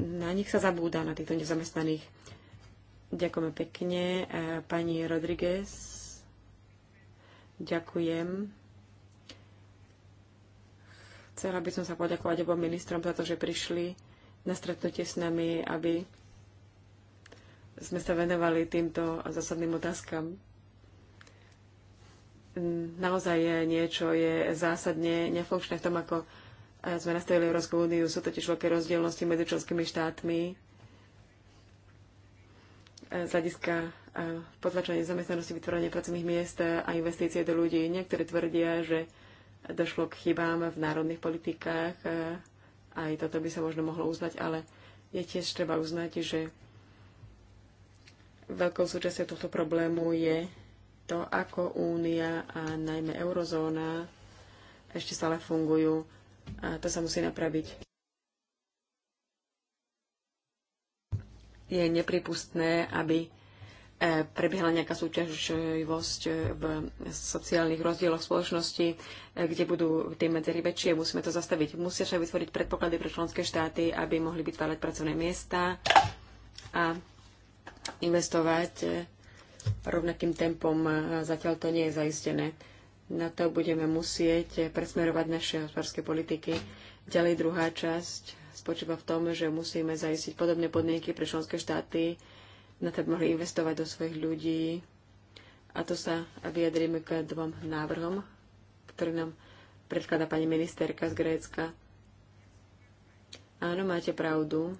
Na nich sa zabúda, na týchto nezamestnaných. Ďakujeme pekne. E, pani Rodriguez, ďakujem. Chcela by som sa poďakovať obom ministrom za to, že prišli na stretnutie s nami, aby sme sa venovali týmto zásadným otázkam naozaj je niečo je zásadne nefunkčné v tom, ako e, sme nastavili Európsku úniu. Sú totiž veľké rozdielnosti medzi členskými štátmi e, z hľadiska e, potlačenie zamestnanosti, vytvorenie pracovných miest a investície do ľudí. Niektorí tvrdia, že došlo k chybám v národných politikách. Aj toto by sa možno mohlo uznať, ale je tiež treba uznať, že veľkou súčasťou tohto problému je to, ako Únia a najmä eurozóna ešte stále fungujú. A to sa musí napraviť. Je nepripustné, aby e, prebiehala nejaká súťaživosť v sociálnych rozdieloch spoločnosti, e, kde budú tie medzery väčšie. Musíme to zastaviť. Musia sa vytvoriť predpoklady pre členské štáty, aby mohli vytvárať pracovné miesta a investovať e, rovnakým tempom. Zatiaľ to nie je zaistené. Na to budeme musieť presmerovať naše hospodárske politiky. Ďalej druhá časť spočíva v tom, že musíme zaistiť podobné podmienky pre členské štáty, na to by mohli investovať do svojich ľudí. A to sa vyjadríme k dvom návrhom, ktoré nám predkladá pani ministerka z Grécka. Áno, máte pravdu,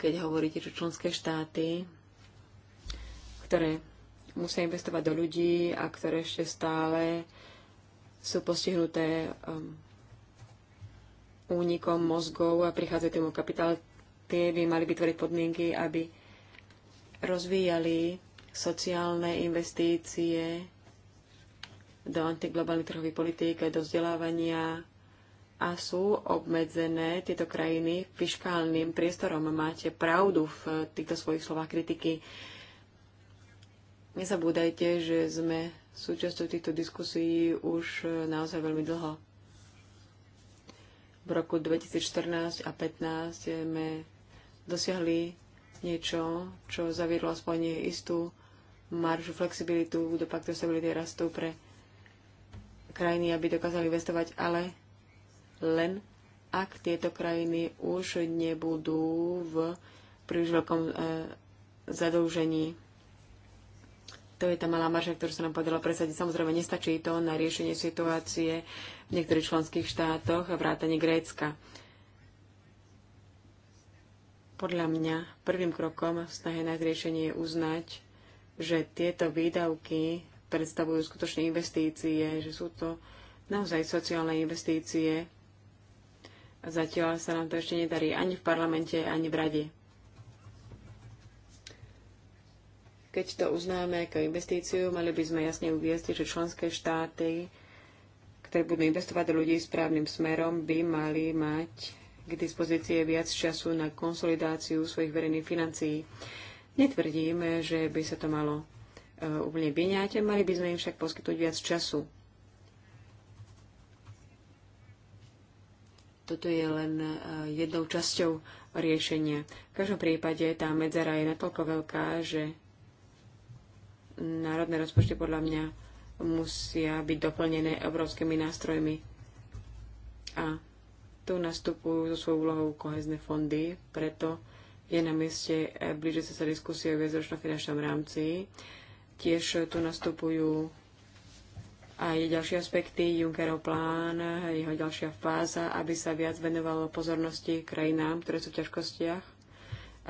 keď hovoríte, že členské štáty ktoré musia investovať do ľudí a ktoré ešte stále sú postihnuté um, únikom mozgov a prichádzajú tomu kapitál, tie by mali vytvoriť podmienky, aby rozvíjali sociálne investície do antiglobálnych trhových politík, do vzdelávania a sú obmedzené tieto krajiny fiskálnym priestorom. Máte pravdu v týchto svojich slovách kritiky. Uh, Nezabúdajte, že sme súčasťou týchto diskusí už e, naozaj veľmi dlho. V roku 2014 a 2015 sme dosiahli niečo, čo zaviedlo aspoň istú maržu flexibilitu do paktu stability rastu pre krajiny, aby dokázali investovať, ale len ak tieto krajiny už nebudú v príliš veľkom e, zadlžení to je tá malá marža, ktorú sa nám podala presadiť. Samozrejme, nestačí to na riešenie situácie v niektorých členských štátoch a vrátanie Grécka. Podľa mňa prvým krokom v snahe nájsť riešenie je uznať, že tieto výdavky predstavujú skutočné investície, že sú to naozaj sociálne investície. Zatiaľ sa nám to ešte nedarí ani v parlamente, ani v rade. Keď to uznáme ako investíciu, mali by sme jasne uviesť, že členské štáty, ktoré budú investovať do ľudí správnym smerom, by mali mať k dispozícii viac času na konsolidáciu svojich verejných financií. Netvrdíme, že by sa to malo e, úplne vyňať, mali by sme im však poskytnúť viac času. Toto je len e, jednou časťou riešenia. V každom prípade tá medzera je natoľko veľká, že národné rozpočty podľa mňa musia byť doplnené európskymi nástrojmi. A tu nastupujú so svojou úlohou kohezné fondy, preto je na mieste blíže sa diskusie o viacročnom finančnom rámci. Tiež tu nastupujú aj ďalšie aspekty, Junckerov plán, jeho ďalšia fáza, aby sa viac venovalo pozornosti krajinám, ktoré sú v ťažkostiach,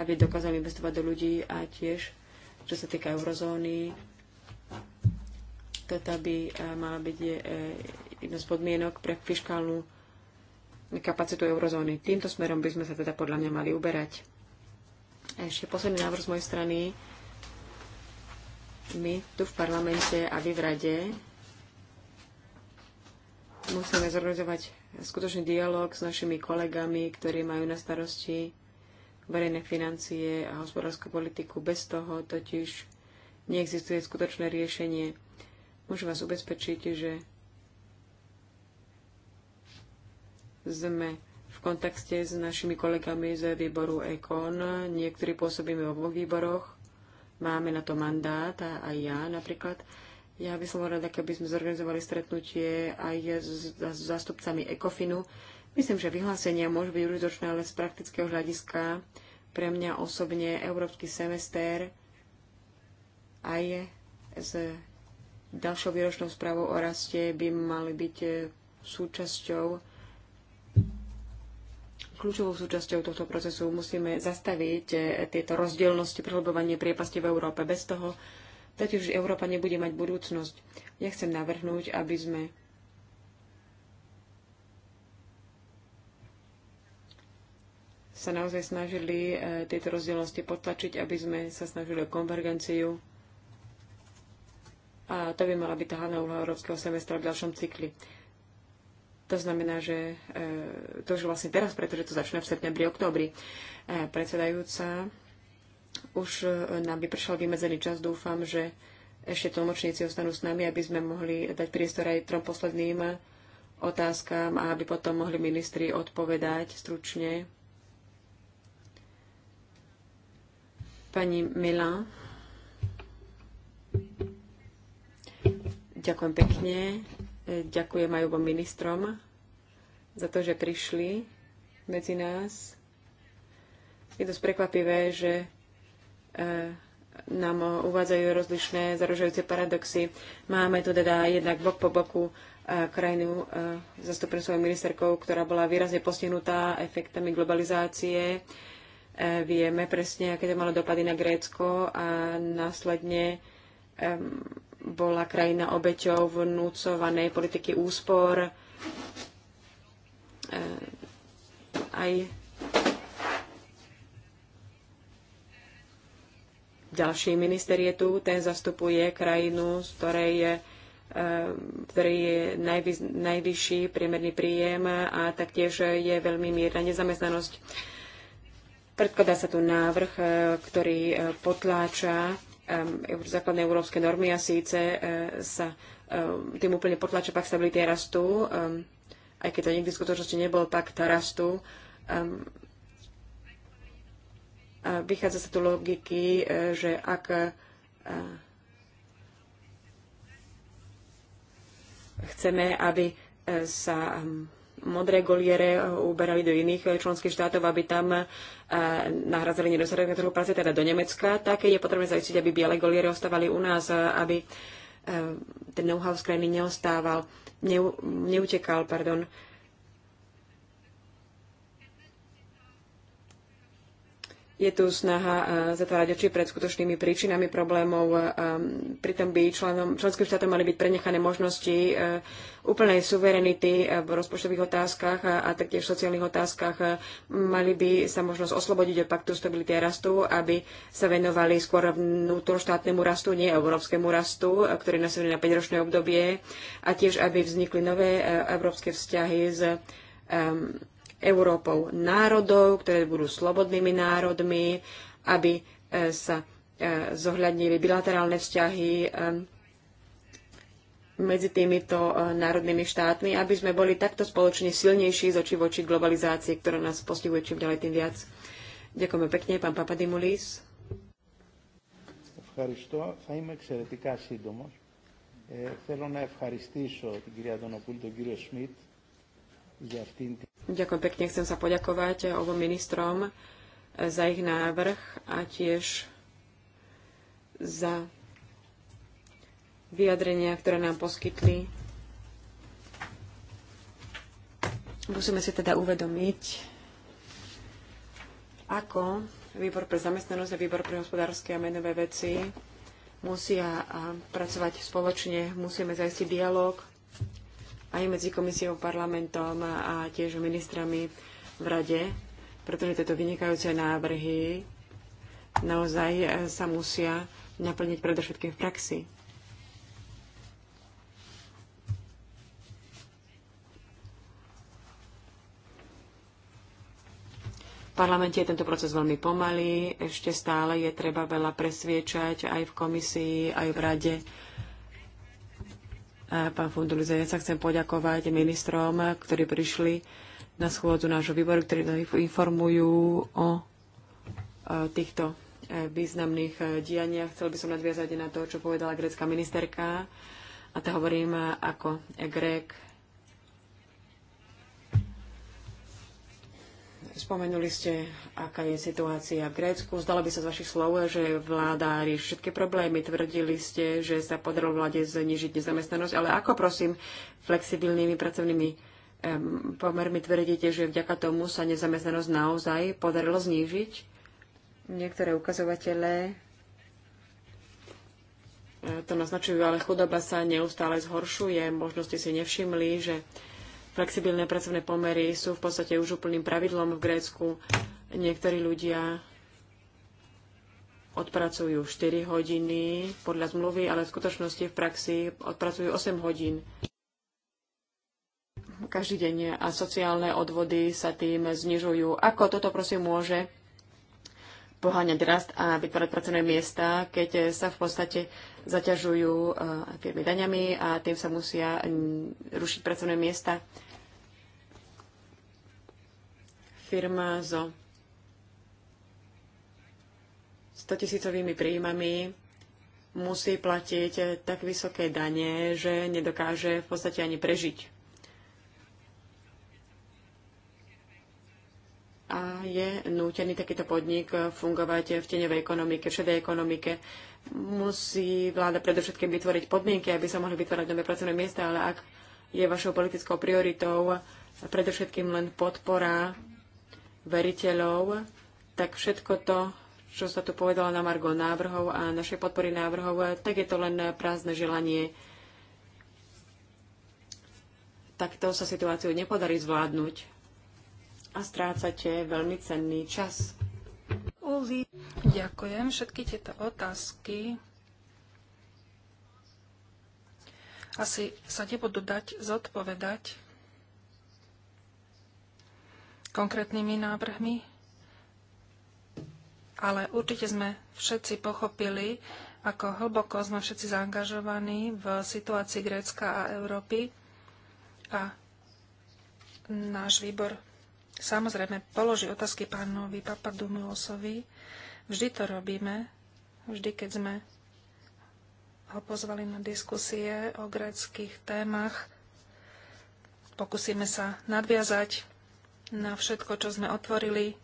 aby dokázali investovať do ľudí a tiež čo sa týka eurozóny. Toto by eh, mala byť eh, jedna z podmienok pre fiskálnu kapacitu eurozóny. Týmto smerom by sme sa teda podľa mňa mali uberať. A ešte posledný návrh z mojej strany. My tu v parlamente a vy v rade musíme zorganizovať skutočný dialog s našimi kolegami, ktorí majú na starosti verejné financie a hospodárskú politiku. Bez toho totiž neexistuje skutočné riešenie. Môžem vás ubezpečiť, že sme v kontakte s našimi kolegami z výboru EKON. Niektorí pôsobíme v oboch výboroch. Máme na to mandát a aj ja napríklad. Ja by som rada, keby sme zorganizovali stretnutie aj s zástupcami ECOFINu, Myslím, že vyhlásenia môžu byť užitočné, ale z praktického hľadiska pre mňa osobne európsky semester aj s ďalšou výročnou správou o raste by mali byť e, súčasťou kľúčovou súčasťou tohto procesu musíme zastaviť e, tieto rozdielnosti, prehlbovanie priepasti v Európe. Bez toho totiž Európa nebude mať budúcnosť. Ja chcem navrhnúť, aby sme sa naozaj snažili eh, tieto rozdielnosti potlačiť, aby sme sa snažili o konvergenciu. A to by mala byť tá hlavná úloha Európskeho semestra v ďalšom cykli. To znamená, že eh, to už vlastne teraz, pretože to začne v septembri, oktobri. Eh, predsedajúca, už nám vypršal vymedzený čas. Dúfam, že ešte tlmočníci ostanú s nami, aby sme mohli dať priestor aj trom posledným otázkam a aby potom mohli ministri odpovedať stručne Pani Milá. Ďakujem pekne. Ďakujem aj obom ministrom za to, že prišli medzi nás. Je dosť prekvapivé, že e, nám uvádzajú rozlišné zarožajúce paradoxy. Máme tu teda jednak bok po boku e, krajinu e, zastupenú svojou ministerkou, ktorá bola výrazne postihnutá efektami globalizácie E, vieme presne, aké to malo dopady na Grécko a následne bola krajina obeťou vnúcovanej politiky úspor. E, aj ďalší minister je tu, ten zastupuje krajinu, z ktorej je, ktorý je najvyšší priemerný príjem a taktiež je veľmi mierna nezamestnanosť. Predkladá sa tu návrh, e, ktorý e, potláča základné európske normy a síce e, sa tým úplne potláča pak stability rastu, aj keď to nikdy v skutočnosti nebol pakt rastu. Vychádza sa tu logiky, že ak chceme, aby sa modré goliere eh, uberali do iných eh, členských štátov, aby tam eh, nahrazili nedostatok na trhu práce, teda do Nemecka, tak je potrebné zaistiť, aby biele goliere ostávali u nás, aby ten know-how z krajiny neostával, neutekal, pardon. Je tu snaha e, zatvárať oči pred skutočnými príčinami problémov. E, pritom by členom, členským štátom mali byť prenechané možnosti e, úplnej suverenity v rozpočtových otázkach a, a taktiež v sociálnych otázkach. Mali by sa možnosť oslobodiť od paktu stability a rastu, aby sa venovali skôr vnútroštátnemu rastu, nie európskemu rastu, ktorý nasleduje na 5-ročné obdobie a tiež, aby vznikli nové európske vzťahy s um, Európou národov, ktoré budú slobodnými národmi, aby e, sa e, zohľadnili bilaterálne vzťahy e, medzi týmito národnými štátmi, aby sme boli takto spoločne silnejší z očí voči globalizácie, ktorá nás postihuje čím ďalej tým viac. Ďakujeme pekne, pán Papadimulis. Ευχαριστώ. Θα είμαι εξαιρετικά σύντομο. Ε, θέλω να ευχαριστήσω την κυρία Δονοπούλη, τον κύριο Σμιτ για αυτήν την. Ďakujem pekne, chcem sa poďakovať obom ministrom eh, za ich návrh a tiež za vyjadrenia, ktoré nám poskytli. Musíme si teda uvedomiť, ako výbor pre zamestnanosť a výbor pre hospodárske a menové veci musia eh, pracovať spoločne, musíme zajistiť dialog aj medzi komisiou, parlamentom a tiež ministrami v rade, pretože tieto vynikajúce návrhy naozaj e, sa musia naplniť predovšetkým v praxi. V parlamente je tento proces veľmi pomalý, ešte stále je treba veľa presviečať aj v komisii, aj v rade Pán Fundulize, ja sa chcem poďakovať ministrom, ktorí prišli na schôdzu nášho výboru, ktorí nás informujú o e, týchto e, významných e, dianiach. Chcel by som nadviazať na to, čo povedala grécka ministerka. A to hovorím ako GREK. Spomenuli ste, aká je situácia v Grécku. Zdalo by sa z vašich slov, že vláda rieši všetky problémy. Tvrdili ste, že sa podarilo vláde znižiť nezamestnanosť, ale ako prosím flexibilnými pracovnými um, pomermi tvrdíte, že vďaka tomu sa nezamestnanosť naozaj podarilo znížiť? Niektoré ukazovatele eh, to naznačujú, ale chudoba sa neustále zhoršuje. Možno ste si nevšimli, že Flexibilné pracovné pomery sú v podstate už úplným pravidlom v Grécku. Niektorí ľudia odpracujú 4 hodiny podľa zmluvy, ale v skutočnosti v praxi odpracujú 8 hodín každý deň a sociálne odvody sa tým znižujú. Ako toto prosím môže poháňať rast a vytvárať pracovné miesta, keď sa v podstate zaťažujú e, firmy daňami a tým sa musia rušiť pracovné miesta. Firma so 100 tisícovými príjmami musí platiť tak vysoké dane, že nedokáže v podstate ani prežiť. a je nútený takýto podnik fungovať v tenevej ekonomike, v šedej ekonomike. Musí vláda predovšetkým vytvoriť podmienky, aby sa mohli vytvárať nové pracovné miesta, ale ak je vašou politickou prioritou predovšetkým len podpora veriteľov, tak všetko to, čo sa tu povedala na Margo návrhov a našej podpory návrhov, tak je to len prázdne želanie. Takto sa situáciu nepodarí zvládnuť a strácate veľmi cenný čas. Ďakujem. Všetky tieto otázky asi sa nebudú dať zodpovedať konkrétnymi návrhmi, ale určite sme všetci pochopili, ako hlboko sme všetci zaangažovaní v situácii Grécka a Európy a náš výbor samozrejme položí otázky pánovi Papadumilosovi. Vždy to robíme, vždy keď sme ho pozvali na diskusie o greckých témach. Pokúsime sa nadviazať na všetko, čo sme otvorili.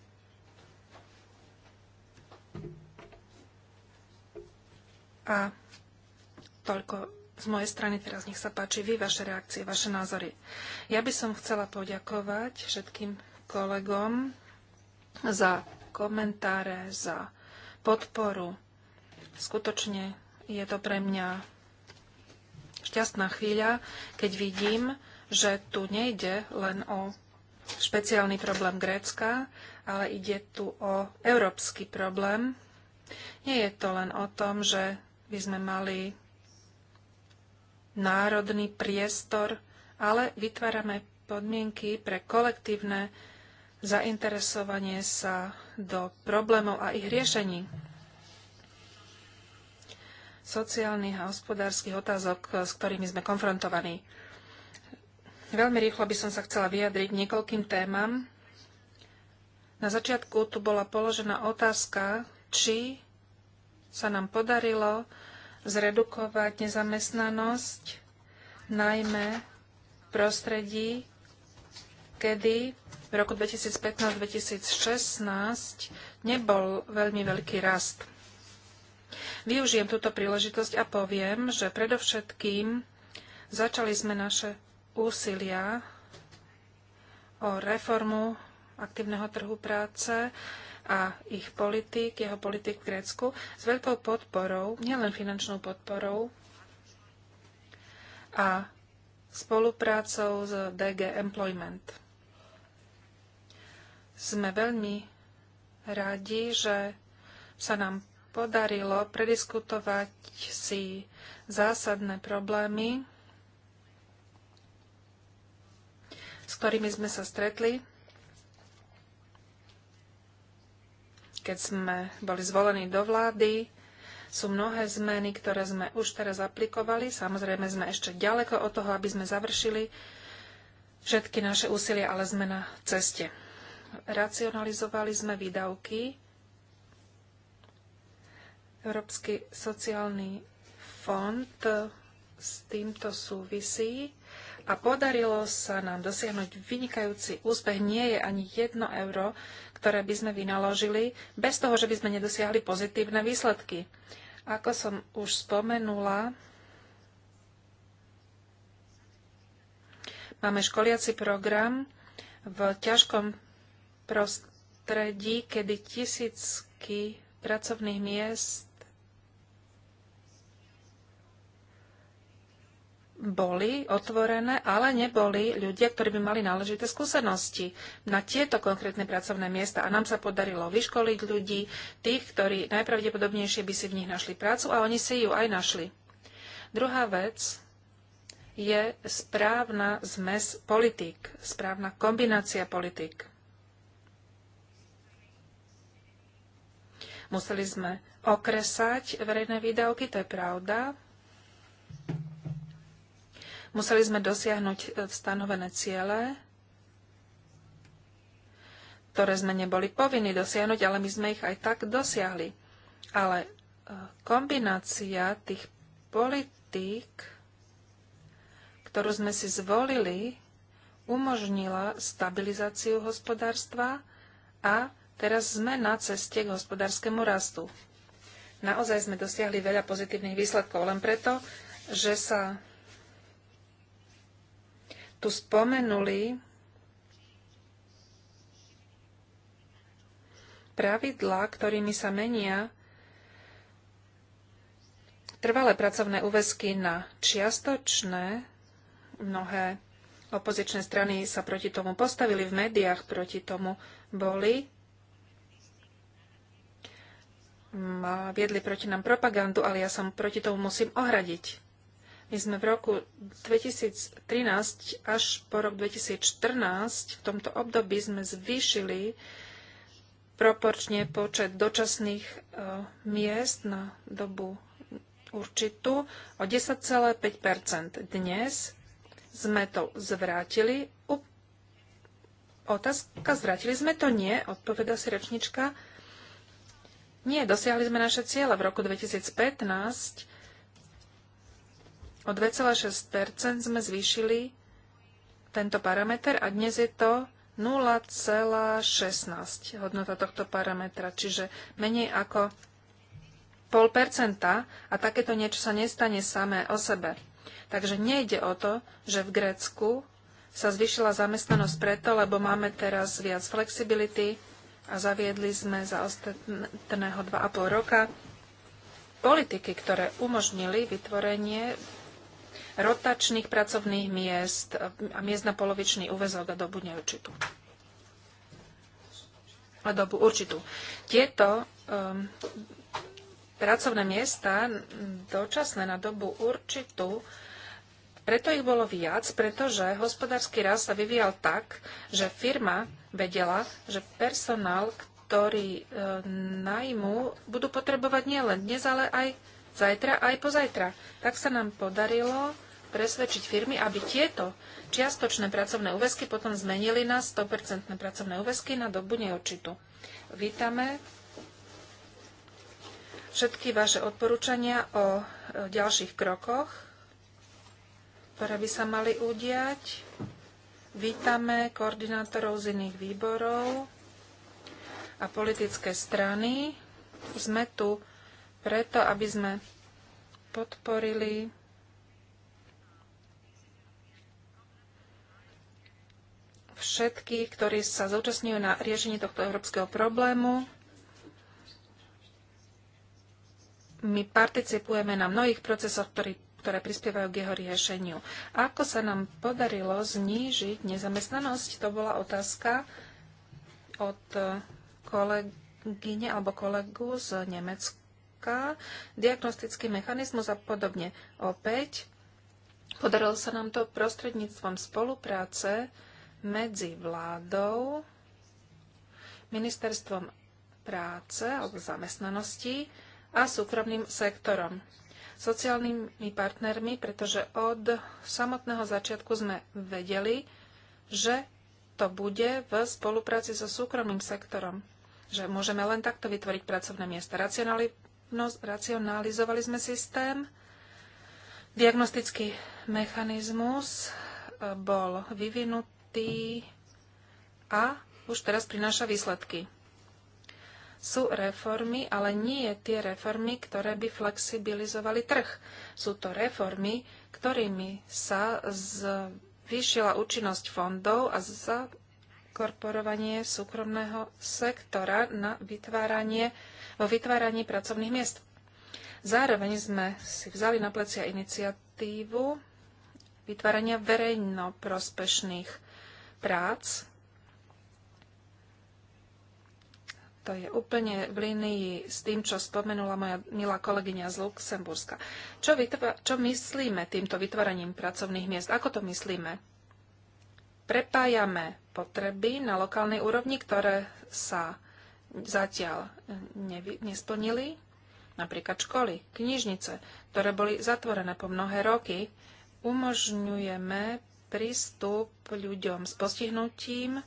A toľko z mojej strany teraz nech sa páči vy, vaše reakcie, vaše názory. Ja by som chcela poďakovať všetkým kolegom za komentáre, za podporu. Skutočne je to pre mňa šťastná chvíľa, keď vidím, že tu nejde len o špeciálny problém Grécka, ale ide tu o európsky problém. Nie je to len o tom, že by sme mali národný priestor, ale vytvárame podmienky pre kolektívne zainteresovanie sa do problémov a ich riešení. Sociálnych a hospodárskych otázok, s ktorými sme konfrontovaní. Veľmi rýchlo by som sa chcela vyjadriť niekoľkým témam. Na začiatku tu bola položená otázka, či sa nám podarilo zredukovať nezamestnanosť, najmä v prostredí, kedy v roku 2015-2016 nebol veľmi veľký rast. Využijem túto príležitosť a poviem, že predovšetkým začali sme naše úsilia o reformu aktívneho trhu práce a ich politik, jeho politik v Grécku, s veľkou podporou, nielen finančnou podporou a spoluprácou s DG Employment. Sme veľmi radi, že sa nám podarilo prediskutovať si zásadné problémy, s ktorými sme sa stretli, keď sme boli zvolení do vlády. Sú mnohé zmeny, ktoré sme už teraz aplikovali. Samozrejme, sme ešte ďaleko od toho, aby sme završili všetky naše úsilie, ale sme na ceste racionalizovali sme výdavky. Európsky sociálny fond s týmto súvisí a podarilo sa nám dosiahnuť vynikajúci úspech. Nie je ani jedno euro, ktoré by sme vynaložili, bez toho, že by sme nedosiahli pozitívne výsledky. Ako som už spomenula, máme školiaci program v ťažkom prostredí, kedy tisícky pracovných miest boli otvorené, ale neboli ľudia, ktorí by mali náležité skúsenosti na tieto konkrétne pracovné miesta. A nám sa podarilo vyškoliť ľudí, tých, ktorí najpravdepodobnejšie by si v nich našli prácu a oni si ju aj našli. Druhá vec je správna zmes politik, správna kombinácia politik. Museli sme okresať verejné výdavky, to je pravda. Museli sme dosiahnuť e, stanovené ciele, ktoré sme neboli povinni dosiahnuť, ale my sme ich aj tak dosiahli. Ale e, kombinácia tých politík, ktorú sme si zvolili, umožnila stabilizáciu hospodárstva a Teraz sme na ceste k hospodárskému rastu. Naozaj sme dosiahli veľa pozitívnych výsledkov len preto, že sa tu spomenuli pravidlá, ktorými sa menia trvalé pracovné úväzky na čiastočné. Mnohé opozičné strany sa proti tomu postavili, v médiách proti tomu boli viedli proti nám propagandu, ale ja som proti tomu musím ohradiť. My sme v roku 2013 až po rok 2014 v tomto období sme zvýšili proporčne počet dočasných uh, miest na dobu určitú o 10,5 Dnes sme to zvrátili. U... Otázka, zvrátili sme to? Nie, odpoveda si rečnička. Nie, dosiahli sme naše ciele. V roku 2015 o 2,6 sme zvýšili tento parameter a dnes je to 0,16 hodnota tohto parametra, čiže menej ako 0,5 percenta a takéto niečo sa nestane samé o sebe. Takže nejde o to, že v Grécku sa zvýšila zamestnanosť preto, lebo máme teraz viac flexibility, a zaviedli sme za ostatného 2,5 roka politiky, ktoré umožnili vytvorenie rotačných pracovných miest a miest na polovičný úvezok a dobu neurčitú. A dobu určitú. Tieto um, pracovné miesta dočasné na dobu určitú preto ich bolo viac, pretože hospodársky rast sa vyvíjal tak, že firma vedela, že personál, ktorý e, najmu, budú potrebovať nielen dnes, ale aj zajtra, aj pozajtra. Tak sa nám podarilo presvedčiť firmy, aby tieto čiastočné pracovné úväzky potom zmenili na 100% pracovné úväzky na dobu neočitu. Vítame všetky vaše odporúčania o e, ďalších krokoch, ktoré by sa mali udiať Vítame koordinátorov z iných výborov a politické strany. Sme tu preto, aby sme podporili všetkých, ktorí sa zúčastňujú na riešení tohto európskeho problému. My participujeme na mnohých procesoch, ktorí ktoré prispievajú k jeho riešeniu. Ako sa nám podarilo znížiť nezamestnanosť? To bola otázka od kolegyne alebo kolegu z Nemecka. Diagnostický mechanizmus a podobne. Opäť podarilo sa nám to prostredníctvom spolupráce medzi vládou, ministerstvom práce alebo zamestnanosti a súkromným sektorom sociálnymi partnermi, pretože od samotného začiatku sme vedeli, že to bude v spolupráci so súkromným sektorom, že môžeme len takto vytvoriť pracovné miesta. No, racionalizovali sme systém, diagnostický mechanizmus e, bol vyvinutý a už teraz prináša výsledky sú reformy, ale nie je tie reformy, ktoré by flexibilizovali trh. Sú to reformy, ktorými sa zvýšila účinnosť fondov a zakorporovanie súkromného sektora na vytváranie, vo vytváraní pracovných miest. Zároveň sme si vzali na plecia iniciatívu vytvárania verejnoprospešných prác To je úplne v línii s tým, čo spomenula moja milá kolegyňa z Luxemburska. Čo, vytvá- čo myslíme týmto vytváraním pracovných miest? Ako to myslíme? Prepájame potreby na lokálnej úrovni, ktoré sa zatiaľ nevy- nesplnili, napríklad školy, knižnice, ktoré boli zatvorené po mnohé roky, umožňujeme prístup ľuďom s postihnutím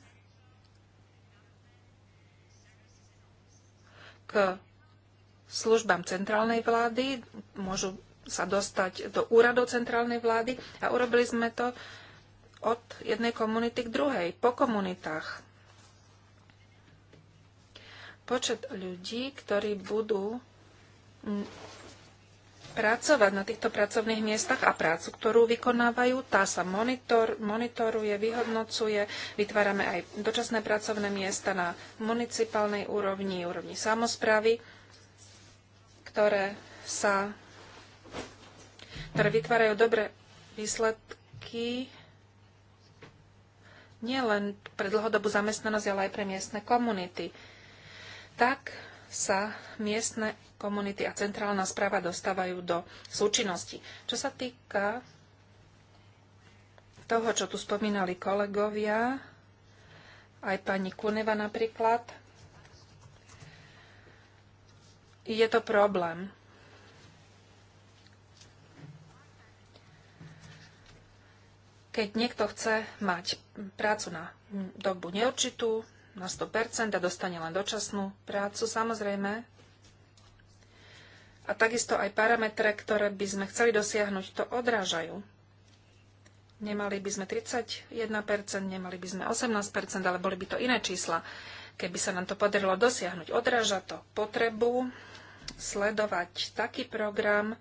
k službám centrálnej vlády, môžu sa dostať do úradov centrálnej vlády a urobili sme to od jednej komunity k druhej, po komunitách. Počet ľudí, ktorí budú pracovať na týchto pracovných miestach a prácu, ktorú vykonávajú, tá sa monitor, monitoruje, vyhodnocuje. Vytvárame aj dočasné pracovné miesta na municipálnej úrovni, úrovni samozprávy, ktoré sa ktoré vytvárajú dobré výsledky nielen pre dlhodobú zamestnanosť, ale aj pre miestne komunity. Tak sa miestne komunity a centrálna správa dostávajú do súčinnosti. Čo sa týka toho, čo tu spomínali kolegovia, aj pani Kuneva napríklad, je to problém. Keď niekto chce mať prácu na dobu neurčitú, na 100% a dostane len dočasnú prácu, samozrejme a takisto aj parametre, ktoré by sme chceli dosiahnuť, to odrážajú. Nemali by sme 31%, nemali by sme 18%, ale boli by to iné čísla, keby sa nám to podarilo dosiahnuť. Odráža to potrebu sledovať taký program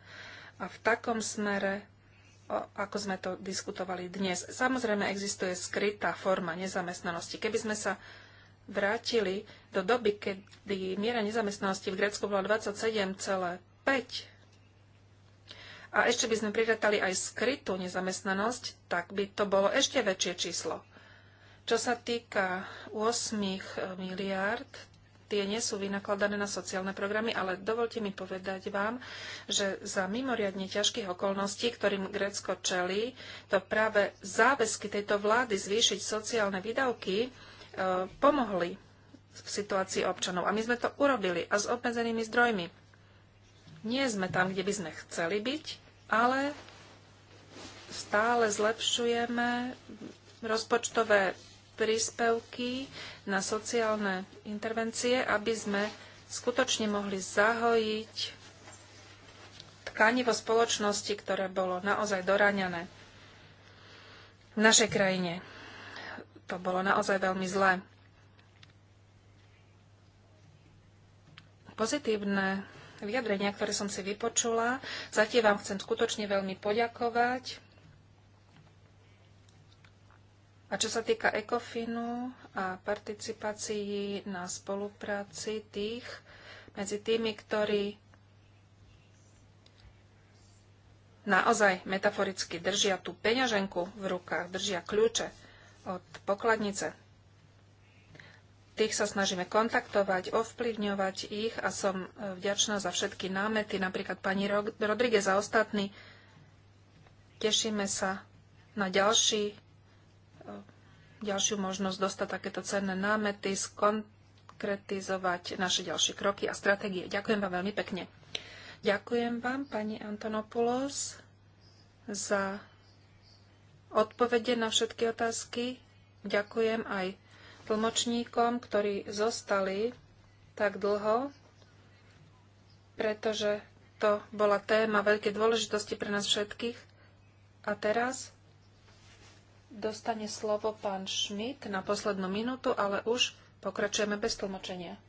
a v takom smere, ako sme to diskutovali dnes. Samozrejme, existuje skrytá forma nezamestnanosti. Keby sme sa vrátili do doby, kedy miera nezamestnanosti v Grécku bola a ešte by sme priratali aj skrytú nezamestnanosť, tak by to bolo ešte väčšie číslo. Čo sa týka 8 eh, miliárd, tie nie sú vynakladané na sociálne programy, ale dovolte mi povedať vám, že za mimoriadne ťažkých okolností, ktorým Grécko čelí, to práve záväzky tejto vlády zvýšiť sociálne výdavky e, pomohli v situácii občanov. A my sme to urobili a s obmedzenými zdrojmi. Nie sme tam, kde by sme chceli byť, ale stále zlepšujeme rozpočtové príspevky na sociálne intervencie, aby sme skutočne mohli zahojiť tkanivo spoločnosti, ktoré bolo naozaj doraňané v našej krajine. To bolo naozaj veľmi zlé. Pozitívne vyjadrenia, ktoré som si vypočula. Za tie vám chcem skutočne veľmi poďakovať. A čo sa týka ECOFINu a participácií na spolupráci tých medzi tými, ktorí naozaj metaforicky držia tú peňaženku v rukách, držia kľúče od pokladnice Tých sa snažíme kontaktovať, ovplyvňovať ich a som e, vďačná za všetky námety, napríklad pani Rodríguez a ostatní. Tešíme sa na ďalší, e, ďalšiu možnosť dostať takéto cenné námety, skonkretizovať naše ďalšie kroky a stratégie. Ďakujem vám veľmi pekne. Ďakujem vám, pani Antonopoulos, za odpovede na všetky otázky. Ďakujem aj tlmočníkom, ktorí zostali tak dlho, pretože to bola téma veľkej dôležitosti pre nás všetkých. A teraz dostane slovo pán Schmidt na poslednú minútu, ale už pokračujeme bez tlmočenia.